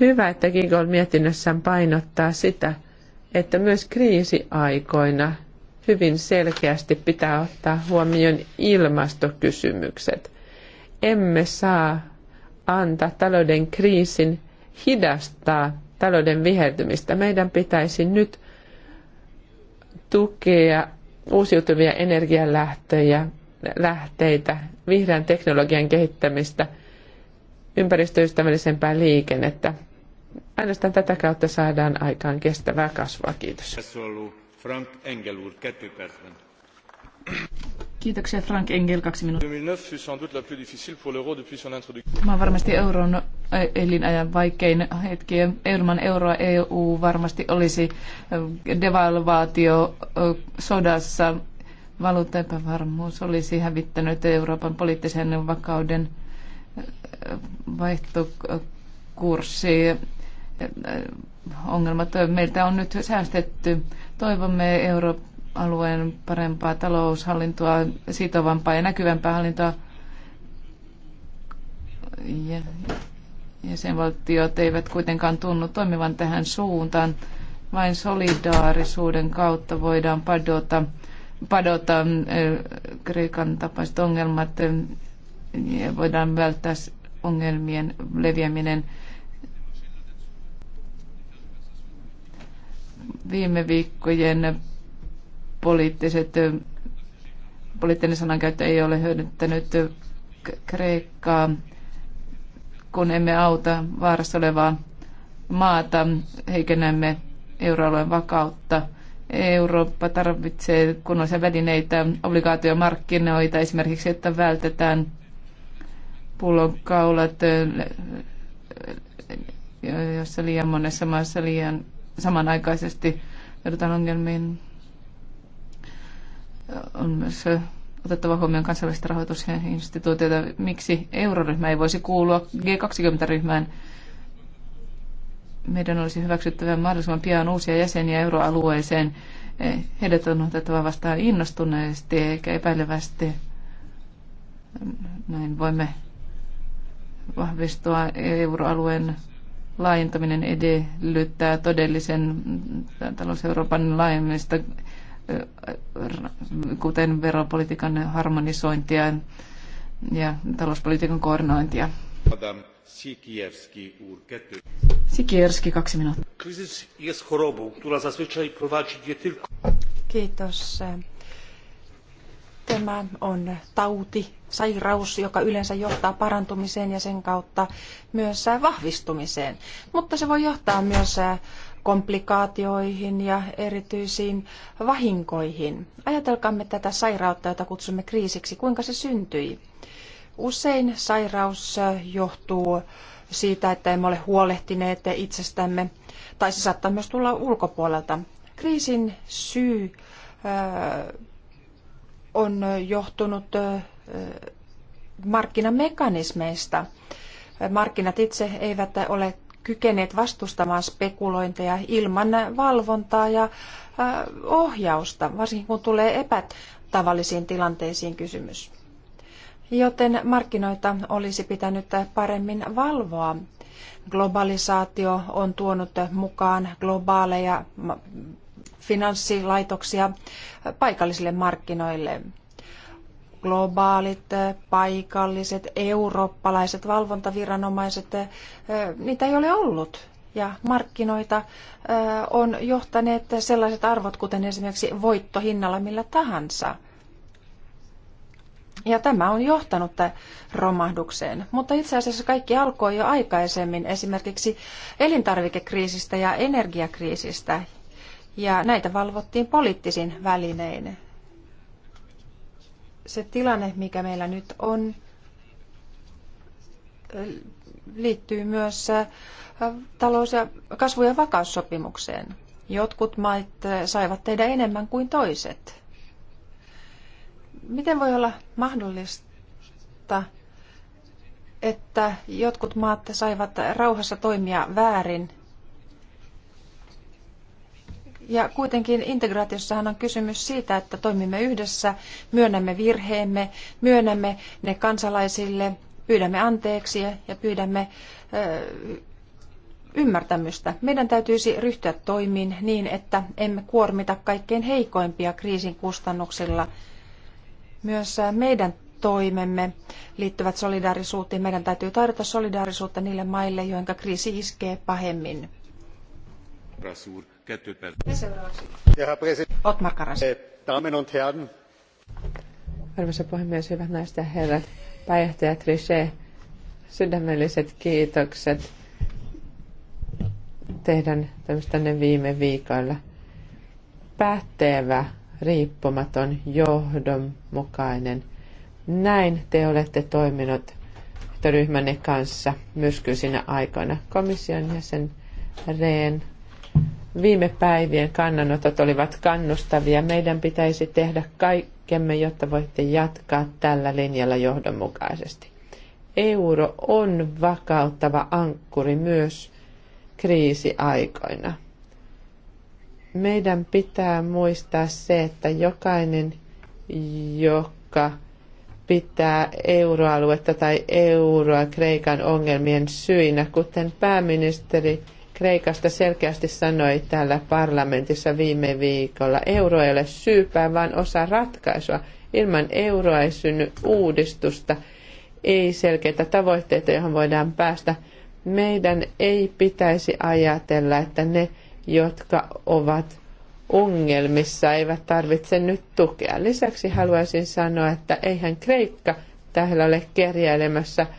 Hyvä, että Gigol mietinnössään painottaa sitä, että myös kriisiaikoina hyvin selkeästi pitää ottaa huomioon ilmastokysymykset. Emme saa antaa talouden kriisin hidastaa talouden vihertymistä. Meidän pitäisi nyt tukea uusiutuvia energialähtöjä, lähteitä, vihreän teknologian kehittämistä, ympäristöystävällisempää liikennettä. Ainoastaan tätä kautta saadaan aikaan kestävää kasvua. Kiitos. Frank Engel úr, kettő Kiitoksia Frank Engel, kaksi minuuttia. Tämä on varmasti euron elinajan vaikein hetki. Ilman euroa EU varmasti olisi devalvaatio sodassa. Valuuttaepävarmuus olisi hävittänyt Euroopan poliittisen vakauden vaihtokurssi. Ongelmat meiltä on nyt säästetty Toivomme euroalueen parempaa taloushallintoa, sitovampaa ja näkyvämpää hallintoa. Ja jäsenvaltiot eivät kuitenkaan tunnu toimivan tähän suuntaan. Vain solidaarisuuden kautta voidaan padota, padota Kreikan tapaiset ongelmat ja voidaan välttää ongelmien leviäminen Viime viikkojen poliittiset, poliittinen sanankäyttö ei ole hyödyttänyt Kreikkaa, kun emme auta vaarassa olevaa maata, heikennämme euroalueen vakautta. Eurooppa tarvitsee kunnollisia välineitä, obligaatiomarkkinoita esimerkiksi, että vältetään pullonkaulat, jossa liian monessa maassa liian samanaikaisesti joudutaan ongelmiin. On myös otettava huomioon kansainvälistä rahoitusinstituutioita. Miksi euroryhmä ei voisi kuulua G20-ryhmään? Meidän olisi hyväksyttävä mahdollisimman pian uusia jäseniä euroalueeseen. Heidät on otettava vastaan innostuneesti eikä epäilevästi. Näin voimme vahvistua euroalueen laajentaminen edellyttää todellisen talouseuroopan laajemmista, kuten veropolitiikan harmonisointia ja talouspolitiikan koordinointia. Sikierski, kaksi minuuttia. Kiitos. Tämä on tauti, sairaus, joka yleensä johtaa parantumiseen ja sen kautta myös vahvistumiseen. Mutta se voi johtaa myös komplikaatioihin ja erityisiin vahinkoihin. Ajatelkaamme tätä sairautta, jota kutsumme kriisiksi. Kuinka se syntyi? Usein sairaus johtuu siitä, että emme ole huolehtineet itsestämme, tai se saattaa myös tulla ulkopuolelta. Kriisin syy on johtunut markkinamekanismeista. Markkinat itse eivät ole kykeneet vastustamaan spekulointeja ilman valvontaa ja ohjausta, varsinkin kun tulee epätavallisiin tilanteisiin kysymys. Joten markkinoita olisi pitänyt paremmin valvoa. Globalisaatio on tuonut mukaan globaaleja finanssilaitoksia paikallisille markkinoille. Globaalit, paikalliset, eurooppalaiset valvontaviranomaiset, eh, niitä ei ole ollut. Ja markkinoita eh, on johtaneet sellaiset arvot, kuten esimerkiksi voitto hinnalla millä tahansa. Ja tämä on johtanut romahdukseen. Mutta itse asiassa kaikki alkoi jo aikaisemmin esimerkiksi elintarvikekriisistä ja energiakriisistä, ja näitä valvottiin poliittisin välinein. Se tilanne, mikä meillä nyt on, liittyy myös äh, talous- ja kasvu- ja vakaussopimukseen. Jotkut maat äh, saivat tehdä enemmän kuin toiset. Miten voi olla mahdollista, että jotkut maat saivat rauhassa toimia väärin ja kuitenkin integraatiossahan on kysymys siitä, että toimimme yhdessä, myönnämme virheemme, myönnämme ne kansalaisille, pyydämme anteeksi ja pyydämme ymmärtämystä. Meidän täytyisi ryhtyä toimiin niin, että emme kuormita kaikkein heikoimpia kriisin kustannuksilla. Myös meidän toimemme liittyvät solidaarisuuteen. Meidän täytyy tarjota solidaarisuutta niille maille, joihin kriisi iskee pahemmin. Rasur. Eh, Arvoisa puhemies, hyvät naiset ja herrat, pääjohtaja Trichet, sydämelliset kiitokset teidän tämmöistänne viime viikolla. päättävä riippumaton, johdonmukainen. Näin te olette toiminut ryhmänne kanssa myrskyisinä aikoina. Komission jäsen Rehn Viime päivien kannanotot olivat kannustavia. Meidän pitäisi tehdä kaikkemme, jotta voitte jatkaa tällä linjalla johdonmukaisesti. Euro on vakauttava ankkuri myös kriisiaikoina. Meidän pitää muistaa se, että jokainen, joka pitää euroaluetta tai euroa Kreikan ongelmien syinä, kuten pääministeri Kreikasta selkeästi sanoi täällä parlamentissa viime viikolla. Euro ei ole syypää, vaan osa ratkaisua. Ilman euroa ei synny uudistusta, ei selkeitä tavoitteita, johon voidaan päästä. Meidän ei pitäisi ajatella, että ne, jotka ovat ongelmissa, eivät tarvitse nyt tukea. Lisäksi haluaisin sanoa, että eihän Kreikka täällä ole kerjäilemässä –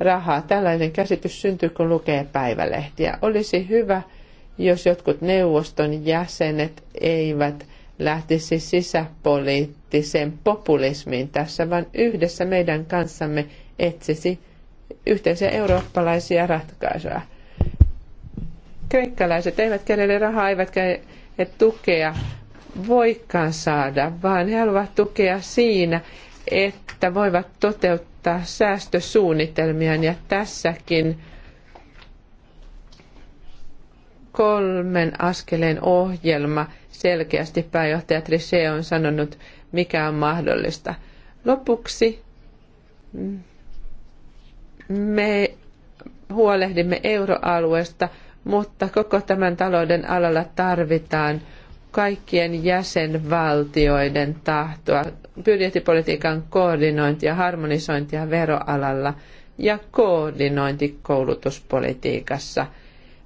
rahaa. Tällainen käsitys syntyy, kun lukee päivälehtiä. Olisi hyvä, jos jotkut neuvoston jäsenet eivät lähtisi sisäpoliittiseen populismiin tässä, vaan yhdessä meidän kanssamme etsisi yhteisiä eurooppalaisia ratkaisuja. Kreikkalaiset eivät kenelle rahaa, eivätkä he tukea voikaan saada, vaan he haluavat tukea siinä, että voivat toteuttaa noudattaa säästösuunnitelmiaan ja tässäkin kolmen askeleen ohjelma selkeästi pääjohtaja Trise on sanonut, mikä on mahdollista. Lopuksi mm, me huolehdimme euroalueesta, mutta koko tämän talouden alalla tarvitaan kaikkien jäsenvaltioiden tahtoa, budjettipolitiikan koordinointia, harmonisointia veroalalla ja koordinointi koulutuspolitiikassa,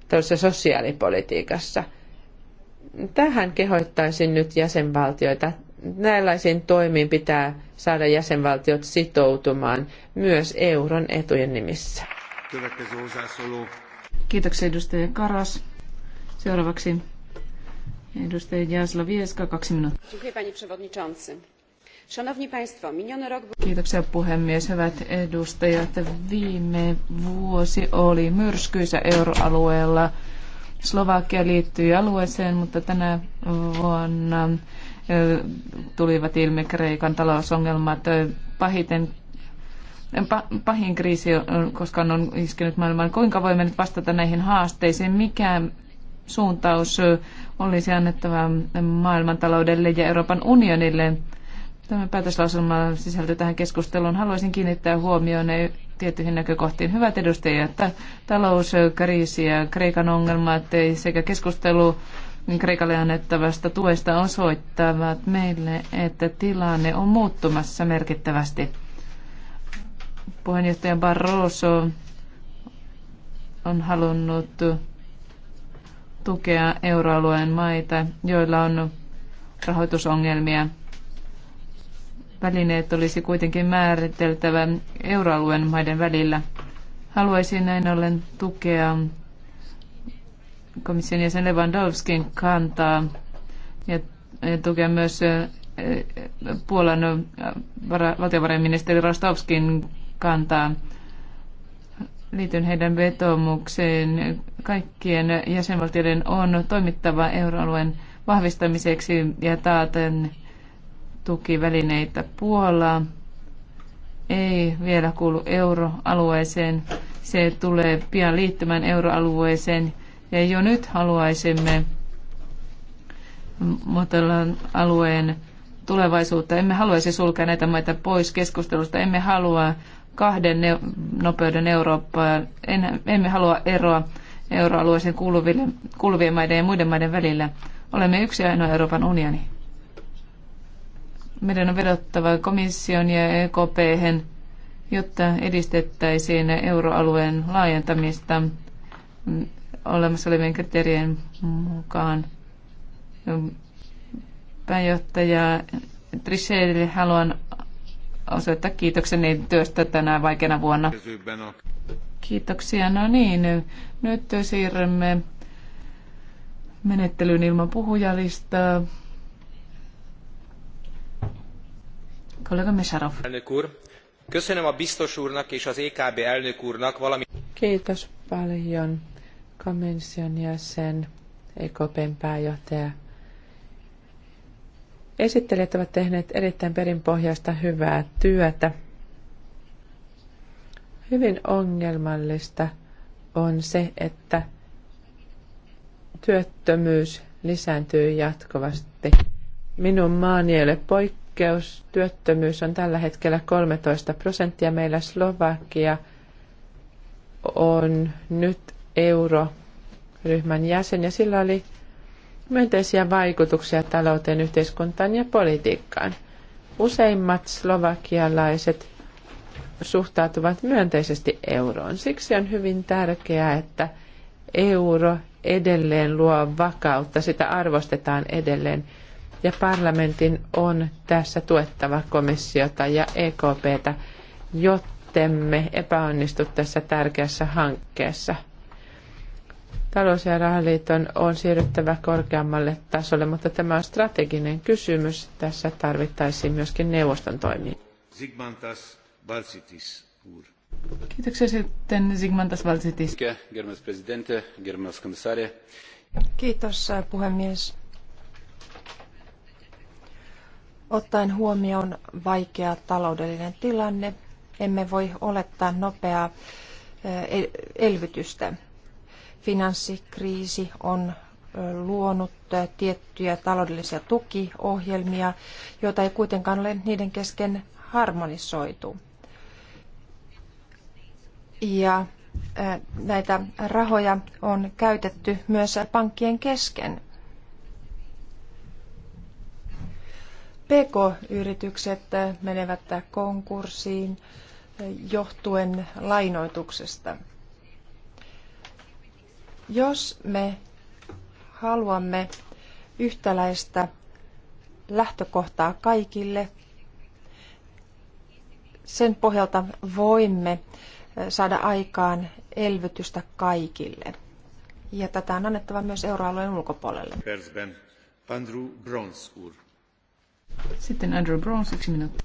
tuossa sosiaalipolitiikassa. Tähän kehoittaisin nyt jäsenvaltioita. Näinlaisiin toimiin pitää saada jäsenvaltiot sitoutumaan myös euron etujen nimissä. Kiitoksia edustaja Karas. Seuraavaksi Edustaja Jaslovieska, kaksi minuuttia. Kiitoksia puhemies. Hyvät edustajat, viime vuosi oli myrskyisä euroalueella. Slovakia liittyi alueeseen, mutta tänä vuonna tulivat ilmi Kreikan talousongelmat. Pahiten, pahin kriisi, koska on iskenyt maailmaan. Kuinka voimme nyt vastata näihin haasteisiin? Mikä suuntaus olisi annettava maailmantaloudelle ja Euroopan unionille. Tämä päätöslauselma sisältyy tähän keskusteluun. Haluaisin kiinnittää huomioon tiettyihin näkökohtiin. Hyvät edustajat, talouskriisi ja Kreikan ongelmat sekä keskustelu Kreikalle annettavasta tuesta osoittavat meille, että tilanne on muuttumassa merkittävästi. Puheenjohtaja Barroso on halunnut tukea euroalueen maita, joilla on rahoitusongelmia. Välineet olisi kuitenkin määriteltävä euroalueen maiden välillä. Haluaisin näin ollen tukea komission jäsen Lewandowskin kantaa ja, ja tukea myös Puolan valtiovarainministeri Rostovskin kantaa liityn heidän vetomukseen. Kaikkien jäsenvaltioiden on toimittava euroalueen vahvistamiseksi ja taaten tukivälineitä Puolaa. Ei vielä kuulu euroalueeseen. Se tulee pian liittymään euroalueeseen. Ja jo nyt haluaisimme muotoilla alueen tulevaisuutta. Emme haluaisi sulkea näitä maita pois keskustelusta. Emme halua kahden nopeuden Eurooppaa. En, emme halua eroa euroalueeseen kuuluvien maiden ja muiden maiden välillä. Olemme yksi ainoa Euroopan unioni. Meidän on vedottava komission ja ekp jotta edistettäisiin euroalueen laajentamista olemassa olevien kriteerien mukaan. Pääjohtaja Trichetille haluan osoittaa kiitokseni työstä tänä vaikeana vuonna. Kiitoksia. No niin, nyt siirrymme menettelyyn ilman puhujalistaa. Kollega Mesarov. Köszönöm a biztos úrnak és az EKB elnök úrnak valami... Kiitos paljon komission jäsen, EKPn pääjohtaja Esittelijät ovat tehneet erittäin perinpohjaista hyvää työtä. Hyvin ongelmallista on se, että työttömyys lisääntyy jatkuvasti. Minun maani ei ole poikkeus. Työttömyys on tällä hetkellä 13 prosenttia. Meillä Slovakia on nyt euroryhmän jäsen ja sillä oli myönteisiä vaikutuksia talouteen, yhteiskuntaan ja politiikkaan. Useimmat slovakialaiset suhtautuvat myönteisesti euroon. Siksi on hyvin tärkeää, että euro edelleen luo vakautta, sitä arvostetaan edelleen. Ja parlamentin on tässä tuettava komissiota ja EKPtä, jottemme epäonnistu tässä tärkeässä hankkeessa talous- ja rahaliiton on siirryttävä korkeammalle tasolle, mutta tämä on strateginen kysymys. Tässä tarvittaisiin myöskin neuvoston toimia. Sigmantas Balsitis. Kiitoksia sitten Zigmantas Valsitis. Germas Kiitos äh, puhemies. Ottaen huomioon vaikea taloudellinen tilanne, emme voi olettaa nopeaa äh, elvytystä finanssikriisi on luonut tiettyjä taloudellisia tukiohjelmia, joita ei kuitenkaan ole niiden kesken harmonisoitu. Ja näitä rahoja on käytetty myös pankkien kesken. PK-yritykset menevät konkurssiin johtuen lainoituksesta. Jos me haluamme yhtäläistä lähtökohtaa kaikille, sen pohjalta voimme saada aikaan elvytystä kaikille. Ja tätä on annettava myös euroalueen ulkopuolelle. Andrew Sitten Andrew Brons, yksi minuutti.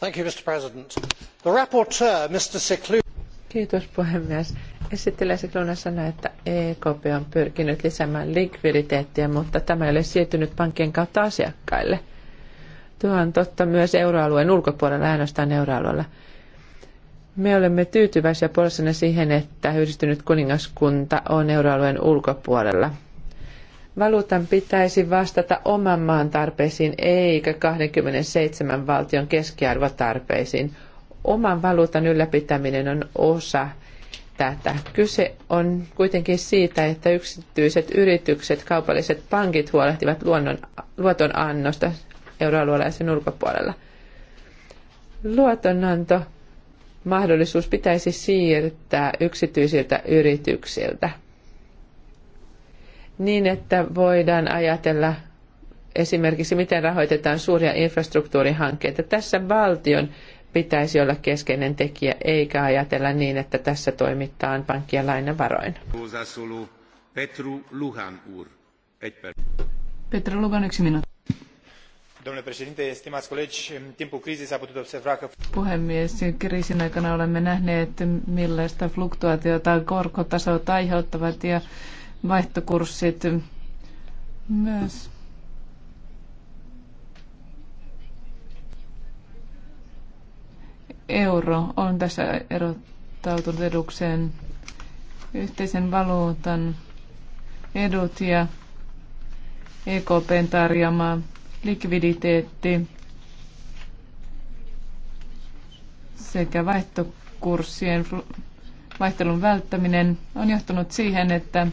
Thank you, Mr. President. The rapporteur, Mr. Secluna. Kiitos puhemies. Esittelee Sikluna sanoi, että EKP on pyrkinyt lisäämään likviditeettiä, mutta tämä ei ole siirtynyt pankkien kautta asiakkaille. Tuo on totta myös euroalueen ulkopuolella, ainoastaan euroalueella. Me olemme tyytyväisiä puolessanne siihen, että yhdistynyt kuningaskunta on euroalueen ulkopuolella. Valuutan pitäisi vastata oman maan tarpeisiin eikä 27 valtion keskiarvotarpeisiin. Oman valuutan ylläpitäminen on osa tätä. Kyse on kuitenkin siitä, että yksityiset yritykset, kaupalliset pankit huolehtivat luonnon, luoton annosta euroalueella ja sen ulkopuolella. Luotonanto mahdollisuus pitäisi siirtää yksityisiltä yrityksiltä niin, että voidaan ajatella esimerkiksi, miten rahoitetaan suuria infrastruktuurihankkeita. Tässä valtion pitäisi olla keskeinen tekijä, eikä ajatella niin, että tässä toimitaan pankkien lainavaroin. Petru Luhan, ur. Petru Luhan, yksi minuutti. Puhemies, kriisin aikana olemme nähneet, millaista fluktuatiota korkotasot aiheuttavat ja vaihtokurssit myös euro on tässä erottautunut edukseen yhteisen valuutan edut ja EKPn tarjoama likviditeetti sekä vaihtokurssien vaihtelun välttäminen on johtanut siihen, että äh,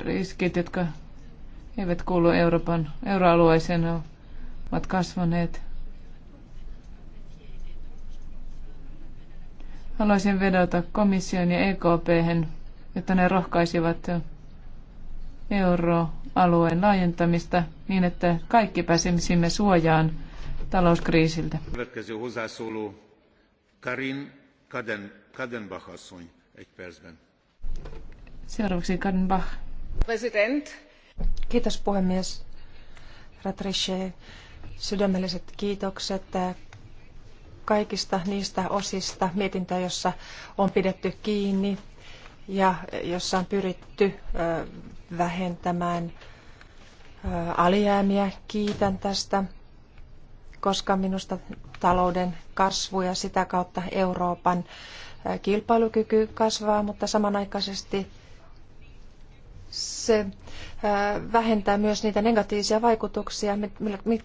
riskit, jotka eivät kuulu Euroopan euroalueeseen, ovat kasvaneet. Haluaisin vedota komission ja EKP, että ne rohkaisivat euroalueen laajentamista niin, että kaikki pääsisimme suojaan talouskriisiltä. Karin Kadenbach President. Kiitos puhemies. Herra Trichet, sydämelliset kiitokset kaikista niistä osista mietintöä, jossa on pidetty kiinni ja jossa on pyritty vähentämään alijäämiä. Kiitän tästä, koska minusta talouden kasvu ja sitä kautta Euroopan kilpailukyky kasvaa, mutta samanaikaisesti se vähentää myös niitä negatiivisia vaikutuksia,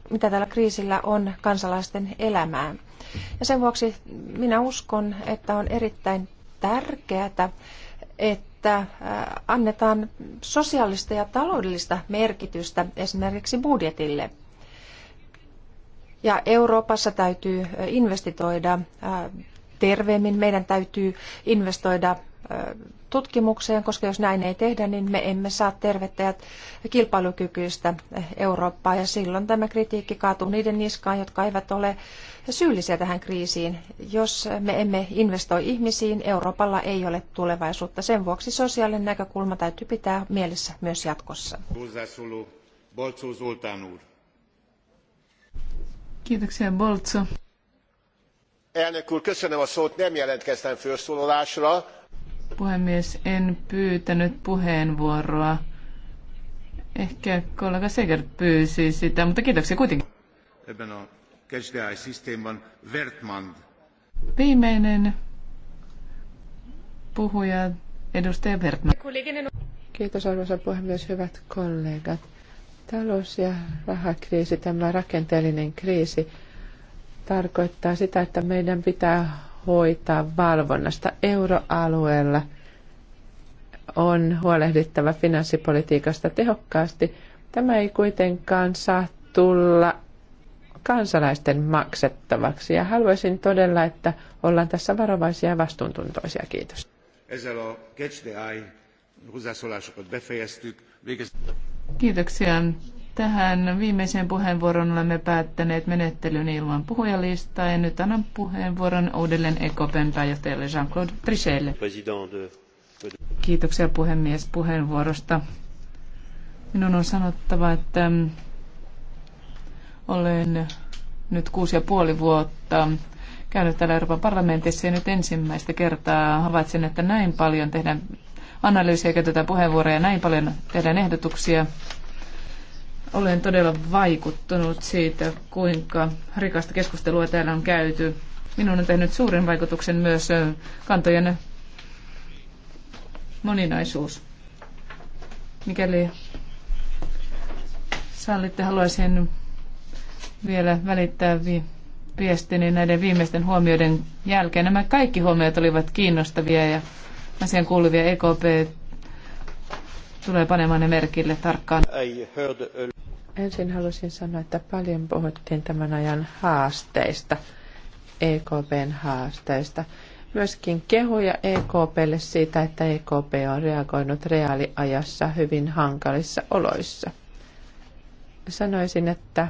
mitä tällä kriisillä on kansalaisten elämään. Ja sen vuoksi minä uskon, että on erittäin tärkeää, että annetaan sosiaalista ja taloudellista merkitystä esimerkiksi budjetille. Ja Euroopassa täytyy investoida terveemmin, meidän täytyy investoida tutkimukseen, koska jos näin ei tehdä, niin me emme saa tervettä ja kilpailukykyistä Eurooppaa. Ja silloin tämä kritiikki kaatuu niiden niskaan, jotka eivät ole syyllisiä tähän kriisiin. Jos me emme investoi ihmisiin, Euroopalla ei ole tulevaisuutta. Sen vuoksi sosiaalinen näkökulma täytyy pitää mielessä myös jatkossa. Kiitoksia, Boltso. Elnök úr, köszönöm a szót, nem jelentkeztem felszólalásra Puhemies, en pyytänyt puheenvuoroa. Ehkä kollega Seger pyysi sitä, mutta kiitoksia kuitenkin. Viimeinen puhuja, edustaja Wertman. Kiitos arvoisa puhemies, hyvät kollegat. Talous- ja rahakriisi, tämä rakenteellinen kriisi, tarkoittaa sitä, että meidän pitää hoitaa valvonnasta euroalueella. On huolehdittava finanssipolitiikasta tehokkaasti. Tämä ei kuitenkaan saa tulla kansalaisten maksettavaksi. Ja haluaisin todella, että ollaan tässä varovaisia ja vastuuntuntoisia. Kiitos. Kiitoksia. Tähän viimeiseen puheenvuoroon olemme päättäneet menettelyn ilman puhujalistaa ja nyt annan puheenvuoron uudelleen EKPn pääjohtajalle Jean-Claude Trichelle. Kiitoksia puhemies puheenvuorosta. Minun on sanottava, että mm, olen nyt kuusi ja puoli vuotta käynyt täällä Euroopan parlamentissa ja nyt ensimmäistä kertaa havaitsen, että näin paljon tehdään analyysiä, käytetään puheenvuoroja, näin paljon tehdään ehdotuksia olen todella vaikuttunut siitä, kuinka rikasta keskustelua täällä on käyty. Minun on tehnyt suuren vaikutuksen myös kantojen moninaisuus. Mikäli sallitte, haluaisin vielä välittää vi- viestini näiden viimeisten huomioiden jälkeen. Nämä kaikki huomiot olivat kiinnostavia ja asian kuuluvia EKP tulee panemaan ne merkille tarkkaan. Ensin haluaisin sanoa, että paljon puhuttiin tämän ajan haasteista, EKPn haasteista. Myöskin kehuja EKPlle siitä, että EKP on reagoinut reaaliajassa hyvin hankalissa oloissa. Sanoisin, että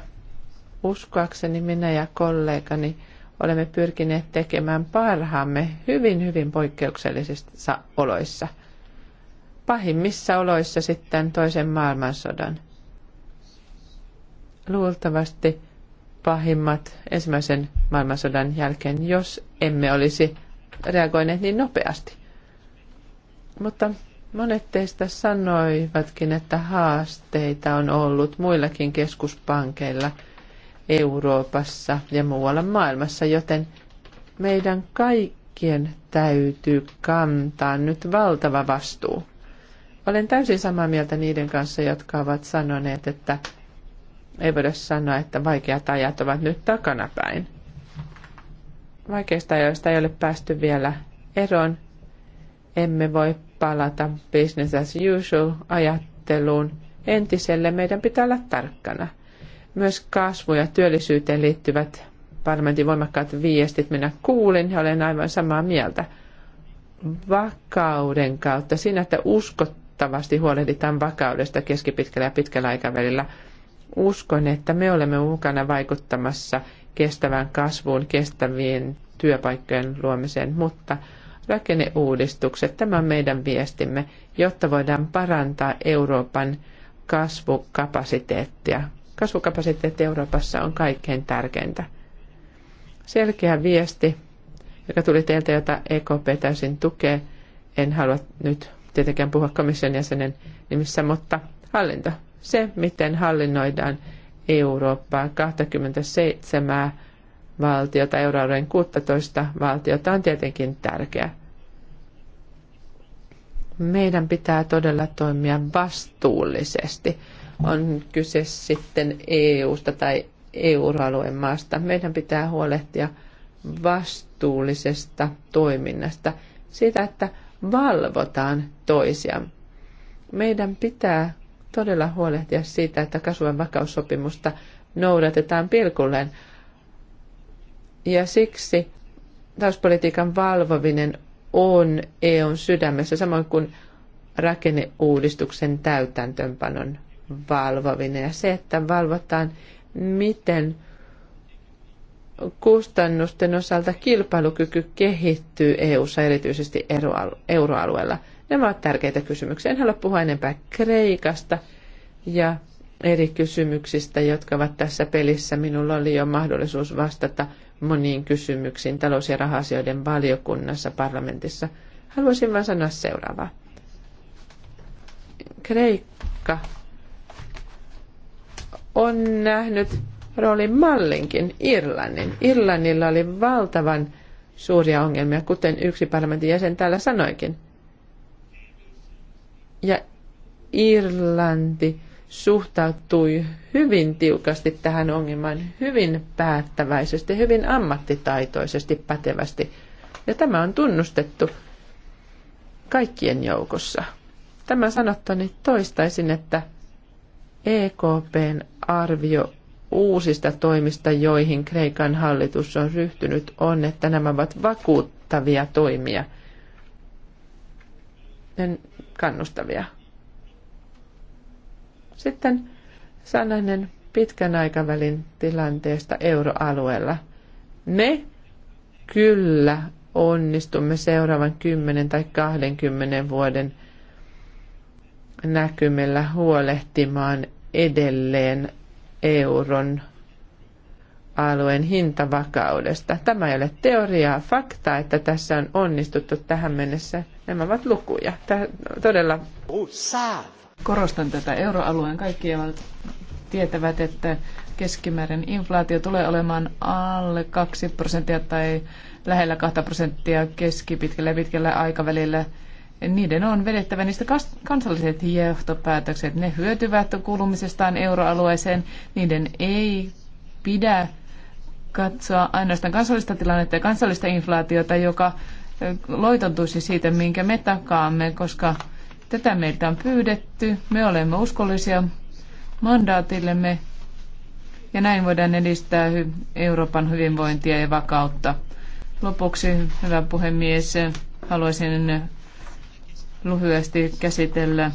uskoakseni minä ja kollegani olemme pyrkineet tekemään parhaamme hyvin, hyvin poikkeuksellisissa oloissa – pahimmissa oloissa sitten toisen maailmansodan. Luultavasti pahimmat ensimmäisen maailmansodan jälkeen, jos emme olisi reagoineet niin nopeasti. Mutta monet teistä sanoivatkin, että haasteita on ollut muillakin keskuspankeilla Euroopassa ja muualla maailmassa, joten meidän kaikkien täytyy kantaa nyt valtava vastuu. Olen täysin samaa mieltä niiden kanssa, jotka ovat sanoneet, että ei voida sanoa, että vaikeat ajat ovat nyt takanapäin. Vaikeista ajoista ei ole päästy vielä eroon. Emme voi palata business as usual ajatteluun entiselle. Meidän pitää olla tarkkana. Myös kasvu- ja työllisyyteen liittyvät parlamentin voimakkaat viestit minä kuulin ja olen aivan samaa mieltä. Vakauden kautta, siinä että uskot kattavasti huolehditaan vakaudesta keskipitkällä ja pitkällä aikavälillä. Uskon, että me olemme mukana vaikuttamassa kestävään kasvuun, kestävien työpaikkojen luomiseen, mutta rakenneuudistukset, tämä on meidän viestimme, jotta voidaan parantaa Euroopan kasvukapasiteettia. Kasvukapasiteetti Euroopassa on kaikkein tärkeintä. Selkeä viesti, joka tuli teiltä, jota EKP täysin tukee. En halua nyt tietenkään puhua komission jäsenen nimissä, mutta hallinto. Se, miten hallinnoidaan Eurooppaa 27 valtiota, euroalueen 16 valtiota on tietenkin tärkeä. Meidän pitää todella toimia vastuullisesti. On kyse sitten EUsta tai euroalueen maasta. Meidän pitää huolehtia vastuullisesta toiminnasta. Siitä, että valvotaan toisia. Meidän pitää todella huolehtia siitä, että kasvun vakaussopimusta noudatetaan pilkulleen. Ja siksi talouspolitiikan valvominen on EUn sydämessä, samoin kuin rakenneuudistuksen täytäntöönpanon valvominen ja se, että valvotaan, miten kustannusten osalta kilpailukyky kehittyy EU-ssa, erityisesti euroalueella? Nämä ovat tärkeitä kysymyksiä. En halua puhua enempää Kreikasta ja eri kysymyksistä, jotka ovat tässä pelissä. Minulla oli jo mahdollisuus vastata moniin kysymyksiin talous- ja rahasioiden valiokunnassa parlamentissa. Haluaisin vain sanoa seuraavaa. Kreikka on nähnyt roolin mallinkin Irlannin. Irlannilla oli valtavan suuria ongelmia, kuten yksi parlamentin jäsen täällä sanoikin. Ja Irlanti suhtautui hyvin tiukasti tähän ongelmaan, hyvin päättäväisesti, hyvin ammattitaitoisesti, pätevästi. Ja tämä on tunnustettu kaikkien joukossa. Tämä sanottani toistaisin, että EKPn arvio uusista toimista, joihin Kreikan hallitus on ryhtynyt, on, että nämä ovat vakuuttavia toimia ja kannustavia. Sitten sananen pitkän aikavälin tilanteesta euroalueella. Me kyllä onnistumme seuraavan 10 tai 20 vuoden näkymillä huolehtimaan edelleen euron alueen hintavakaudesta. Tämä ei ole teoriaa, faktaa, että tässä on onnistuttu tähän mennessä. Nämä ovat lukuja. Tämä, todella. Korostan tätä. Euroalueen kaikki tietävät, että keskimäärin inflaatio tulee olemaan alle 2 prosenttia tai lähellä 2 prosenttia keskipitkällä ja pitkällä aikavälillä – niiden on vedettävä niistä kansalliset johtopäätökset. Ne hyötyvät kuulumisestaan euroalueeseen. Niiden ei pidä katsoa ainoastaan kansallista tilannetta ja kansallista inflaatiota, joka loitontuisi siitä, minkä me takaamme, koska tätä meiltä on pyydetty. Me olemme uskollisia mandaatillemme ja näin voidaan edistää Euroopan hyvinvointia ja vakautta. Lopuksi, hyvä puhemies, haluaisin lyhyesti käsitellä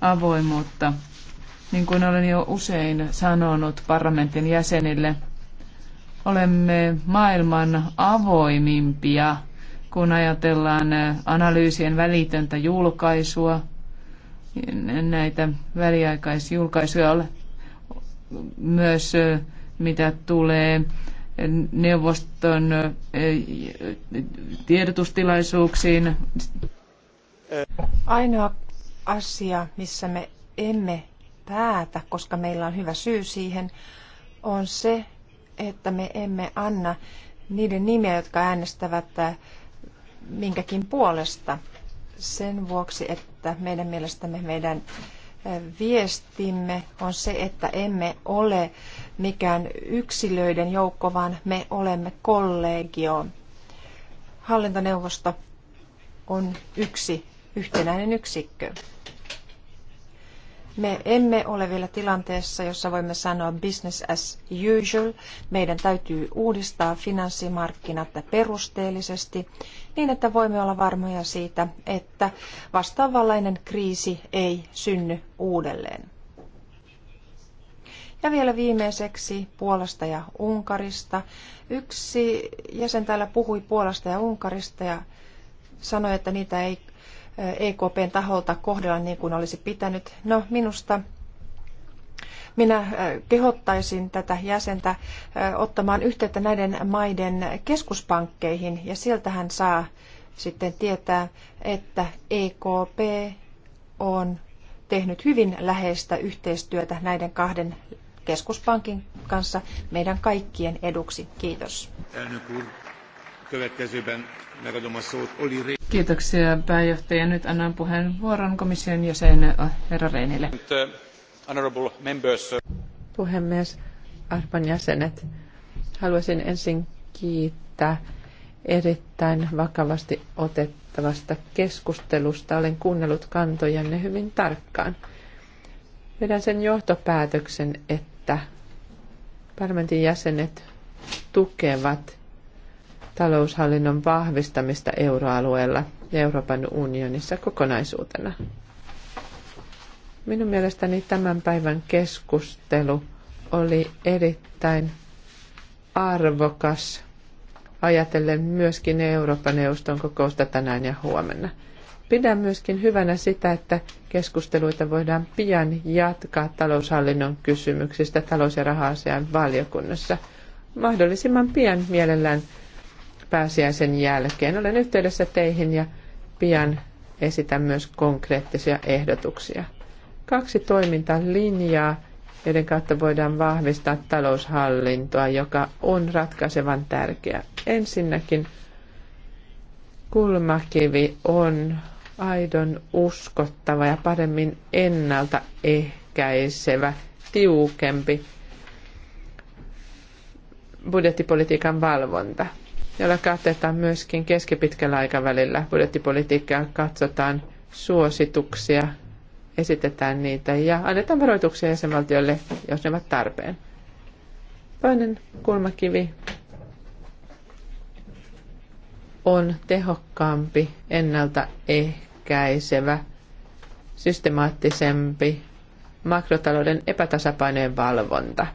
avoimuutta. Niin kuin olen jo usein sanonut parlamentin jäsenille, olemme maailman avoimimpia, kun ajatellaan analyysien välitöntä julkaisua, näitä väliaikaisjulkaisuja myös mitä tulee neuvoston eh, tiedotustilaisuuksiin, Ainoa asia, missä me emme päätä, koska meillä on hyvä syy siihen, on se, että me emme anna niiden nimiä, jotka äänestävät äh, minkäkin puolesta sen vuoksi, että meidän mielestämme meidän äh, viestimme on se, että emme ole mikään yksilöiden joukko, vaan me olemme kollegio. Hallintoneuvosto on yksi yhtenäinen yksikkö. Me emme ole vielä tilanteessa, jossa voimme sanoa business as usual. Meidän täytyy uudistaa finanssimarkkinat perusteellisesti niin, että voimme olla varmoja siitä, että vastaavanlainen kriisi ei synny uudelleen. Ja vielä viimeiseksi Puolasta ja Unkarista. Yksi jäsen täällä puhui Puolasta ja Unkarista ja sanoi, että niitä ei EKPn taholta kohdella niin kuin olisi pitänyt. No minusta minä äh, kehottaisin tätä jäsentä äh, ottamaan yhteyttä näiden maiden keskuspankkeihin ja sieltä hän saa sitten tietää, että EKP on tehnyt hyvin läheistä yhteistyötä näiden kahden keskuspankin kanssa meidän kaikkien eduksi. Kiitos. Kiitoksia pääjohtaja. Nyt annan puheenvuoron komission jäsen äh, herra Reinille. Uh, uh, Puhemies, arvon jäsenet, haluaisin ensin kiittää erittäin vakavasti otettavasta keskustelusta. Olen kuunnellut kantojanne hyvin tarkkaan. Vedän sen johtopäätöksen, että parlamentin jäsenet tukevat taloushallinnon vahvistamista euroalueella ja Euroopan unionissa kokonaisuutena. Minun mielestäni tämän päivän keskustelu oli erittäin arvokas ajatellen myöskin Euroopan neuvoston kokousta tänään ja huomenna. Pidän myöskin hyvänä sitä, että keskusteluita voidaan pian jatkaa taloushallinnon kysymyksistä talous- ja raha-asian valiokunnassa. Mahdollisimman pian mielellään pääsiäisen jälkeen. Olen yhteydessä teihin ja pian esitän myös konkreettisia ehdotuksia. Kaksi toimintalinjaa, joiden kautta voidaan vahvistaa taloushallintoa, joka on ratkaisevan tärkeä. Ensinnäkin kulmakivi on aidon uskottava ja paremmin ennaltaehkäisevä, tiukempi budjettipolitiikan valvonta jolla katetaan myöskin keskipitkällä aikavälillä budjettipolitiikkaa, katsotaan suosituksia, esitetään niitä ja annetaan varoituksia jäsenvaltioille, jos ne ovat tarpeen. Toinen kulmakivi on tehokkaampi, ennaltaehkäisevä, systemaattisempi makrotalouden epätasapainojen valvonta –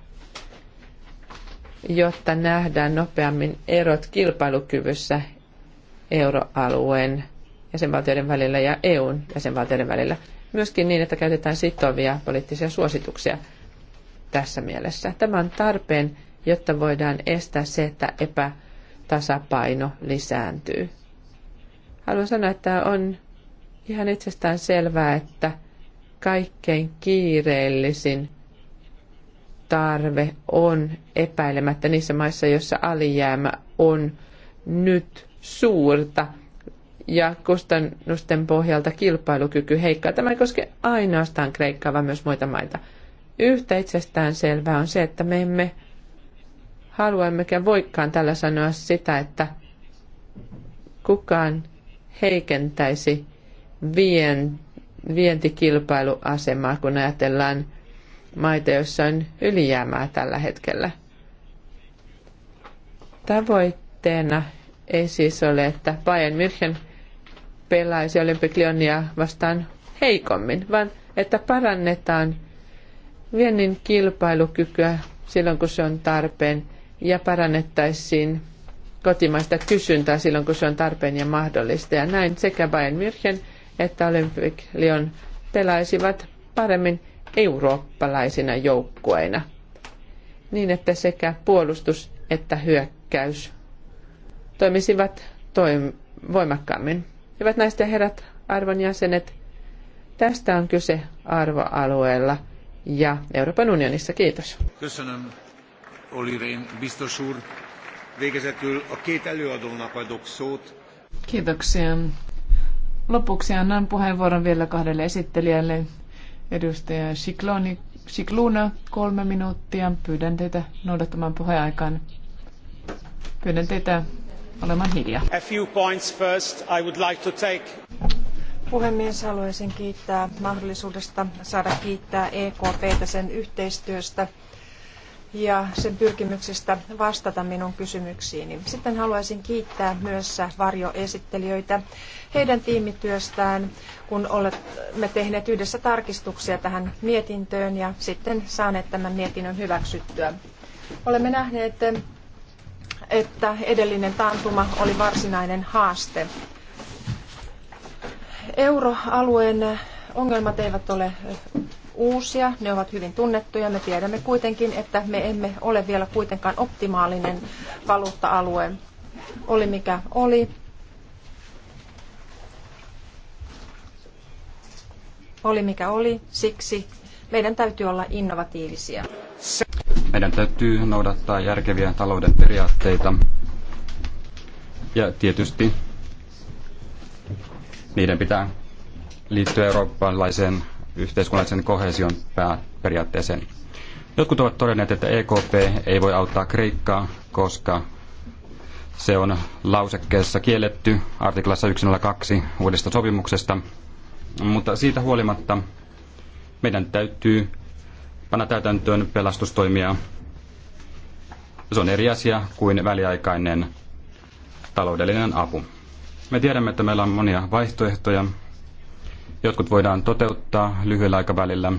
jotta nähdään nopeammin erot kilpailukyvyssä euroalueen jäsenvaltioiden välillä ja EUn jäsenvaltioiden välillä. Myöskin niin, että käytetään sitovia poliittisia suosituksia tässä mielessä. Tämä on tarpeen, jotta voidaan estää se, että epätasapaino lisääntyy. Haluan sanoa, että on ihan itsestään selvää, että kaikkein kiireellisin tarve on epäilemättä niissä maissa, joissa alijäämä on nyt suurta ja kustannusten pohjalta kilpailukyky heikkaa. Tämä ei koske ainoastaan Kreikkaa, vaan myös muita maita. Yhtä itsestään selvää on se, että me emme halua emmekä voikaan tällä sanoa sitä, että kukaan heikentäisi vien, vientikilpailuasemaa, kun ajatellaan – maita, joissa on ylijäämää tällä hetkellä. Tavoitteena ei siis ole, että Bayern München pelaisi Lyonia vastaan heikommin, vaan että parannetaan viennin kilpailukykyä silloin, kun se on tarpeen, ja parannettaisiin kotimaista kysyntää silloin, kun se on tarpeen ja mahdollista. Ja näin sekä Bayern München että Olympic Lyon pelaisivat paremmin eurooppalaisina joukkueina, niin että sekä puolustus että hyökkäys toimisivat toim- voimakkaammin. Hyvät näistä herrat, arvon jäsenet, tästä on kyse arvoalueella ja Euroopan unionissa. Kiitos. Köszönöm, Oli Rehn, Végezetül a két előadónak adok szót. Kiitoksia. Lopuksi annan puheenvuoron vielä kahdelle esittelijälle, Edustaja Shikloni, Shikluna, kolme minuuttia. Pyydän teitä noudattamaan puheaikaan. Pyydän teitä olemaan hiljaa. A few points first I would like to take. Puhemies, haluaisin kiittää mahdollisuudesta saada kiittää EKPtä sen yhteistyöstä – ja sen pyrkimyksestä vastata minun kysymyksiini. Sitten haluaisin kiittää myös varjoesittelijöitä heidän tiimityöstään, kun olemme tehneet yhdessä tarkistuksia tähän mietintöön ja sitten saaneet tämän mietinnön hyväksyttyä. Olemme nähneet, että edellinen taantuma oli varsinainen haaste. Euroalueen ongelmat eivät ole uusia, ne ovat hyvin tunnettuja. Me tiedämme kuitenkin, että me emme ole vielä kuitenkaan optimaalinen valuutta-alue. Oli mikä oli. Oli mikä oli, siksi meidän täytyy olla innovatiivisia. Meidän täytyy noudattaa järkeviä talouden periaatteita ja tietysti niiden pitää liittyä eurooppalaiseen yhteiskunnallisen kohesion pääperiaatteeseen. Jotkut ovat todenneet, että EKP ei voi auttaa Kreikkaa, koska se on lausekkeessa kielletty artiklassa 102 uudesta sopimuksesta. Mutta siitä huolimatta meidän täytyy panna täytäntöön pelastustoimia. Se on eri asia kuin väliaikainen taloudellinen apu. Me tiedämme, että meillä on monia vaihtoehtoja Jotkut voidaan toteuttaa lyhyellä aikavälillä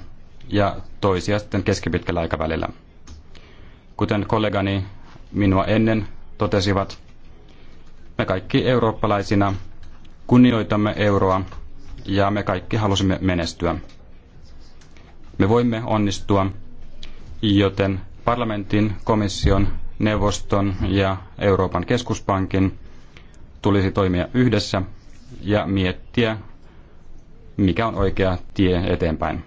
ja toisia sitten keskipitkällä aikavälillä. Kuten kollegani minua ennen totesivat, me kaikki eurooppalaisina kunnioitamme euroa ja me kaikki halusimme menestyä. Me voimme onnistua, joten parlamentin, komission, neuvoston ja Euroopan keskuspankin tulisi toimia yhdessä ja miettiä mikä on oikea tie eteenpäin.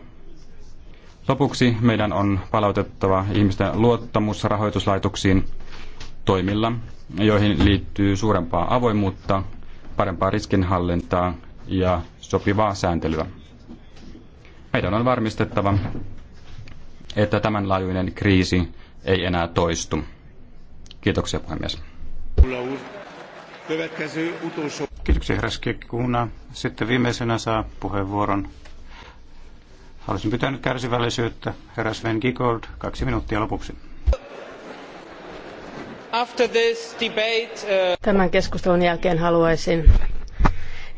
Lopuksi meidän on palautettava ihmisten luottamus rahoituslaitoksiin toimilla, joihin liittyy suurempaa avoimuutta, parempaa riskinhallintaa ja sopivaa sääntelyä. Meidän on varmistettava, että tämän laajuinen kriisi ei enää toistu. Kiitoksia puhemies. Következő utolsó. Kiitoksia herra Skekuna. Sitten viimeisenä saa puheenvuoron. Haluaisin pitää nyt kärsivällisyyttä. Herra Sven Giegold, kaksi minuuttia lopuksi. After this debate, uh... Tämän keskustelun jälkeen haluaisin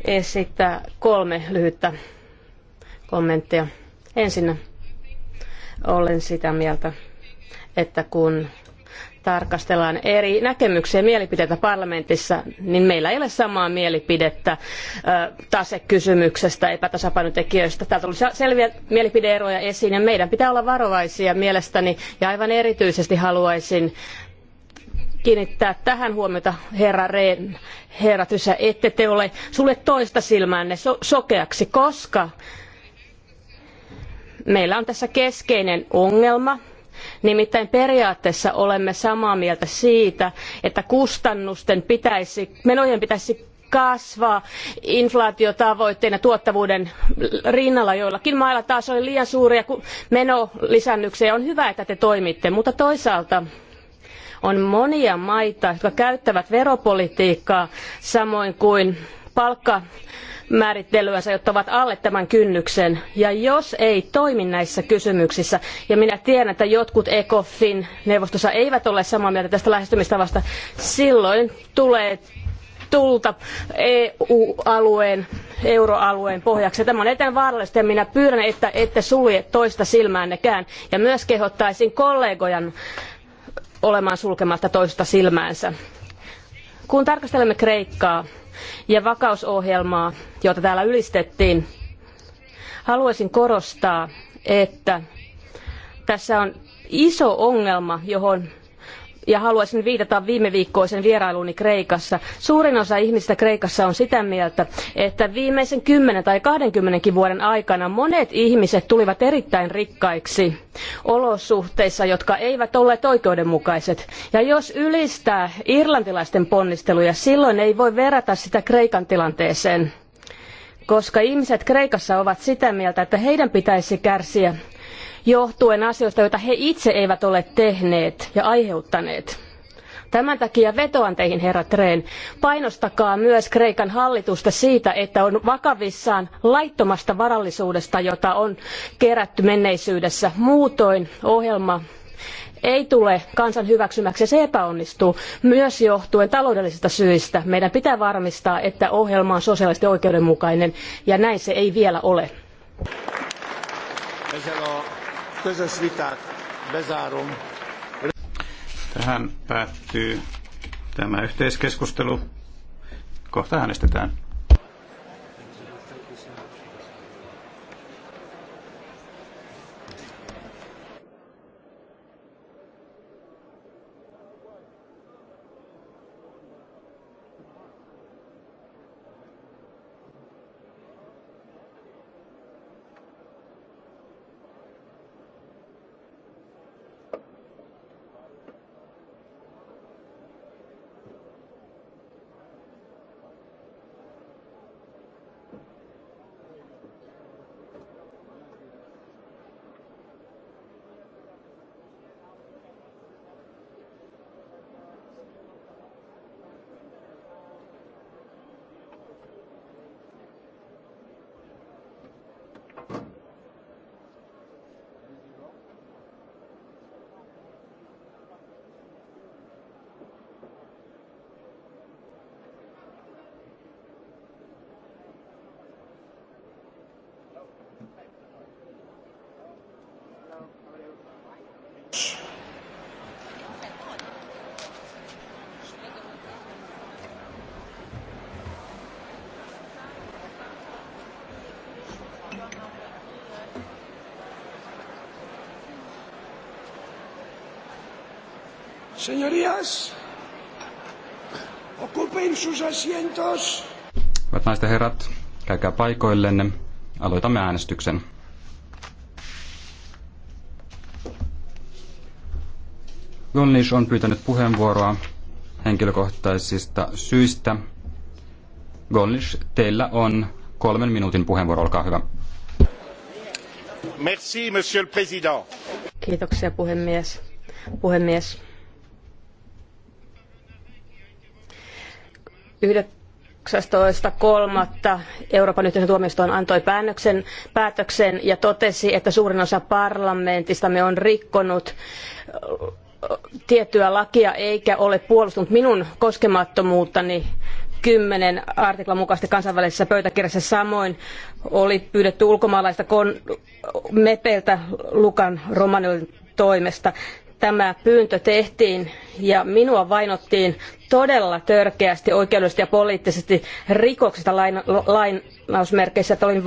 esittää kolme lyhyttä kommenttia. Ensinnä olen sitä mieltä, että kun tarkastellaan eri näkemyksiä ja mielipiteitä parlamentissa, niin meillä ei ole samaa mielipidettä tasekysymyksestä, epätasapainotekijöistä. Täältä tuli selviä mielipideeroja esiin ja meidän pitää olla varovaisia mielestäni ja aivan erityisesti haluaisin kiinnittää tähän huomiota, herra Rehn, herra Tysä, ette te ole sulle toista silmäänne so- sokeaksi, koska meillä on tässä keskeinen ongelma, Nimittäin periaatteessa olemme samaa mieltä siitä, että kustannusten pitäisi, menojen pitäisi kasvaa ja tuottavuuden rinnalla. Joillakin mailla taas oli liian suuria menolisännyksiä. On hyvä, että te toimitte, mutta toisaalta on monia maita, jotka käyttävät veropolitiikkaa samoin kuin palkka määrittelyänsä, jotta ovat alle tämän kynnyksen. Ja jos ei toimi näissä kysymyksissä, ja minä tiedän, että jotkut ECOFIN neuvostossa eivät ole samaa mieltä tästä lähestymistavasta, silloin tulee tulta EU-alueen, euroalueen pohjaksi. Tämä on eteen vaarallista ja minä pyydän, että ette sulje toista silmäännekään. Ja myös kehottaisin kollegojan olemaan sulkematta toista silmäänsä. Kun tarkastelemme Kreikkaa, ja vakausohjelmaa, jota täällä ylistettiin, haluaisin korostaa, että tässä on iso ongelma, johon ja haluaisin viitata viime viikkoisen vierailuuni Kreikassa. Suurin osa ihmistä Kreikassa on sitä mieltä, että viimeisen 10 tai 20 vuoden aikana monet ihmiset tulivat erittäin rikkaiksi olosuhteissa, jotka eivät olleet oikeudenmukaiset. Ja jos ylistää irlantilaisten ponnisteluja, silloin ei voi verrata sitä Kreikan tilanteeseen koska ihmiset Kreikassa ovat sitä mieltä, että heidän pitäisi kärsiä johtuen asioista, joita he itse eivät ole tehneet ja aiheuttaneet. Tämän takia vetoan teihin, herra Treen. Painostakaa myös Kreikan hallitusta siitä, että on vakavissaan laittomasta varallisuudesta, jota on kerätty menneisyydessä. Muutoin ohjelma ei tule kansan hyväksymäksi ja se epäonnistuu myös johtuen taloudellisista syistä. Meidän pitää varmistaa, että ohjelma on sosiaalisesti oikeudenmukainen ja näin se ei vielä ole közös vitát bezárom. Tähän päättyy tämä yhteiskeskustelu. Kohta äänestetään. Señorías, ocupen sus asientos. Hyvät naiset ja herrat, käykää paikoillenne. Aloitamme äänestyksen. Lonnish on pyytänyt puheenvuoroa henkilökohtaisista syistä. Golnish, teillä on kolmen minuutin puheenvuoro, olkaa hyvä. Merci, monsieur le président. Kiitoksia puhemies. Puhemies, 19.3. Euroopan yhteisön tuomioistuin antoi päätöksen, päätöksen ja totesi, että suurin osa parlamentistamme on rikkonut tiettyä lakia eikä ole puolustunut minun koskemattomuuttani kymmenen artiklan mukaisesti kansainvälisessä pöytäkirjassa. Samoin oli pyydetty ulkomaalaista kon- mepeltä Lukan Romanilta toimesta tämä pyyntö tehtiin ja minua vainottiin todella törkeästi oikeudellisesti ja poliittisesti rikoksesta lainausmerkeissä, että olin